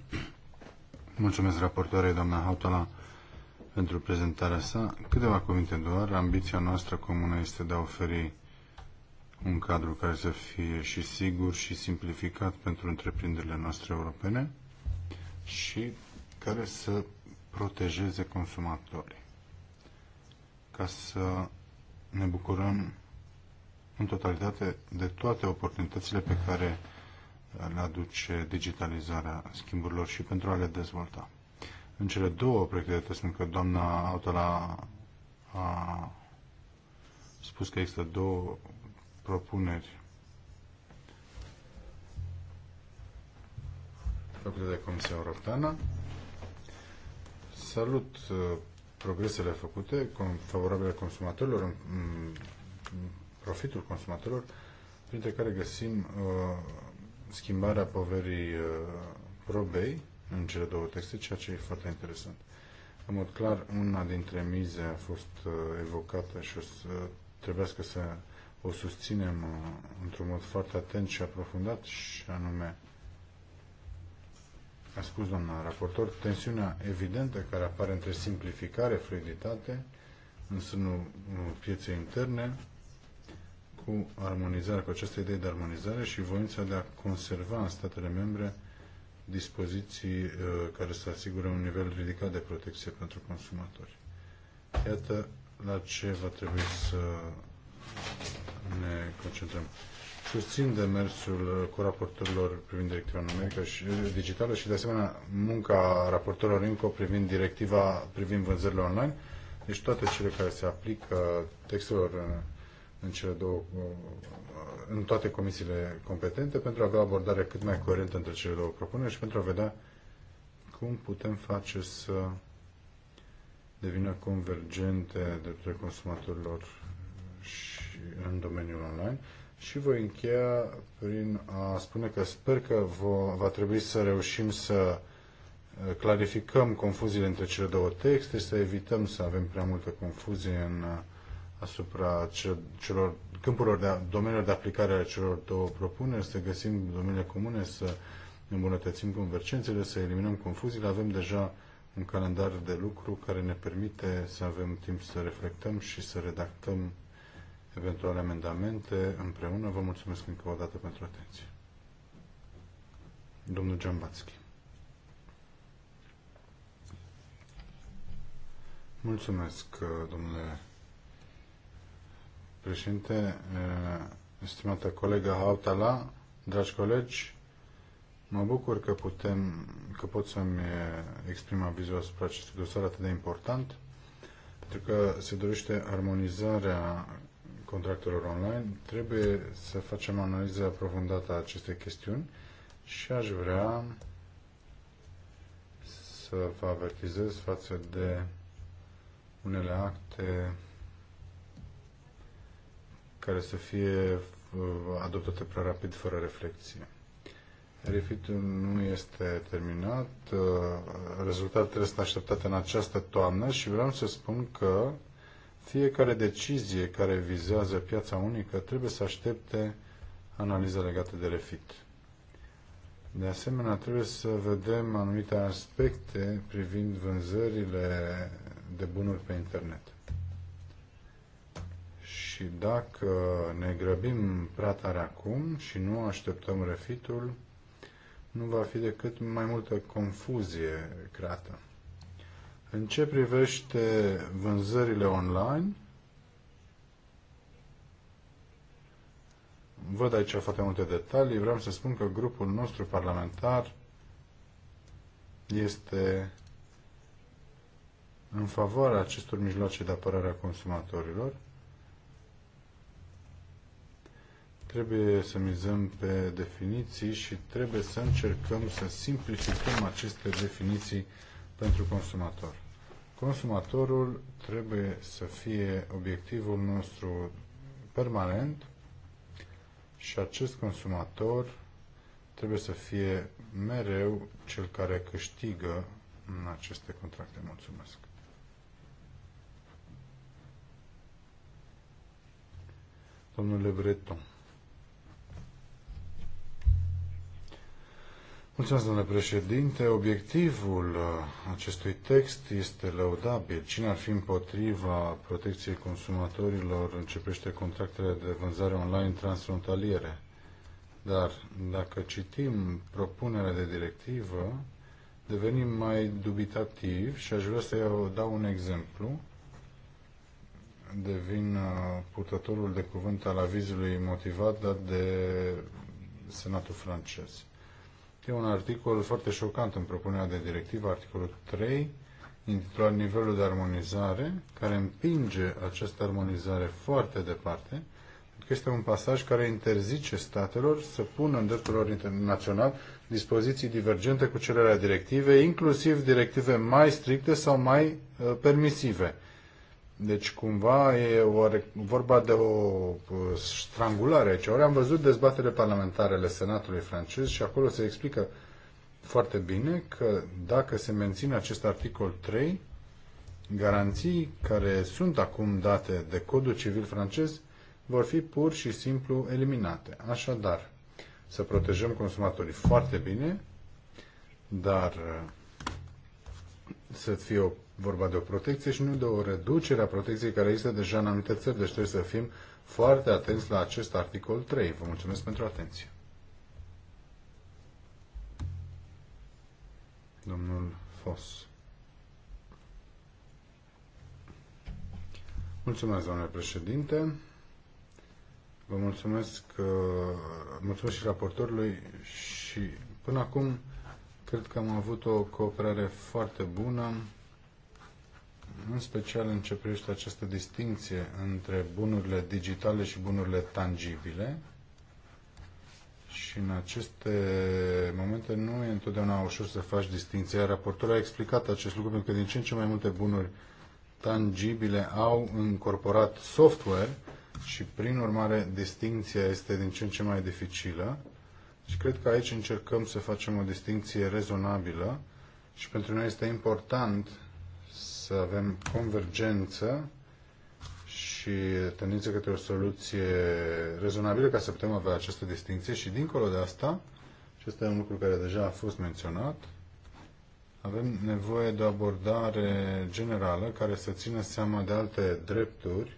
Mulțumesc raportoarei doamna Hautala pentru prezentarea sa. Câteva cuvinte doar. Ambiția noastră comună este de a oferi un cadru care să fie și sigur și simplificat pentru întreprinderile noastre europene și care să protejeze consumatorii. Ca să ne bucurăm în totalitate de toate oportunitățile pe care le aduce digitalizarea schimburilor și pentru a le dezvolta. În cele două proiecte de test, încă doamna Autola a spus că există două propuneri făcute de Comisia Europeană. Salut uh, progresele făcute favorabile consumatorilor în profitul consumatorilor, printre care găsim uh, schimbarea poverii uh, probei în cele două texte, ceea ce e foarte interesant. În mod clar, una dintre mize a fost uh, evocată și o să trebuiască să o susținem uh, într-un mod foarte atent și aprofundat, și anume, a spus doamna raportor, tensiunea evidentă care apare între simplificare, fluiditate, în sânul uh, pieței interne cu armonizarea, cu această idee de armonizare și voința de a conserva în statele membre dispoziții uh, care să asigure un nivel ridicat de protecție pentru consumatori. Iată la ce va trebui să ne concentrăm. Susțin demersul cu raportorilor privind directiva numerică și uh, digitală și de asemenea munca raportorilor INCO privind directiva privind vânzările online. Deci toate cele care se aplică textelor uh, în cele două uh, în toate comisiile competente pentru a avea o abordare cât mai coerentă între cele două propuneri și pentru a vedea cum putem face să devină convergente drepturile consumatorilor și în domeniul online. Și voi încheia prin a spune că sper că va trebui să reușim să uh, clarificăm confuziile între cele două texte, să evităm să avem prea multă confuzie în uh, asupra celor câmpurilor de, domeniilor de aplicare ale celor două propuneri, să găsim domeniile comune, să îmbunătățim convergențele, să eliminăm confuziile. Avem deja un calendar de lucru care ne permite să avem timp să reflectăm și să redactăm eventuale amendamente împreună. Vă mulțumesc încă o dată pentru atenție. Domnul Giambatski. Mulțumesc, domnule președinte, eh, stimată colegă Hautala, dragi colegi, mă bucur că, putem, că pot să-mi eh, exprim avizul asupra acestui dosar atât de important, pentru că se dorește armonizarea contractelor online. Trebuie să facem o analiză aprofundată a acestei chestiuni și aș vrea să vă avertizez față de unele acte care să fie uh, adoptate prea rapid, fără reflexie. Refitul nu este terminat. Uh, rezultatele sunt așteptate în această toamnă și vreau să spun că fiecare decizie care vizează piața unică trebuie să aștepte analiza legată de refit. De asemenea, trebuie să vedem anumite aspecte privind vânzările de bunuri pe internet. Și dacă ne grăbim prea tare acum și nu așteptăm refitul, nu va fi decât mai multă confuzie creată. În ce privește vânzările online, văd aici foarte multe detalii. Vreau să spun că grupul nostru parlamentar este în favoarea acestor mijloace de apărare a consumatorilor Trebuie să mizăm pe definiții și trebuie să încercăm să simplificăm aceste definiții pentru consumator. Consumatorul trebuie să fie obiectivul nostru permanent și acest consumator trebuie să fie mereu cel care câștigă în aceste contracte. Mulțumesc! Domnule Breton. Mulțumesc, domnule președinte. Obiectivul uh, acestui text este lăudabil. Cine ar fi împotriva protecției consumatorilor începește contractele de vânzare online transfrontaliere. Dar dacă citim propunerea de directivă, devenim mai dubitativ și aș vrea să dau un exemplu. Devin uh, purtătorul de cuvânt al avizului motivat dat de Senatul francez. E un articol foarte șocant în propunerea de directivă, articolul 3, intitulat Nivelul de armonizare, care împinge această armonizare foarte departe, pentru că este un pasaj care interzice statelor să pună în dreptul lor internațional dispoziții divergente cu cele ale directivei, inclusiv directive mai stricte sau mai uh, permisive. Deci cumva e oare, vorba de o strangulare aici. Ori am văzut dezbatere parlamentare ale Senatului francez și acolo se explică foarte bine că dacă se menține acest articol 3, garanții care sunt acum date de codul civil francez vor fi pur și simplu eliminate. Așadar, să protejăm consumatorii foarte bine, dar să fie o vorba de o protecție și nu de o reducere a protecției care există deja în anumite țări. Deci trebuie să fim foarte atenți la acest articol 3. Vă mulțumesc pentru atenție. Domnul Fos. Mulțumesc, domnule președinte. Vă mulțumesc, uh, mulțumesc și raportorului și până acum cred că am avut o cooperare foarte bună în special în ce privește această distinție între bunurile digitale și bunurile tangibile. Și în aceste momente nu e întotdeauna ușor să faci distinția. Raportul a explicat acest lucru pentru că din ce în ce mai multe bunuri tangibile au încorporat software și prin urmare distinția este din ce în ce mai dificilă. Și cred că aici încercăm să facem o distinție rezonabilă și pentru noi este important să avem convergență și tendință către o soluție rezonabilă ca să putem avea această distinție și dincolo de asta, și este un lucru care deja a fost menționat, avem nevoie de o abordare generală care să țină seama de alte drepturi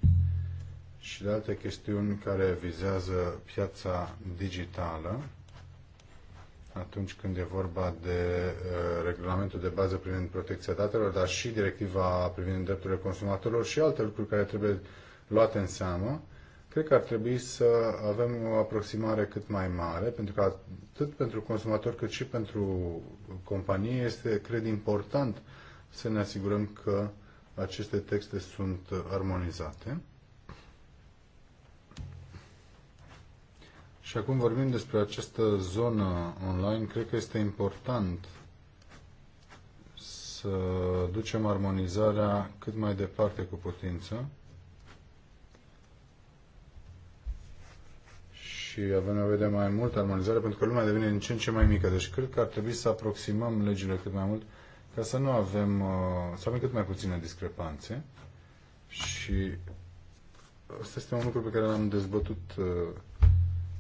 și de alte chestiuni care vizează piața digitală atunci când e vorba de uh, regulamentul de bază privind protecția datelor, dar și directiva privind drepturile consumatorilor și alte lucruri care trebuie luate în seamă, cred că ar trebui să avem o aproximare cât mai mare, pentru că atât pentru consumator cât și pentru companie este, cred, important să ne asigurăm că aceste texte sunt armonizate. Și acum vorbim despre această zonă online, cred că este important să ducem armonizarea cât mai departe cu putință. și avem nevoie de mai multă armonizare pentru că lumea devine din ce în ce mai mică. Deci cred că ar trebui să aproximăm legile cât mai mult ca să nu avem, uh, să avem cât mai puține discrepanțe și asta este un lucru pe care l-am dezbătut uh,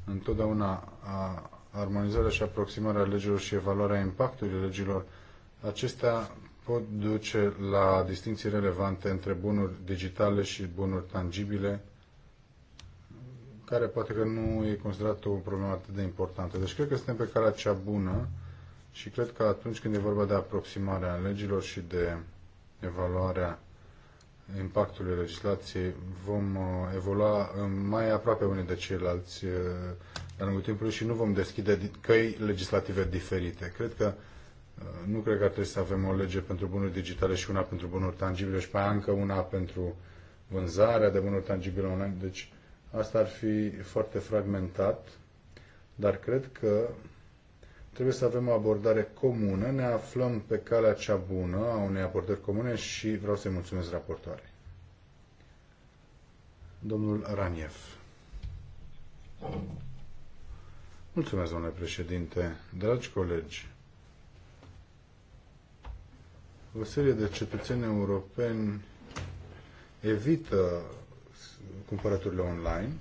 întotdeauna a armonizarea și aproximarea legilor și evaluarea impactului legilor, acestea pot duce la distinții relevante între bunuri digitale și bunuri tangibile, care poate că nu e considerat o problemă atât de importantă. Deci cred că suntem pe calea cea bună și cred că atunci când e vorba de aproximarea legilor și de evaluarea Impactul legislației. Vom uh, evolua uh, mai aproape unii de ceilalți uh, de-a lungul timpului și nu vom deschide căi legislative diferite. Cred că nu cred că ar trebui să avem o lege pentru bunuri digitale și una pentru bunuri tangibile și pe aia încă una pentru vânzarea de bunuri tangibile online. Deci asta ar fi foarte fragmentat, dar cred că Trebuie să avem o abordare comună, ne aflăm pe calea cea bună a unei abordări comune și vreau să-i mulțumesc raportoare. Domnul Raniev. Mulțumesc, domnule președinte. Dragi colegi, o serie de cetățeni europeni evită cumpărăturile online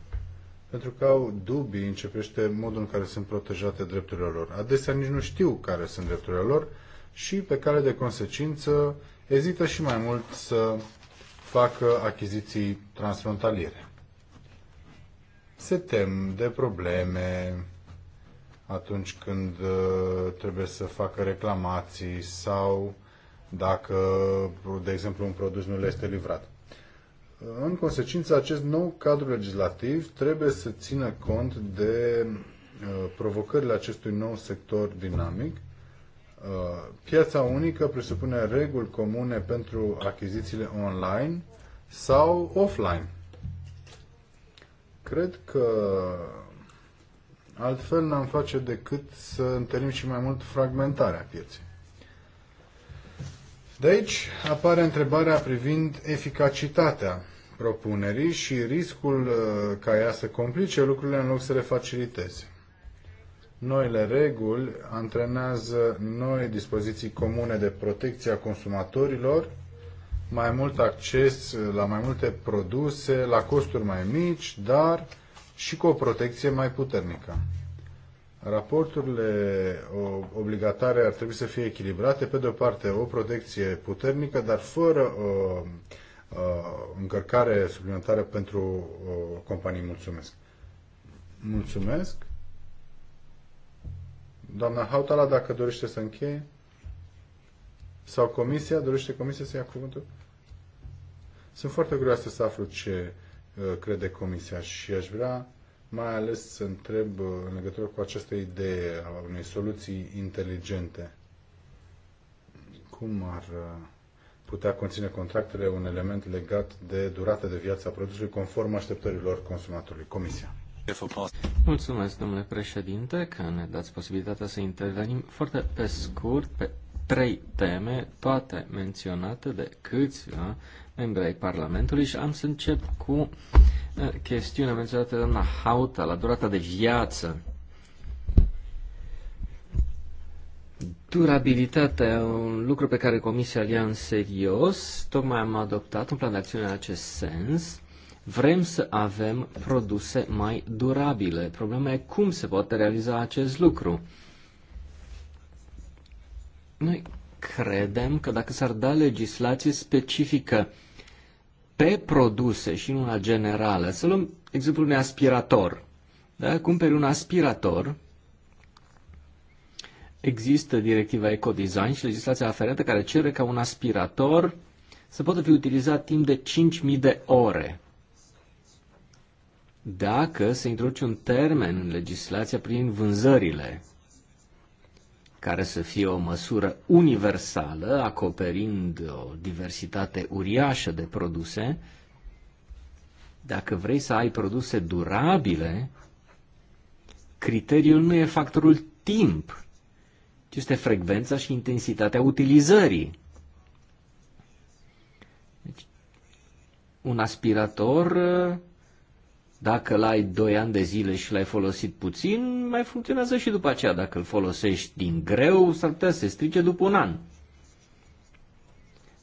pentru că au dubii în ce privește modul în care sunt protejate drepturile lor. Adesea nici nu știu care sunt drepturile lor și pe care de consecință ezită și mai mult să facă achiziții transfrontaliere. Se tem de probleme atunci când uh, trebuie să facă reclamații sau dacă, de exemplu, un produs nu le este livrat. În consecință, acest nou cadru legislativ trebuie să țină cont de uh, provocările acestui nou sector dinamic. Uh, piața unică presupune reguli comune pentru achizițiile online sau offline. Cred că altfel n-am face decât să întărim și mai mult fragmentarea pieței. De aici apare întrebarea privind eficacitatea propunerii și riscul uh, ca ea să complice lucrurile în loc să le faciliteze. Noile reguli antrenează noi dispoziții comune de protecție a consumatorilor, mai mult acces uh, la mai multe produse, la costuri mai mici, dar și cu o protecție mai puternică. Raporturile obligatoare ar trebui să fie echilibrate. Pe de o parte, o protecție puternică, dar fără o încărcare suplimentară pentru companii. Mulțumesc! Mulțumesc! Doamna Hautala, dacă dorește să încheie, sau comisia, dorește comisia să ia cuvântul? Sunt foarte curioasă să aflu ce uh, crede comisia și aș vrea mai ales să întreb uh, în legătură cu această idee a unei soluții inteligente. Cum ar uh, putea conține contractele un element legat de durata de viață a produsului conform așteptărilor consumatorului? Comisia. Mulțumesc, domnule președinte, că ne dați posibilitatea să intervenim foarte pe scurt pe trei teme, toate menționate de câțiva membri ai Parlamentului și am să încep cu uh, chestiunea menționată de doamna Hauta la durata de viață. Durabilitatea e un lucru pe care Comisia îl ia în serios. Tocmai am adoptat un plan de acțiune în acest sens. Vrem să avem produse mai durabile. Problema e cum se poate realiza acest lucru. Noi credem că dacă s-ar da legislație specifică pe produse și nu la generală, să luăm exemplul unui aspirator. Da? Cumperi un aspirator, există directiva ecodesign și legislația aferentă care cere ca un aspirator să poată fi utilizat timp de 5.000 de ore. Dacă se introduce un termen în legislația prin vânzările care să fie o măsură universală, acoperind o diversitate uriașă de produse. Dacă vrei să ai produse durabile, criteriul nu e factorul timp, ci este frecvența și intensitatea utilizării. Deci, un aspirator dacă l-ai doi ani de zile și l-ai folosit puțin, mai funcționează și după aceea. Dacă îl folosești din greu, s-ar putea să se strice după un an.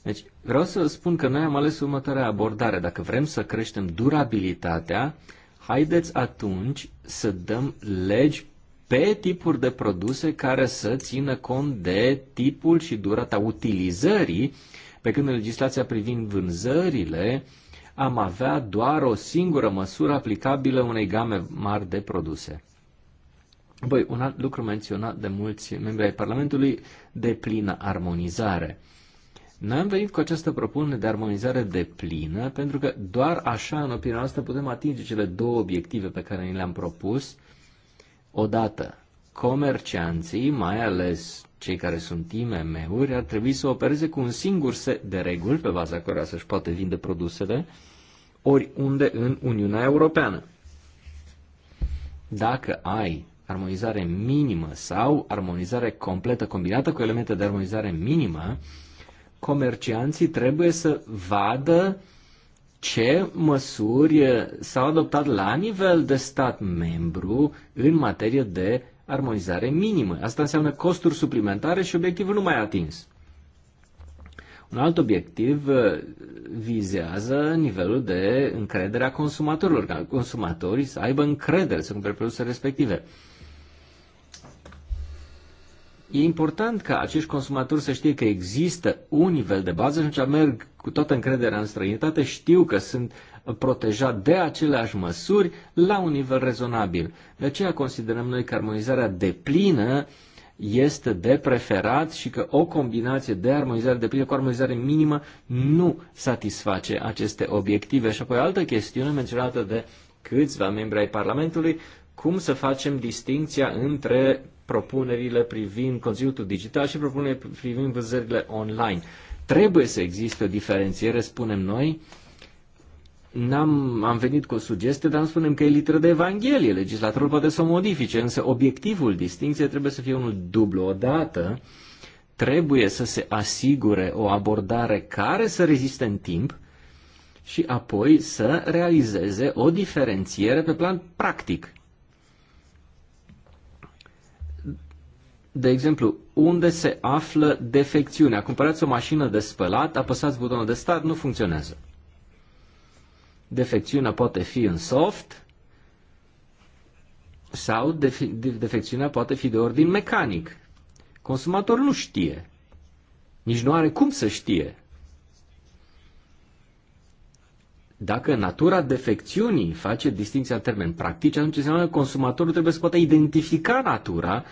Deci, vreau să spun că noi am ales următoarea abordare. Dacă vrem să creștem durabilitatea, haideți atunci să dăm legi pe tipuri de produse care să țină cont de tipul și durata utilizării, pe când în legislația privind vânzările, uh, am avea doar o singură măsură aplicabilă unei game mari de produse. Băi, un alt lucru menționat de mulți membri ai Parlamentului, de plină armonizare. Noi am venit cu această propunere de armonizare de plină, pentru că doar așa, în opinia noastră, putem atinge cele două obiective pe care ni le-am propus. Odată, comercianții, mai ales cei care sunt IMM-uri ar trebui să opereze cu un singur set de reguli pe baza cărora să-și poate vinde produsele oriunde în Uniunea Europeană. Dacă ai armonizare minimă sau armonizare completă combinată cu elemente de armonizare minimă, comercianții trebuie să vadă ce măsuri s-au adoptat la nivel de stat membru în materie de armonizare minimă. Asta înseamnă costuri suplimentare și obiectivul nu mai atins. Un alt obiectiv uh, vizează nivelul de încredere a consumatorilor, ca consumatorii să aibă încredere să cumpere produse respective. E important ca acești consumatori să știe că există un nivel de bază și atunci merg cu toată încrederea în străinătate, știu că sunt proteja de aceleași măsuri la un nivel rezonabil. De aceea considerăm noi că armonizarea deplină este de preferat și că o combinație de armonizare de plină cu armonizare minimă nu satisface aceste obiective. Și apoi altă chestiune menționată de câțiva membri ai Parlamentului, cum să facem distinția între propunerile privind conținutul digital și propunerile privind vânzările online. Trebuie să existe o diferențiere, spunem noi, N-am, am venit cu o sugestie, dar nu spunem că e literă de Evanghelie. Legislatorul poate să o modifice, însă obiectivul distinției trebuie să fie unul dublu. Odată, trebuie să se asigure o abordare care să reziste în timp și apoi să realizeze o diferențiere pe plan practic. De exemplu, unde se află defecțiunea? Cumpărați o mașină de spălat, apăsați butonul de start, nu funcționează defecțiunea poate fi în soft sau defecțiunea poate fi de ordin mecanic. Consumatorul nu știe. Nici nu are cum să știe. Dacă natura defecțiunii face distinția în termeni practici, atunci înseamnă că consumatorul trebuie să poată identifica natura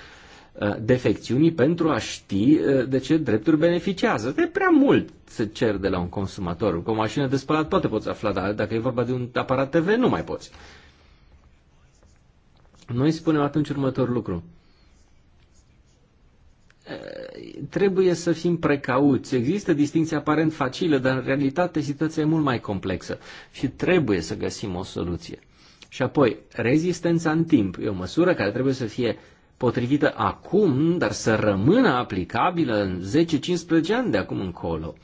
Uh, defecțiunii pentru a ști uh, de ce drepturi beneficiază. De prea mult se cer de la un consumator. Cu o mașină de spălat poate poți afla, dar dacă e vorba de un aparat TV, nu mai poți. Noi spunem atunci următorul lucru. Uh, trebuie să fim precauți. Există distinția aparent facilă, dar în realitate situația e mult mai complexă și trebuie să găsim o soluție. Și apoi, rezistența în timp e o măsură care trebuie să fie uh, potrivită acum, dar să rămână aplicabilă în 10-15 ani de acum încolo.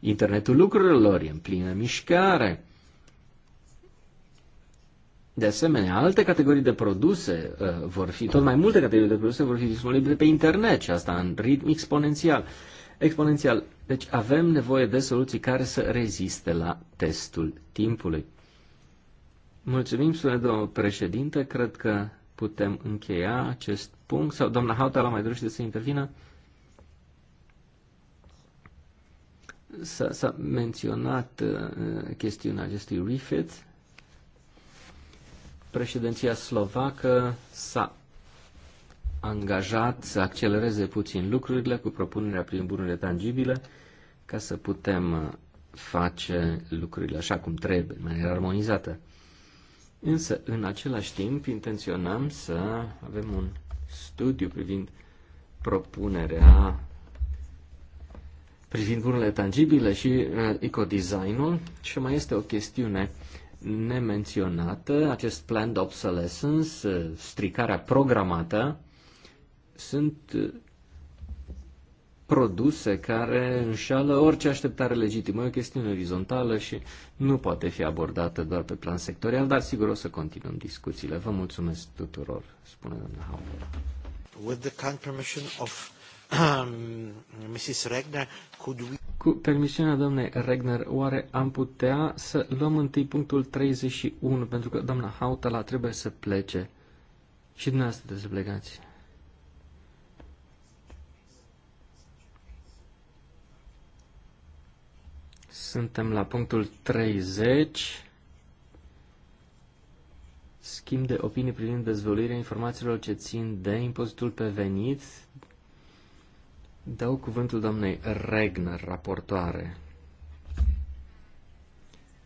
Internetul lucrurilor e în plină mișcare. De asemenea, alte categorii de produse uh, vor fi, tot mai multe categorii de produse vor fi disponibile pe internet și asta în ritm exponențial. Exponențial. Deci avem nevoie de soluții care să reziste la testul timpului. Mulțumim, spune domnul președinte, cred că putem încheia acest punct. Sau doamna la mai dorește să intervină? S-a, menționat uh, chestiunea acestui refit. Președinția slovacă s-a angajat să accelereze puțin lucrurile cu propunerea prin bunurile tangibile ca să putem uh, face lucrurile așa cum trebuie, în manieră armonizată. Însă, în același timp, intenționăm să avem un studiu privind propunerea privind bunurile tangibile și uh, ecodesignul și mai este o chestiune nemenționată, acest planned obsolescence, uh, stricarea programată, sunt uh, produse care înșală orice așteptare legitimă. E o chestiune orizontală și nu poate fi abordată doar pe plan sectorial, dar sigur o să continuăm discuțiile. Vă mulțumesc tuturor, spune doamna Hauer. With the kind permission of Mrs. Um, Regner, could we... Cu permisiunea doamnei Regner, oare am putea să luăm întâi punctul 31, pentru că doamna Hautala trebuie să plece. Și dumneavoastră trebuie să plecați. Suntem la punctul 30. Schimb de opinii privind dezvăluirea informațiilor ce țin de impozitul pe venit. Dau cuvântul doamnei Regner, raportoare.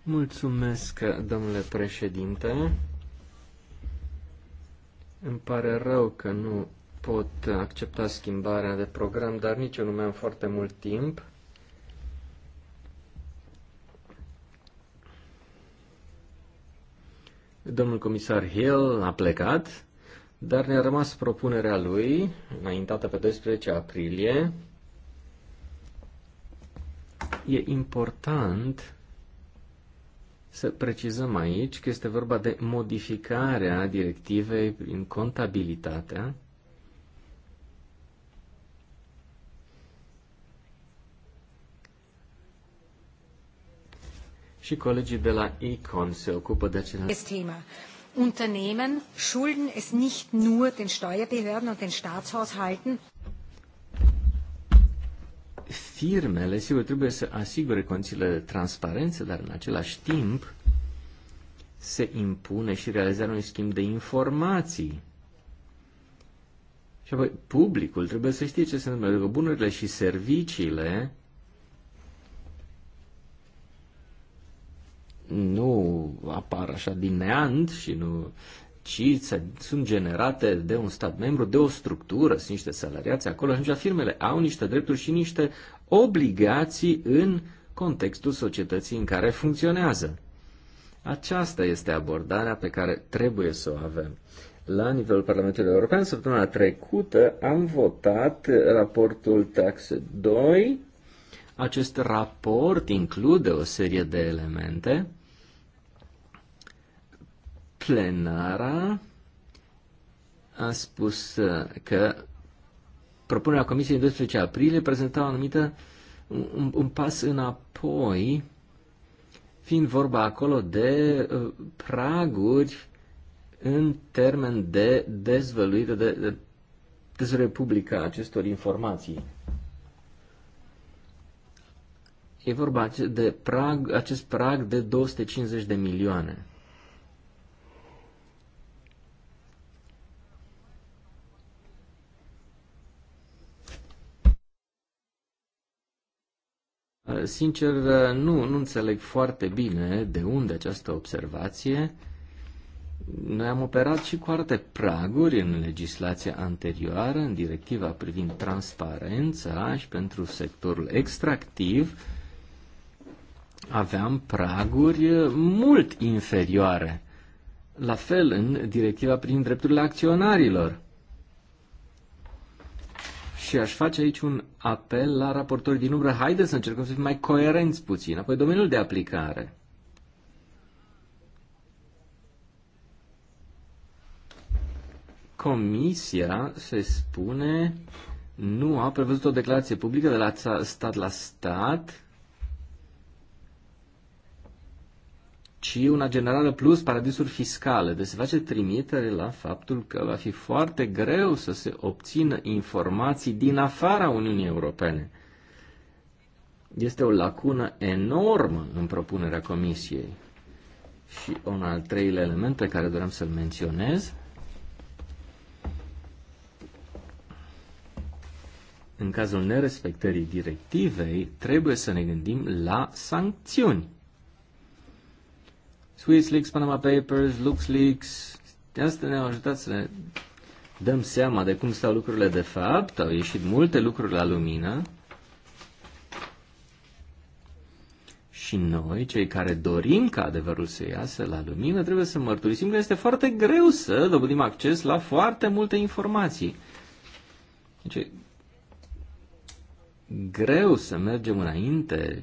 Mulțumesc, domnule președinte. Îmi pare rău că nu pot accepta schimbarea de program, dar nici eu nu mai am foarte mult timp. Domnul comisar Hill a plecat, dar ne-a rămas propunerea lui, înaintată pe 12 aprilie. E important să precizăm aici că este vorba de modificarea directivei prin contabilitatea și colegii de la Econ se ocupă de acest tema. Unternehmen schulden es nicht nur den Steuerbehörden und den Staatshaushalten. Firmele, sigur, trebuie să asigure condițiile de transparență, dar în același timp se impune și realizarea unui schimb de informații. Și apoi, publicul trebuie să știe ce se întâmplă, că bunurile și serviciile nu apar așa din neant și nu ci sunt generate de un stat membru, de o structură, sunt niște salariați acolo, atunci firmele au niște drepturi și niște obligații în contextul societății în care funcționează. Aceasta este abordarea pe care trebuie să o avem. La nivelul Parlamentului European, săptămâna trecută, am votat raportul Tax 2. Acest raport include o serie de elemente Plenara a spus uh, că propunerea Comisiei în 12 aprilie prezenta o anumită, un, un pas înapoi, fiind vorba acolo de uh, praguri în termen de dezvăluire, de, de dezvăluire publică a acestor informații. E vorba de prag, acest prag de 250 de milioane. Uh, sincer, uh, nu, nu înțeleg foarte bine de unde această observație. Noi am operat și cu alte praguri în legislația anterioară, în directiva privind transparența și pentru sectorul extractiv, aveam praguri mult inferioare. La fel în directiva privind drepturile acționarilor. Și aș face aici un apel la raportori din umbră, haideți să încercăm să fim mai coerenți puțin, apoi domeniul de aplicare. Comisia, se spune, nu a prevăzut o declarație publică de la stat la stat ci una generală plus paradisuri fiscale. Deci se face trimitere la faptul că va fi foarte greu să se obțină informații din afara Uniunii Europene. Este o lacună enormă în propunerea Comisiei. Și un al treilea element pe care doream să-l menționez în cazul nerespectării directivei, trebuie să ne gândim la sancțiuni. SwissLeaks, Panama Papers, LuxLeaks, de asta ne-au ajutat să ne dăm seama de cum stau lucrurile de fapt, au ieșit multe lucruri la lumină și noi, cei care dorim ca adevărul să iasă la lumină, trebuie să mărturisim că este foarte greu să dobândim acces la foarte multe informații. Deci, greu să mergem înainte,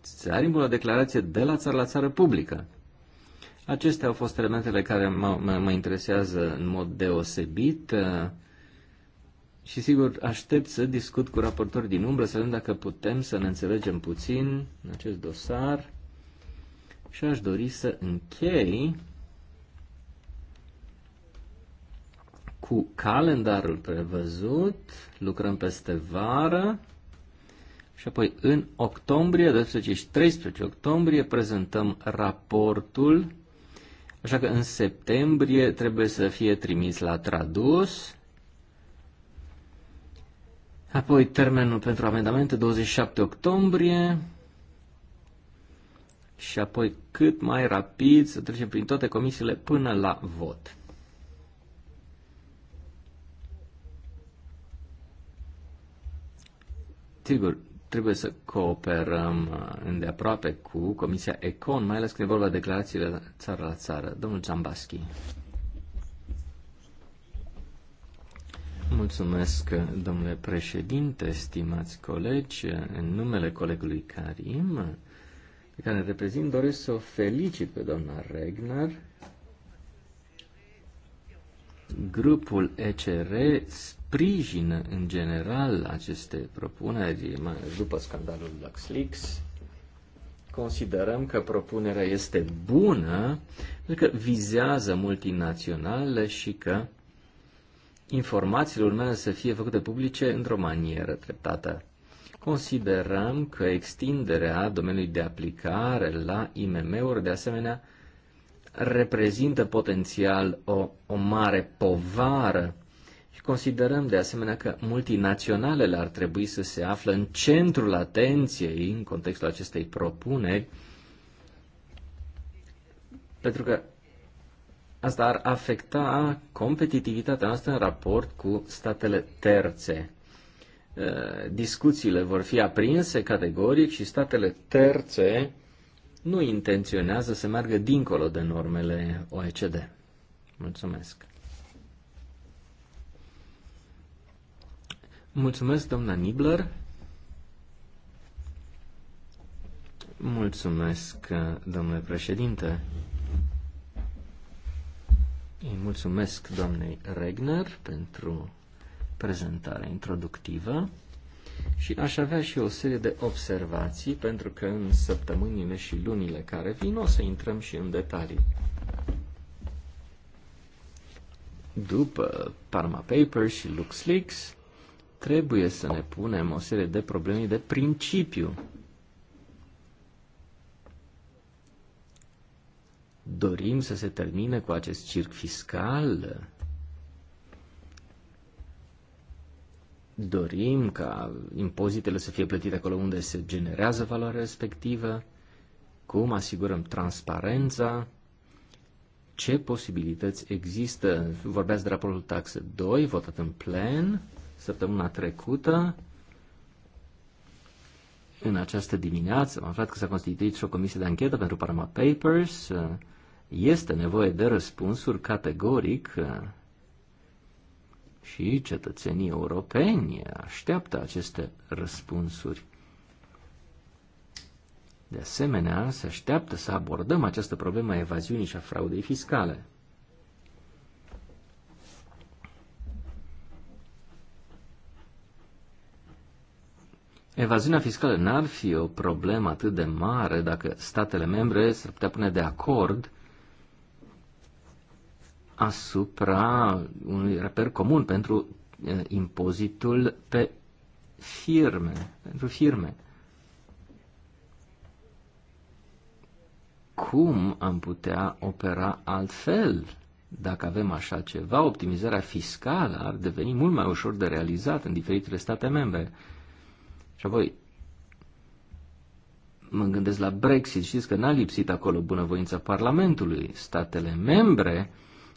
să arim o declarație de la țară la țară publică. Acestea au fost elementele care mă, mă, mă interesează în mod deosebit uh, și sigur aștept să discut cu raportori din umbră, să vedem dacă putem să ne înțelegem puțin în acest dosar și aș dori să închei cu calendarul prevăzut, lucrăm peste vară și apoi în octombrie, 12 13 octombrie, prezentăm raportul Așa că în septembrie trebuie să fie trimis la tradus. Apoi termenul pentru amendamente 27 octombrie. Și apoi cât mai rapid să trecem prin toate comisiile până la vot. Sigur, trebuie să cooperăm uh, îndeaproape cu Comisia Econ, mai ales când e vorba de declarațiile țară la țară. Domnul Ciambaschi. Mulțumesc, domnule președinte, stimați colegi, în numele colegului Karim, pe care îl reprezint, doresc să o felicit pe doamna Regner. Grupul ECR sprijină în general aceste propuneri, mai ales după scandalul LuxLeaks, considerăm că propunerea este bună, pentru că vizează multinaționale și că informațiile urmează să fie făcute publice într-o manieră treptată. Considerăm că extinderea domeniului de aplicare la IMM-uri, de asemenea, reprezintă potențial o, o mare povară și considerăm de asemenea că multinaționalele ar trebui să se află în centrul atenției în contextul acestei propuneri, pentru că asta ar afecta competitivitatea noastră în raport cu statele terțe. Eh, discuțiile vor fi aprinse categoric și statele terțe nu intenționează să meargă dincolo de normele OECD. Mulțumesc. Mulțumesc, doamna Nibler. Mulțumesc, domnule președinte. Îi mulțumesc doamnei Regner pentru prezentarea introductivă și aș avea și o serie de observații pentru că în săptămânile și lunile care vin o să intrăm și în detalii. După Parma Papers și LuxLeaks, trebuie să ne punem o serie de probleme de principiu. Dorim să se termine cu acest circ fiscal? Dorim ca impozitele să fie plătite acolo unde se generează valoarea respectivă? Cum asigurăm transparența? ce posibilități există. Vorbeați de raportul taxă 2, votat în plen săptămâna trecută. În această dimineață am aflat că s-a constituit și o comisie de anchetă pentru Panama Papers. Este nevoie de răspunsuri categoric și cetățenii europeni așteaptă aceste răspunsuri. De asemenea, se așteaptă să abordăm această problemă a evaziunii și a fraudei fiscale. Evaziunea fiscală n-ar fi o problemă atât de mare dacă statele membre s-ar putea pune de acord asupra unui reper comun pentru eh, impozitul pe firme, pentru firme. Cum am putea opera altfel? Dacă avem așa ceva, optimizarea fiscală ar deveni mult mai ușor de realizat în diferitele state membre. Și apoi mă gândesc la Brexit. Știți că n-a lipsit acolo bunăvoința Parlamentului. Statele membre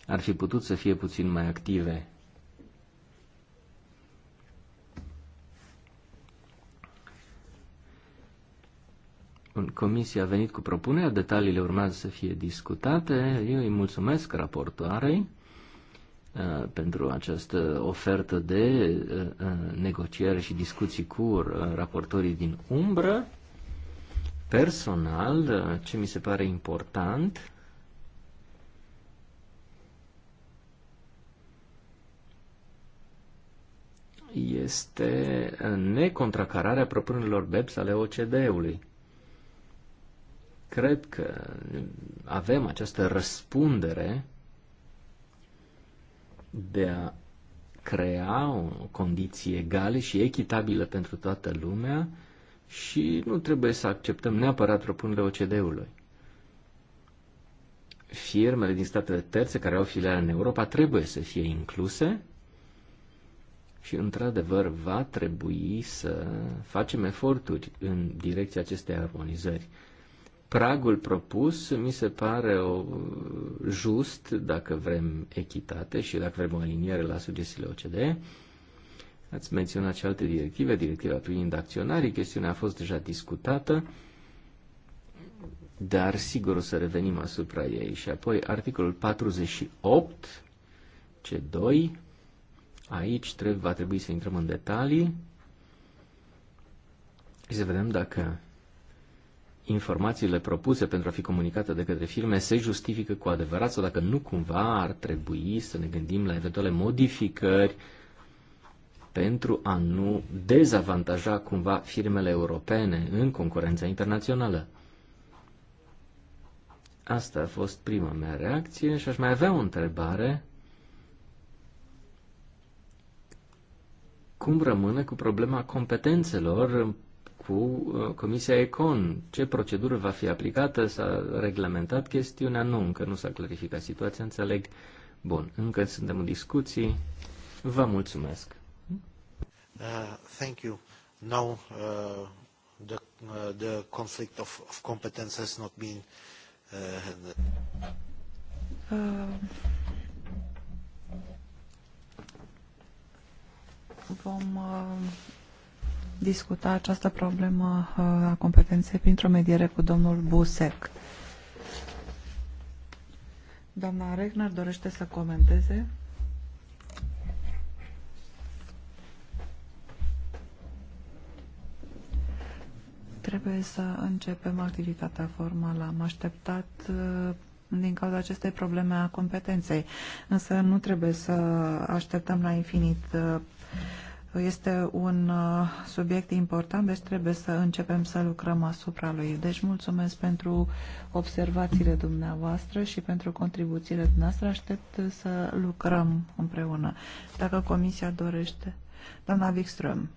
ar fi putut să fie puțin mai active. Bun, comisia a venit cu propunerea, detaliile urmează să fie discutate. Eu îi mulțumesc raportoarei. Uh, pentru această ofertă de uh, uh, negociere și discuții cu raportorii din umbră. Personal, ce mi se pare important este necontracararea propunerilor BEPS ale OCDE-ului. Cred că avem această răspundere de a crea o condiție egală și echitabilă pentru toată lumea și nu trebuie să acceptăm neapărat propunerile OCD-ului. Firmele din statele terțe care au filiale în Europa trebuie să fie incluse și, într-adevăr, va trebui să facem eforturi în direcția acestei armonizări pragul propus mi se pare o, just dacă vrem echitate și dacă vrem o aliniere la sugestiile OCDE. Ați menționat și alte directive, directiva privind acționarii, chestiunea a fost deja discutată, dar sigur o să revenim asupra ei. Și apoi articolul 48, C2, aici trebuie, va trebui să intrăm în detalii și să vedem dacă informațiile propuse pentru a fi comunicate de către firme se justifică cu adevărat sau dacă nu cumva ar trebui să ne gândim la eventuale modificări pentru a nu dezavantaja cumva firmele europene în concurența internațională. Asta a fost prima mea reacție și aș mai avea o întrebare. Cum rămâne cu problema competențelor cu uh, Comisia Econ. Ce procedură va fi aplicată? S-a reglementat chestiunea? Nu, încă nu s-a clarificat situația, înțeleg. Bun, încă suntem în discuții. Vă mulțumesc. Uh, thank you. Now, uh, the, uh, the conflict of, of competence has not been uh, uh. vom uh, discuta această problemă uh, a competenței printr-o mediere cu domnul Busec. Doamna Regner dorește să comenteze. Trebuie să începem activitatea formală. Am așteptat uh, din cauza acestei probleme a competenței, însă nu trebuie să așteptăm la infinit uh, este un uh, subiect important, deci trebuie să începem să lucrăm asupra lui. Deci mulțumesc pentru observațiile dumneavoastră și pentru contribuțiile dumneavoastră. Aștept să lucrăm împreună. Dacă Comisia dorește. Doamna Wikström.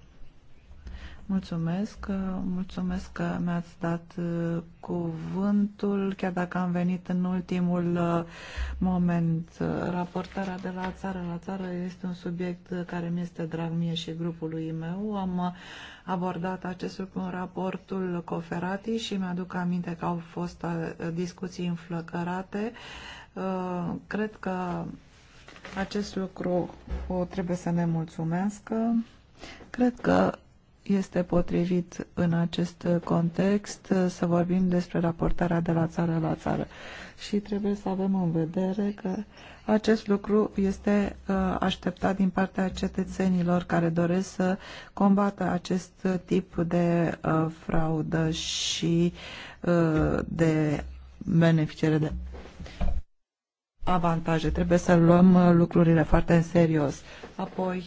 Mulțumesc, mulțumesc că mi-ați dat uh, cuvântul, chiar dacă am venit în ultimul uh, moment. Uh, raportarea de la țară la țară este un subiect care mi este drag mie și grupului meu. Am abordat acest lucru în raportul Coferati și mi-aduc aminte că au fost discuții înflăcărate. Cred că acest lucru o trebuie să ne mulțumesc. Cred că este potrivit în acest context să vorbim despre raportarea de la țară la țară. Și trebuie să avem în vedere că acest lucru este uh, așteptat din partea cetățenilor care doresc să combată acest tip de uh, fraudă și uh, de beneficiere de avantaje. Trebuie să luăm lucrurile foarte în serios. Apoi,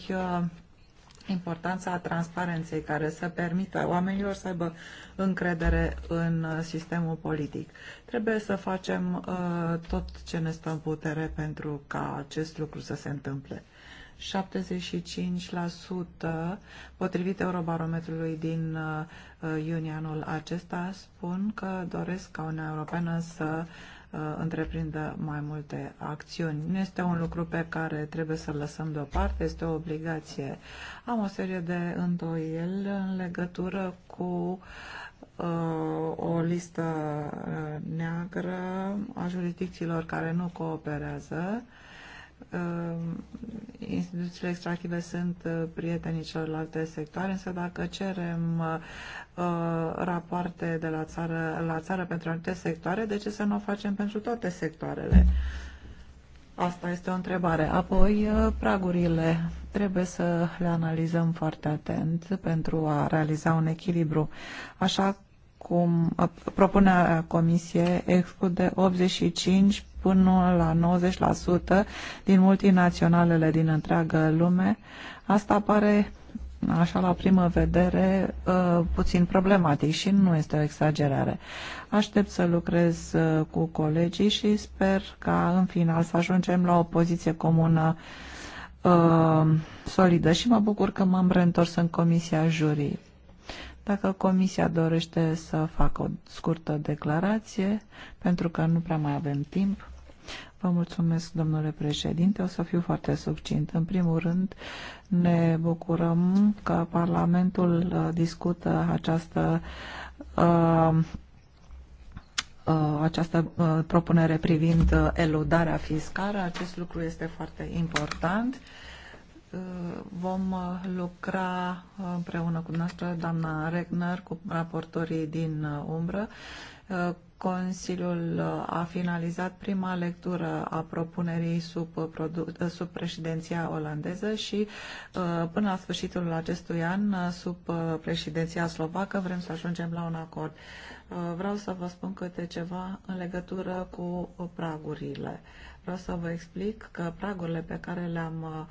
importanța transparenței care să permită oamenilor să aibă încredere în uh, sistemul politic. Trebuie să facem uh, tot ce ne stă în putere pentru ca acest lucru să se întâmple. 75% potrivit Eurobarometrului din uh, uh, iunie anul acesta spun că doresc ca Uniunea Europeană să uh, Uh, întreprindă mai multe acțiuni. Nu este un lucru pe care trebuie să-l lăsăm deoparte, este o obligație. Am o serie de îndoieli în legătură cu uh, o listă uh, neagră a jurisdicțiilor care nu cooperează. Uh, instituțiile extractive sunt uh, prietenii celorlalte sectoare, însă dacă cerem Uh, rapoarte de la țară la țară pentru anumite sectoare, de ce să nu o facem pentru toate sectoarele? Asta este o întrebare. Apoi, uh, pragurile. Trebuie să le analizăm foarte atent pentru a realiza un echilibru. Așa cum uh, propune Comisie, exclude 85 până la 90% din multinaționalele din întreagă lume. Asta pare așa la primă vedere uh, puțin problematic și nu este o exagerare. Aștept să lucrez uh, cu colegii și sper ca în final să ajungem la o poziție comună uh, solidă și mă bucur că m-am reîntors în comisia jurii. Dacă comisia dorește să facă o scurtă declarație, pentru că nu prea mai avem timp, Vă mulțumesc, domnule președinte. O să fiu foarte succint. În primul rând, ne bucurăm că Parlamentul uh, discută această uh, uh, această propunere privind eludarea fiscală. Acest lucru este foarte important. Vom lucra împreună cu noastră, doamna Regner, cu raportorii din umbră, Consiliul uh, a finalizat prima lectură a propunerii sub, uh, uh, sub președinția olandeză și până la sfârșitul acestui an, sub președinția slovacă, vrem să ajungem la un acord. Vreau să vă spun câte ceva în legătură cu pragurile. Vreau să vă explic că pragurile pe care le-am uh,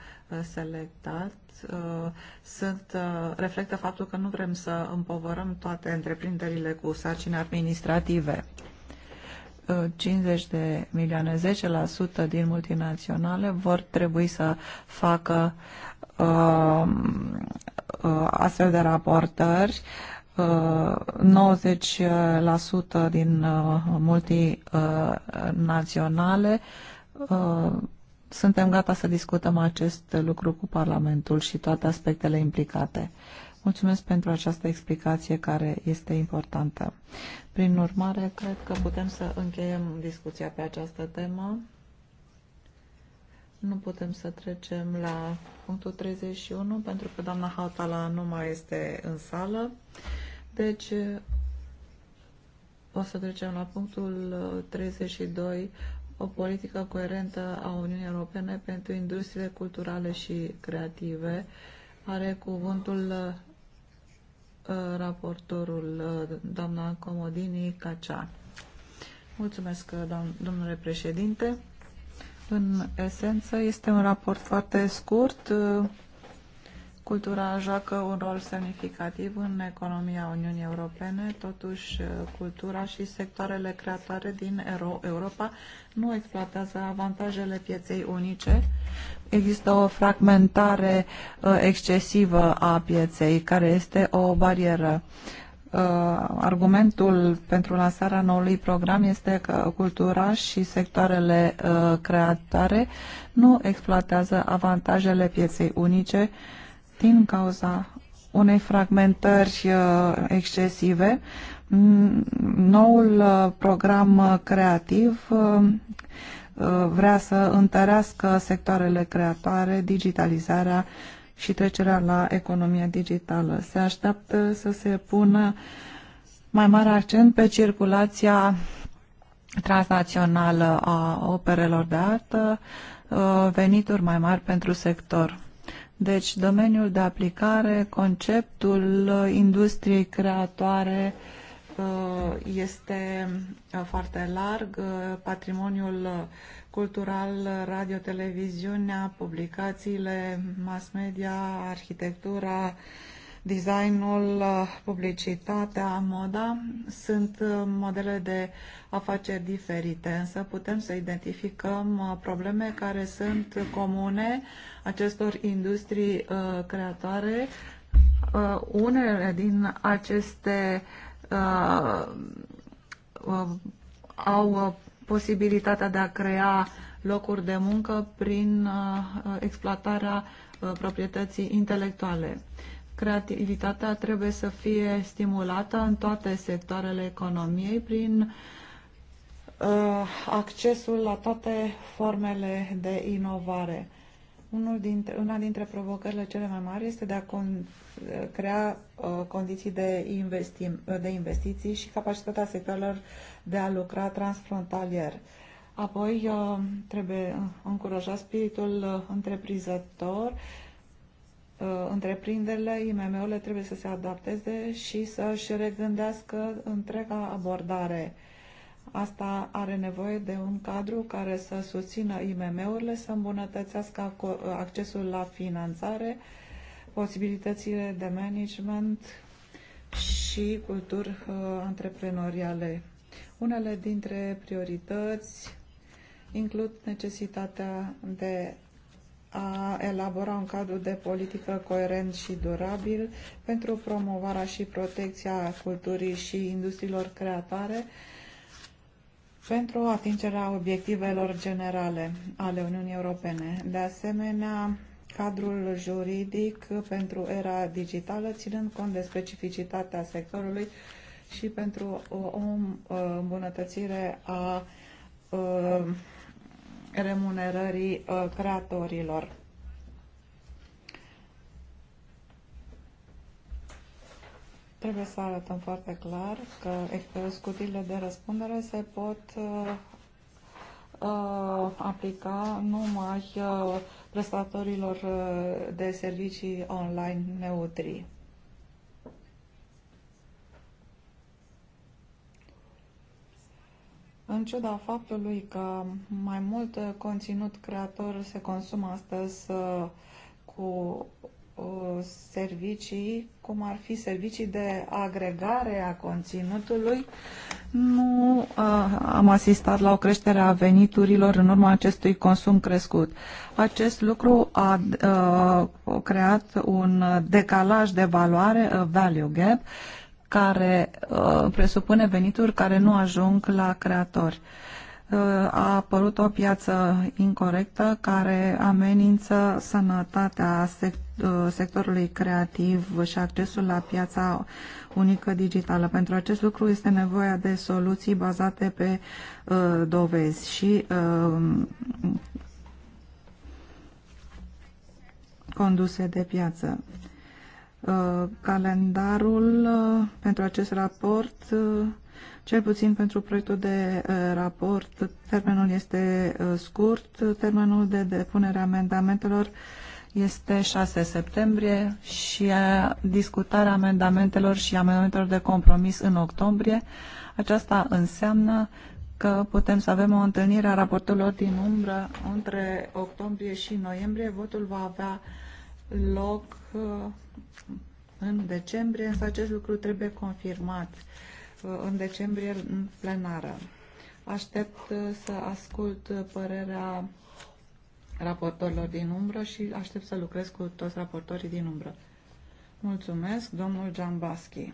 selectat uh, sunt, uh, reflectă faptul că nu vrem să împovărăm toate întreprinderile cu sarcini administrative. 50 de milioane, 10% din multinaționale vor trebui să facă uh, uh, astfel de raportări. Uh, 90% din multinaționale uh, Uh, suntem gata să discutăm acest lucru cu Parlamentul și toate aspectele implicate. Mulțumesc pentru această explicație care este importantă. Prin urmare, cred că putem să încheiem discuția pe această temă. Nu putem să trecem la punctul 31 pentru că doamna Hautala nu mai este în sală. Deci o să trecem la punctul 32 o politică coerentă a Uniunii Europene pentru industriile culturale și creative. Are cuvântul uh, raportorul uh, doamna Comodini Cacean. Mulțumesc, uh, domnule președinte. În esență, este un raport foarte scurt Cultura joacă un rol semnificativ în economia Uniunii Europene, totuși eh, cultura și sectoarele creatoare din Europa nu exploatează avantajele pieței unice. Există o fragmentare eh, excesivă a pieței, care este o barieră. Eh, argumentul pentru lansarea noului program este că cultura și sectoarele creatoare nu exploatează avantajele pieței unice, din cauza unei fragmentări uh, excesive, mm, noul uh, program uh, creativ vrea să întărească sectoarele creatoare, digitalizarea și trecerea la economia digitală. Se așteaptă să se pună mai mare accent pe circulația transnațională a operelor de artă, venituri mai mari pentru sector. Deci, domeniul de aplicare, conceptul industriei creatoare uh, este uh, foarte larg. Uh, patrimoniul cultural, radio, televiziunea, publicațiile, mass media, arhitectura, designul, uh, publicitatea, moda sunt uh, modele de afaceri diferite, însă putem să identificăm uh, probleme care sunt comune acestor industrii creatoare. Unele din aceste au posibilitatea de a crea locuri de muncă prin exploatarea proprietății intelectuale creativitatea trebuie să fie stimulată în toate sectoarele economiei prin uh, accesul la toate formele de inovare. Unul dintre, una dintre provocările cele mai mari este de a con, uh, crea uh, condiții de, investim, de investiții și capacitatea sectorilor de a lucra transfrontalier. Apoi uh, trebuie încurajat spiritul uh, întreprinzător Uh, întreprinderile, IMM-urile trebuie să se adapteze și să-și regândească întreaga abordare. Asta are nevoie de un cadru care să susțină IMM-urile, să îmbunătățească accesul la finanțare, posibilitățile de management și culturi uh, antreprenoriale. Unele dintre priorități includ necesitatea de a elabora un cadru de politică coerent și durabil pentru promovarea și protecția culturii și industriilor creatoare pentru atingerea obiectivelor generale ale Uniunii Europene. De asemenea, cadrul juridic pentru era digitală, ținând cont de specificitatea sectorului și pentru o îmbunătățire a, a uh, remunerării uh, creatorilor. Trebuie să arătăm foarte clar că scutirile de răspundere se pot uh, uh, aplica numai prestatorilor de servicii online neutri. În ciuda faptului că mai mult conținut creator se consumă astăzi uh, cu uh, servicii, cum ar fi servicii de agregare a conținutului, nu uh, am asistat la o creștere a veniturilor în urma acestui consum crescut. Acest lucru a, a creat un decalaj de valoare, value gap, care uh, presupune venituri care nu ajung la creatori. Uh, a apărut o piață incorrectă care amenință sănătatea uh, sectorului creativ și accesul la piața unică digitală. Pentru acest lucru este nevoia de soluții bazate pe dovezi și conduse de piață. Uh, calendarul uh, pentru acest raport, uh, cel puțin pentru proiectul de raport, termenul este scurt, termenul de depunere a amendamentelor este 6 septembrie și discutarea amendamentelor și amendamentelor de compromis în octombrie. Aceasta înseamnă că putem să avem o întâlnire a raportelor din umbră între octombrie și noiembrie. Votul va avea loc uh, în decembrie, însă acest lucru trebuie confirmat uh, în decembrie în plenară. Aștept uh, să ascult părerea raportorilor din umbră și aștept să lucrez cu toți raportorii din umbră. Mulțumesc, domnul Giambaschi.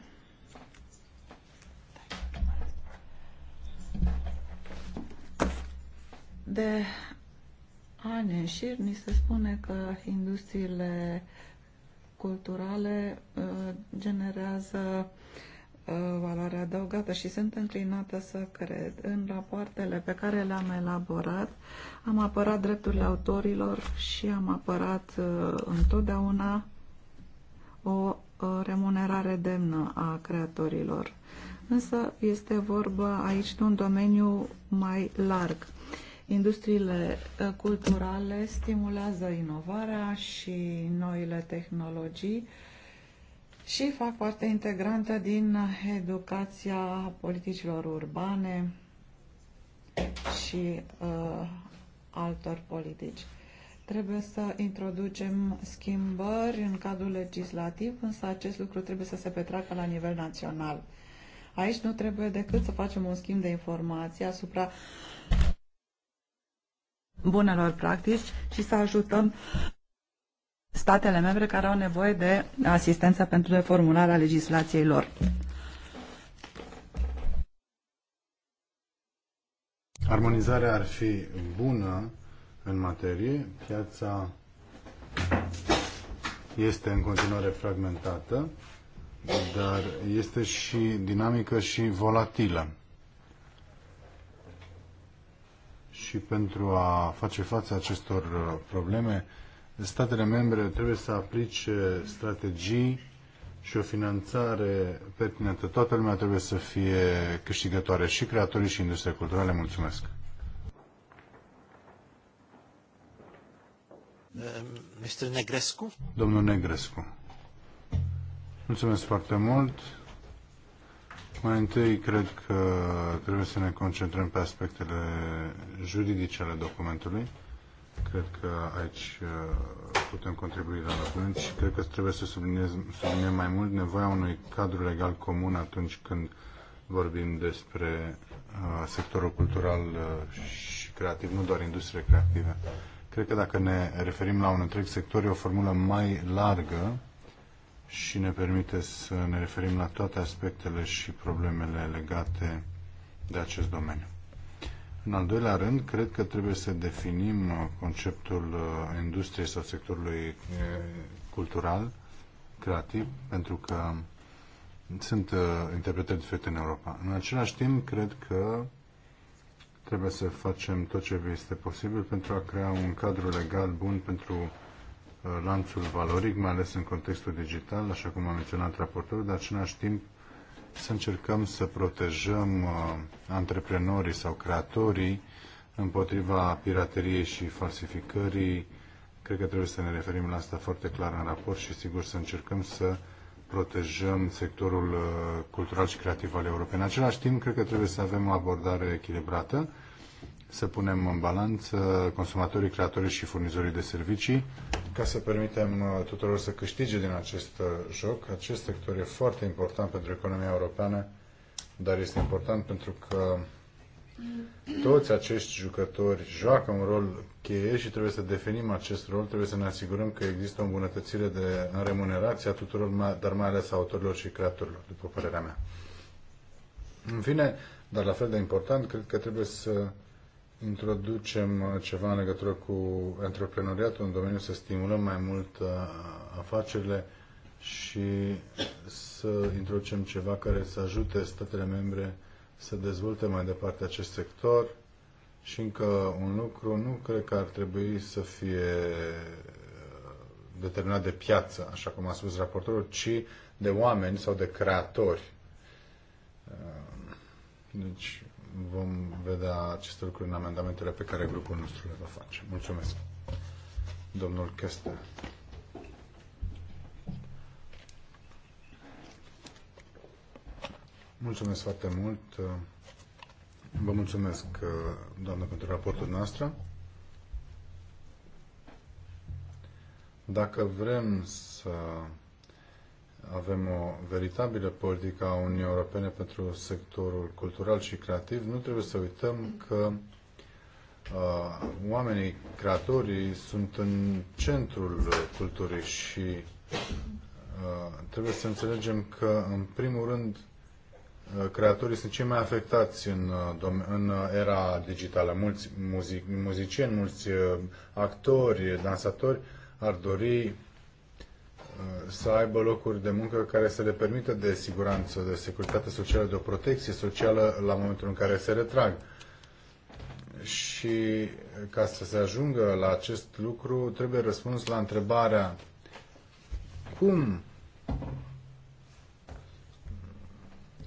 De ani în șir ni se spune că industriile culturale uh, generează uh, valoare adăugată și sunt înclinată să cred. În rapoartele pe care le-am elaborat, am apărat drepturile autorilor și am apărat uh, întotdeauna o remunerare demnă a creatorilor. Însă este vorba aici de un domeniu mai larg Industriile eh, culturale stimulează inovarea și noile tehnologii și fac parte integrantă din educația politicilor urbane și uh, altor politici. Trebuie să introducem schimbări în cadrul legislativ, însă acest lucru trebuie să se petreacă la nivel național. Aici nu trebuie decât să facem un schimb de informații asupra bunelor practici și să ajutăm statele membre care au nevoie de asistență pentru reformularea legislației lor. Armonizarea ar fi bună în materie, piața este în continuare fragmentată, dar este și dinamică și volatilă. și pentru a face față acestor uh, probleme, statele membre trebuie să aplice strategii și o finanțare pertinentă. Toată lumea trebuie să fie câștigătoare și creatorii și industria culturale. Mulțumesc! Mr. Negrescu? Domnul Negrescu. Mulțumesc foarte mult. Mai întâi, cred că trebuie să ne concentrăm pe aspectele juridice ale documentului. Cred că aici uh, putem contribui la document și cred că trebuie să subliniem mai mult nevoia unui cadru legal comun atunci când vorbim despre uh, sectorul cultural uh, și creativ, nu doar industrie creative. Cred că dacă ne referim la un întreg sector, e o formulă mai largă și ne permite să ne referim la toate aspectele și problemele legate de acest domeniu. În al doilea rând, cred că trebuie să definim uh, conceptul uh, industriei sau sectorului uh, cultural, creativ, pentru că sunt interpretări diferite în Europa. În același timp, cred că trebuie să facem tot ce este posibil pentru a crea un cadru legal bun pentru Uh, lanțul valoric, mai ales în contextul digital, așa cum a menționat raportorul, dar în același timp să încercăm să protejăm uh, antreprenorii sau creatorii împotriva pirateriei și falsificării. Cred că trebuie să ne referim la asta foarte clar în raport și sigur să încercăm să protejăm sectorul uh, cultural și creativ al Europei. În același timp, cred că trebuie să avem o abordare echilibrată să punem în balanț consumatorii, creatorii și furnizorii de servicii ca să permitem uh, tuturor să câștige din acest uh, joc. Acest sector e foarte important pentru economia europeană, dar este important pentru că toți acești jucători joacă un rol cheie și trebuie să definim acest rol, trebuie să ne asigurăm că există o îmbunătățire de, în a tuturor, dar mai ales a autorilor și creatorilor, după părerea mea. În fine, dar la fel de important, cred că trebuie să introducem uh, ceva în legătură cu antreprenoriatul în domeniu, să stimulăm mai mult uh, afacerile și să introducem ceva care să ajute statele membre să dezvolte mai departe acest sector. Și încă un lucru, nu cred că ar trebui să fie uh, determinat de piață, așa cum a spus raportorul, ci de oameni sau de creatori. Deci, vom vedea aceste lucruri în amendamentele pe care grupul nostru le va face. Mulțumesc. Domnul Chester. Mulțumesc foarte mult. Vă mulțumesc, doamnă, pentru raportul noastră. Dacă vrem să avem o veritabilă politică a Uniunii Europene pentru sectorul cultural și creativ, nu trebuie să uităm că uh, oamenii creatorii sunt în centrul culturii și uh, trebuie să înțelegem că, în primul rând, uh, creatorii sunt cei mai afectați în, uh, în uh, era digitală. Mulți muzicieni, mulți actori, dansatori ar dori Uh, să aibă locuri de muncă care să le permită de siguranță, de securitate socială, de o protecție socială la momentul în care se retrag. Și ca să se ajungă la acest lucru, trebuie răspuns la întrebarea cum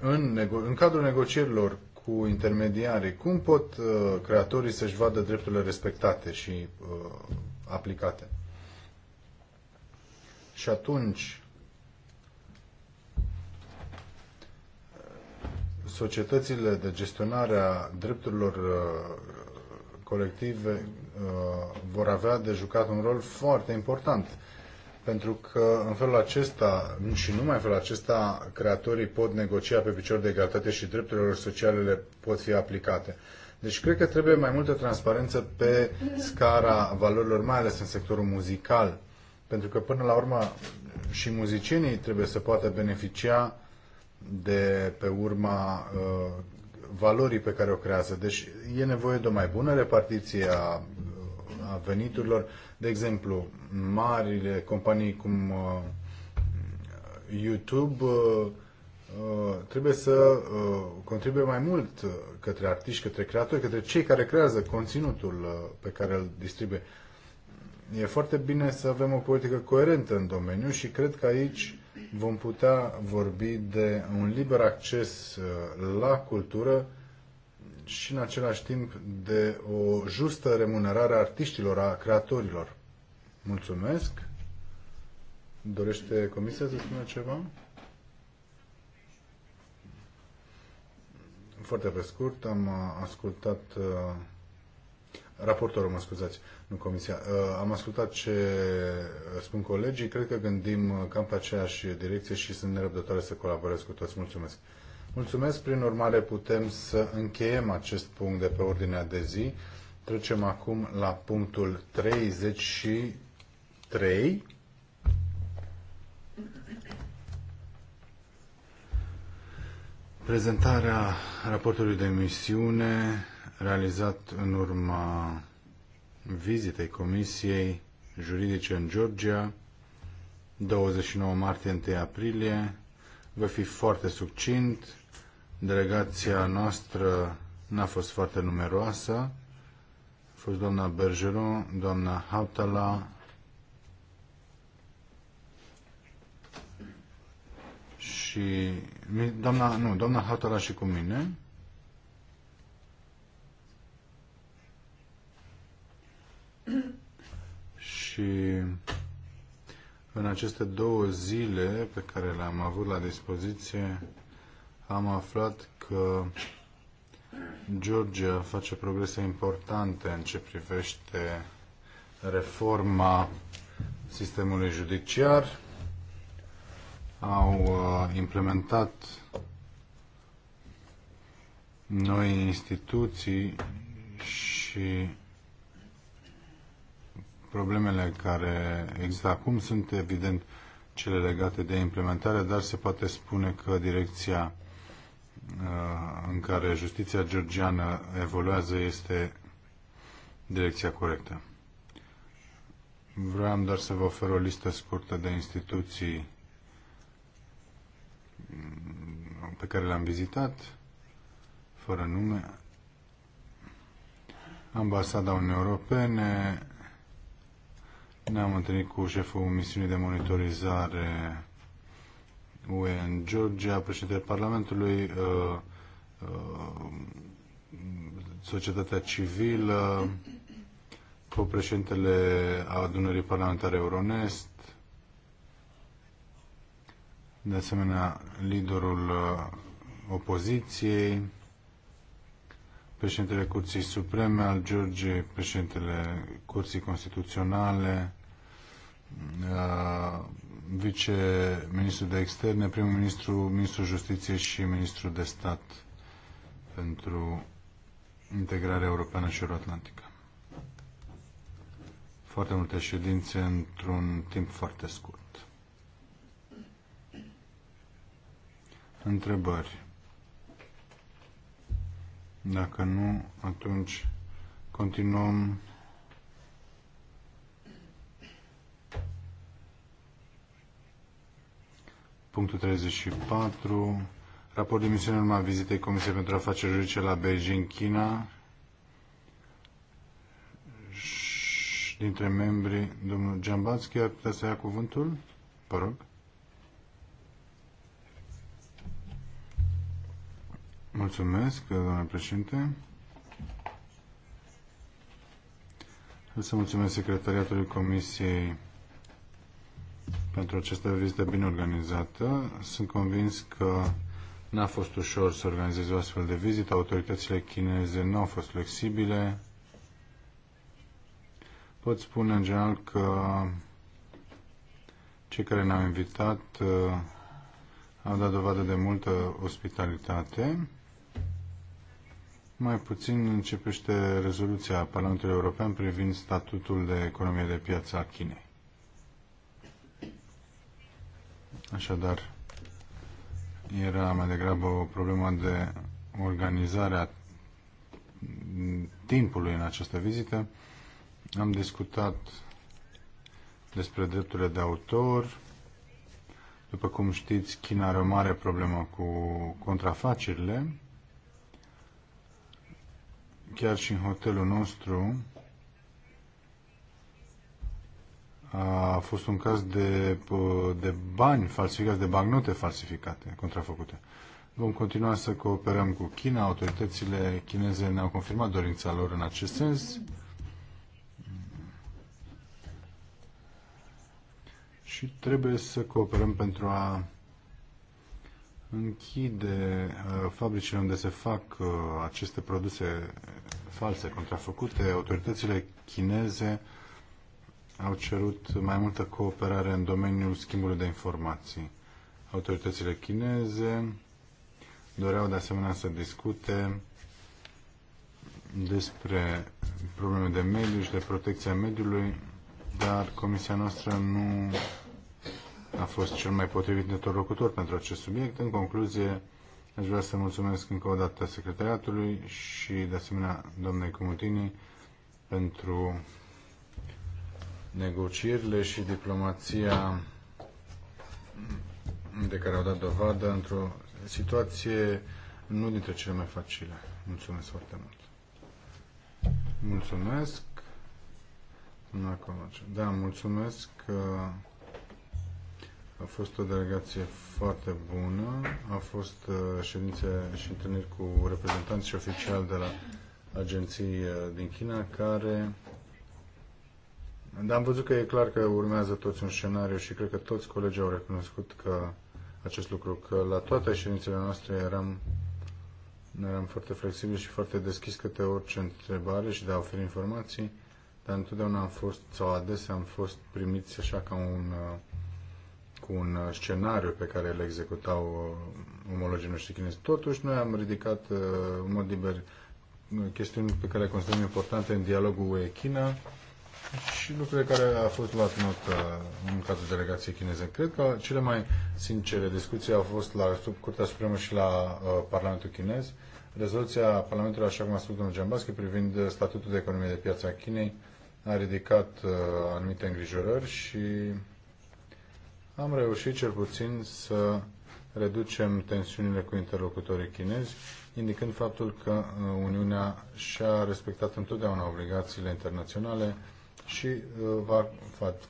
în, nego- în cadrul negocierilor cu intermediarii, cum pot uh, creatorii să-și vadă drepturile respectate și uh, aplicate? Și atunci societățile de gestionare a drepturilor uh, colective uh, vor avea de jucat un rol foarte important. Pentru că în felul acesta, și numai în felul acesta, creatorii pot negocia pe picior de egalitate și drepturile sociale le pot fi aplicate. Deci cred că trebuie mai multă transparență pe scara valorilor, mai ales în sectorul muzical. Pentru că până la urmă și muzicienii trebuie să poată beneficia de pe urma uh, valorii pe care o creează. Deci e nevoie de o mai bună repartiție a, a veniturilor. De exemplu, marile companii cum uh, YouTube uh, trebuie să contribuie mai mult către artiști, către creatori, către cei care creează conținutul pe care îl distribuie. E foarte bine să avem o politică coerentă în domeniu și cred că aici vom putea vorbi de un liber acces uh, la cultură și în același timp de o justă remunerare a artiștilor, a creatorilor. Mulțumesc. Dorește Comisia să spună ceva? Foarte pe scurt, am uh, ascultat uh, raportorul, mă scuzați, nu comisia. Uh, am ascultat ce uh, spun colegii, cred că gândim uh, cam pe aceeași direcție și sunt nerăbdătoare să colaborez cu toți. Mulțumesc! Mulțumesc, prin urmare putem să încheiem acest punct de pe ordinea de zi. Trecem acum la punctul 33. Prezentarea raportului de misiune realizat în urma vizitei Comisiei Juridice în Georgia, 29 martie, 1 aprilie. Vă fi foarte succint. Delegația noastră n-a fost foarte numeroasă. A fost doamna Bergeron, doamna Hautala și doamna, nu, doamna Hautala și cu mine. și în aceste două zile pe care le-am avut la dispoziție am aflat că Georgia face progrese importante în ce privește reforma sistemului judiciar. Au uh, implementat noi instituții și Problemele care există acum sunt evident cele legate de implementare, dar se poate spune că direcția uh, în care justiția georgiană evoluează este direcția corectă. Vreau doar să vă ofer o listă scurtă de instituții mm, pe care le-am vizitat, fără nume. Ambasada Uniunii Europene, ne-am întâlnit cu șeful misiunii de monitorizare UE în Georgia, președintele Parlamentului, uh, uh, societatea civilă, cu președintele adunării parlamentare Euronest, de asemenea liderul uh, opoziției, președintele Curții Supreme al Georgiei, președintele Curții Constituționale, uh, viceministrul de externe, primul ministru, ministrul justiției și ministrul de stat pentru integrarea europeană și euroatlantică. Foarte multe ședințe într-un timp foarte scurt. Întrebări. Dacă nu, atunci continuăm Punctul 34. Raport de misiune în urma vizitei Comisiei pentru Afaceri Juridice la Beijing, China. Și dintre membri, domnul Giambatski ar putea să ia cuvântul? Vă rog. Mulțumesc, domnule președinte. Vreau să mulțumesc secretariatului Comisiei pentru această vizită bine organizată. Sunt convins că n-a fost ușor să organizeze o astfel de vizită. Autoritățile chineze nu au fost flexibile. Pot spune în general că cei care ne-au invitat uh, au dat dovadă de multă ospitalitate mai puțin începește rezoluția Parlamentului European privind statutul de economie de piață a Chinei. Așadar, era mai degrabă o problemă de organizare a timpului în această vizită. Am discutat despre drepturile de autor. După cum știți, China are o mare problemă cu contrafacerile chiar și în hotelul nostru, a fost un caz de, de bani falsificați, de bagnote falsificate, contrafăcute. Vom continua să cooperăm cu China. Autoritățile chineze ne-au confirmat dorința lor în acest sens. Și trebuie să cooperăm pentru a închide uh, fabricile unde se fac uh, aceste produse false, contrafăcute. Autoritățile chineze au cerut mai multă cooperare în domeniul schimbului de informații. Autoritățile chineze doreau de asemenea să discute despre probleme de mediu și de protecția mediului, dar comisia noastră nu a fost cel mai potrivit interlocutor pentru acest subiect. În concluzie, aș vrea să mulțumesc încă o dată secretariatului și, de asemenea, doamnei Comutini pentru negocierile și diplomația de care au dat dovadă într-o situație nu dintre cele mai facile. Mulțumesc foarte mult. Mulțumesc. Da, mulțumesc. Că uh, a fost o delegație foarte bună. A fost uh, ședințe și întâlniri cu reprezentanți și oficiali de la agenții uh, din China care dar am văzut că e clar că urmează toți un scenariu și cred că toți colegii au recunoscut că acest lucru, că la toate ședințele noastre eram, eram foarte flexibili și foarte deschis către orice întrebare și de a oferi informații, dar întotdeauna am fost, sau adesea am fost primiți așa ca un uh, un scenariu pe care îl executau uh, omologii noștri chinezi. Totuși, noi am ridicat uh, în mod liber chestiuni pe care le considerăm importante în dialogul UE-China și lucrurile care a fost luat notă uh, în cadrul delegației chineze. Cred că cele mai sincere discuții au fost la sub Curtea Supremă și la uh, Parlamentul chinez. Rezoluția Parlamentului, așa cum a spus domnul Giambaschi, privind statutul de economie de piață a Chinei, a ridicat uh, anumite îngrijorări și am reușit cel puțin să reducem tensiunile cu interlocutorii chinezi, indicând faptul că uh, Uniunea și-a respectat întotdeauna obligațiile internaționale și uh, va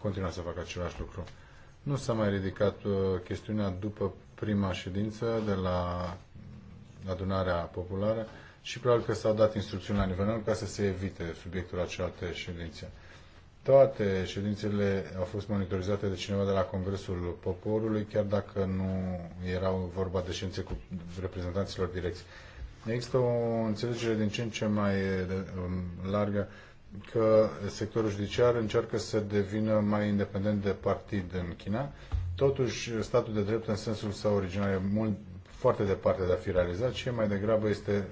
continua să facă același lucru. Nu s-a mai ridicat uh, chestiunea după prima ședință de la adunarea populară și probabil că s-au dat instrucțiuni la nivel ca să se evite subiectul acea alte ședințe. Toate ședințele au fost monitorizate de cineva de la Congresul Poporului, chiar dacă nu erau vorba de ședințe cu reprezentanților direcți. Există o înțelegere din ce în ce mai um, largă că sectorul judiciar încearcă să devină mai independent de partid în China. Totuși, statul de drept în sensul său original e mult, foarte departe de a fi realizat și mai degrabă este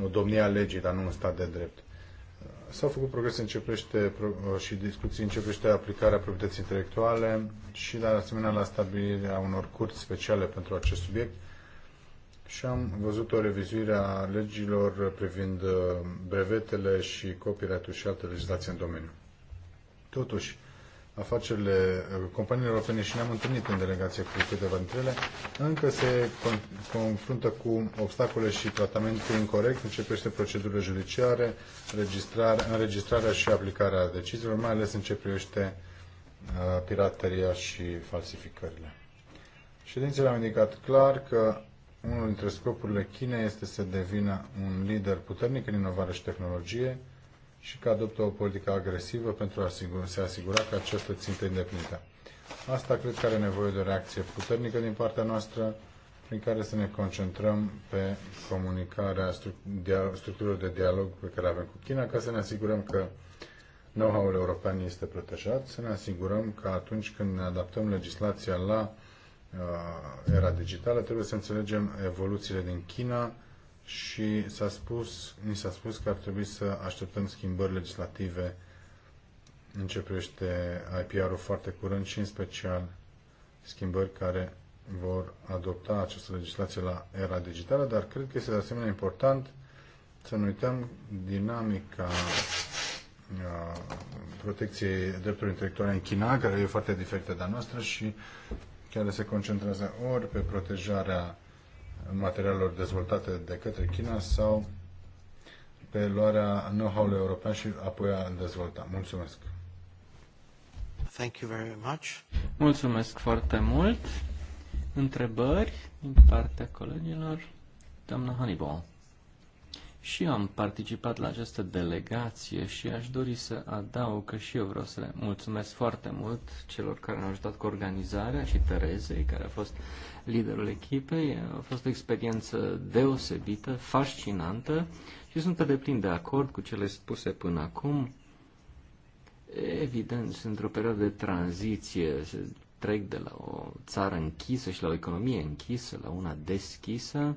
uh, o domnie a legii, dar nu un stat de drept. S-au făcut progrese începește uh, și discuții începește aplicarea proprietății intelectuale și de asemenea la stabilirea unor curți speciale pentru acest subiect și am văzut o revizuire a legilor privind uh, brevetele și copyright și alte legislații în domeniu. Totuși, afacerile uh, companiilor europene și ne-am întâlnit în delegație cu câteva dintre ele, încă se confruntă cu obstacole și tratamentul incorrect, începește procedurile judiciare, înregistrarea și aplicarea deciziilor, mai ales începește uh, pirateria și falsificările. Ședințele au indicat clar că unul dintre scopurile Chinei este să devină un lider puternic în inovare și tehnologie, și că adoptă o politică agresivă pentru a se asigura că această țintă îndeplinită. Asta cred că are nevoie de o reacție puternică din partea noastră, prin care să ne concentrăm pe comunicarea structurilor de dialog pe care avem cu China, ca să ne asigurăm că know-how-ul european este protejat, să ne asigurăm că atunci când ne adaptăm legislația la uh, era digitală, trebuie să înțelegem evoluțiile din China, și s-a spus, ni s-a spus că ar trebui să așteptăm schimbări legislative în ce privește IPR-ul foarte curând și în special schimbări care vor adopta această legislație la era digitală, dar cred că este de asemenea important să nu uităm dinamica uh, protecției drepturilor intelectuale în China, care e foarte diferită de a noastră și care se concentrează ori pe protejarea materialelor dezvoltate de către China sau pe luarea know-how-ului european și apoi a dezvolta. Mulțumesc! Thank you very much. Mulțumesc foarte mult! Întrebări din partea colegilor? Doamna Hannibal și eu am participat la această delegație și aș dori să adaug că și eu vreau să le mulțumesc foarte mult celor care ne-au ajutat cu organizarea și Terezei, care a fost liderul echipei. A fost o experiență deosebită, fascinantă și sunt pe deplin de acord cu cele spuse până acum. Evident, sunt într-o perioadă de tranziție, se trec de la o țară închisă și la o economie închisă, la una deschisă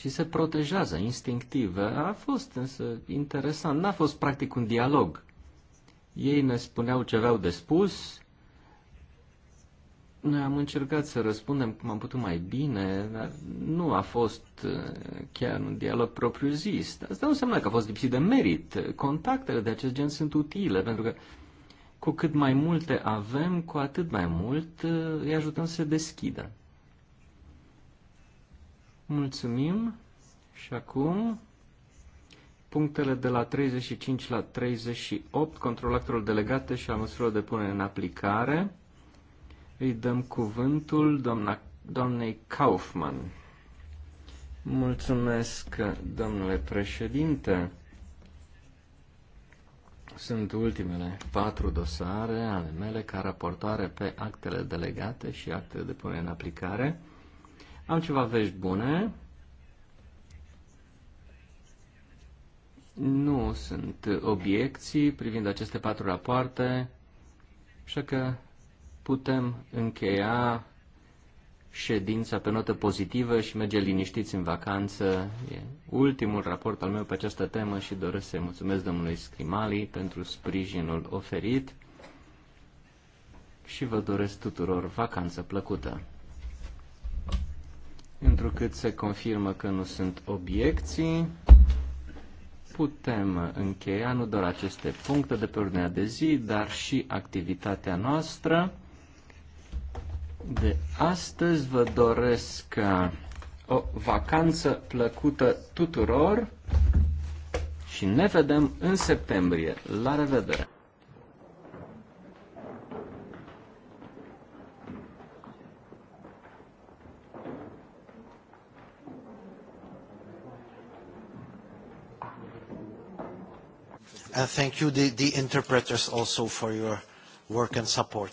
și se protejează instinctive. A fost însă interesant, n-a fost practic un dialog. Ei ne spuneau ce aveau de spus, noi am încercat să răspundem cum am putut mai bine, dar nu a fost uh, chiar un dialog propriu-zis. Asta nu înseamnă că a fost lipsit de merit. Contactele de acest gen sunt utile, pentru că cu cât mai multe avem, cu atât mai mult uh, îi ajutăm să se deschidă. Mulțumim. Și acum punctele de la 35 la 38, control actelor delegate și a măsurilor de punere în aplicare. Îi dăm cuvântul doamna, doamnei Kaufman. Mulțumesc, domnule președinte. Sunt ultimele patru dosare ale mele ca raportoare pe actele delegate și actele de punere în aplicare. Am ceva vești bune. Nu sunt obiecții privind aceste patru rapoarte, așa că putem încheia ședința pe notă pozitivă și merge liniștiți în vacanță. E ultimul raport al meu pe această temă și doresc să-i mulțumesc domnului Scrimali pentru sprijinul oferit și vă doresc tuturor vacanță plăcută. Întrucât se confirmă că nu sunt obiecții, putem încheia nu doar aceste puncte de pe ordinea de zi, dar și activitatea noastră de astăzi. Vă doresc uh, o vacanță plăcută tuturor și ne vedem în septembrie. La revedere! And uh, thank you, the, the interpreters, also for your work and support.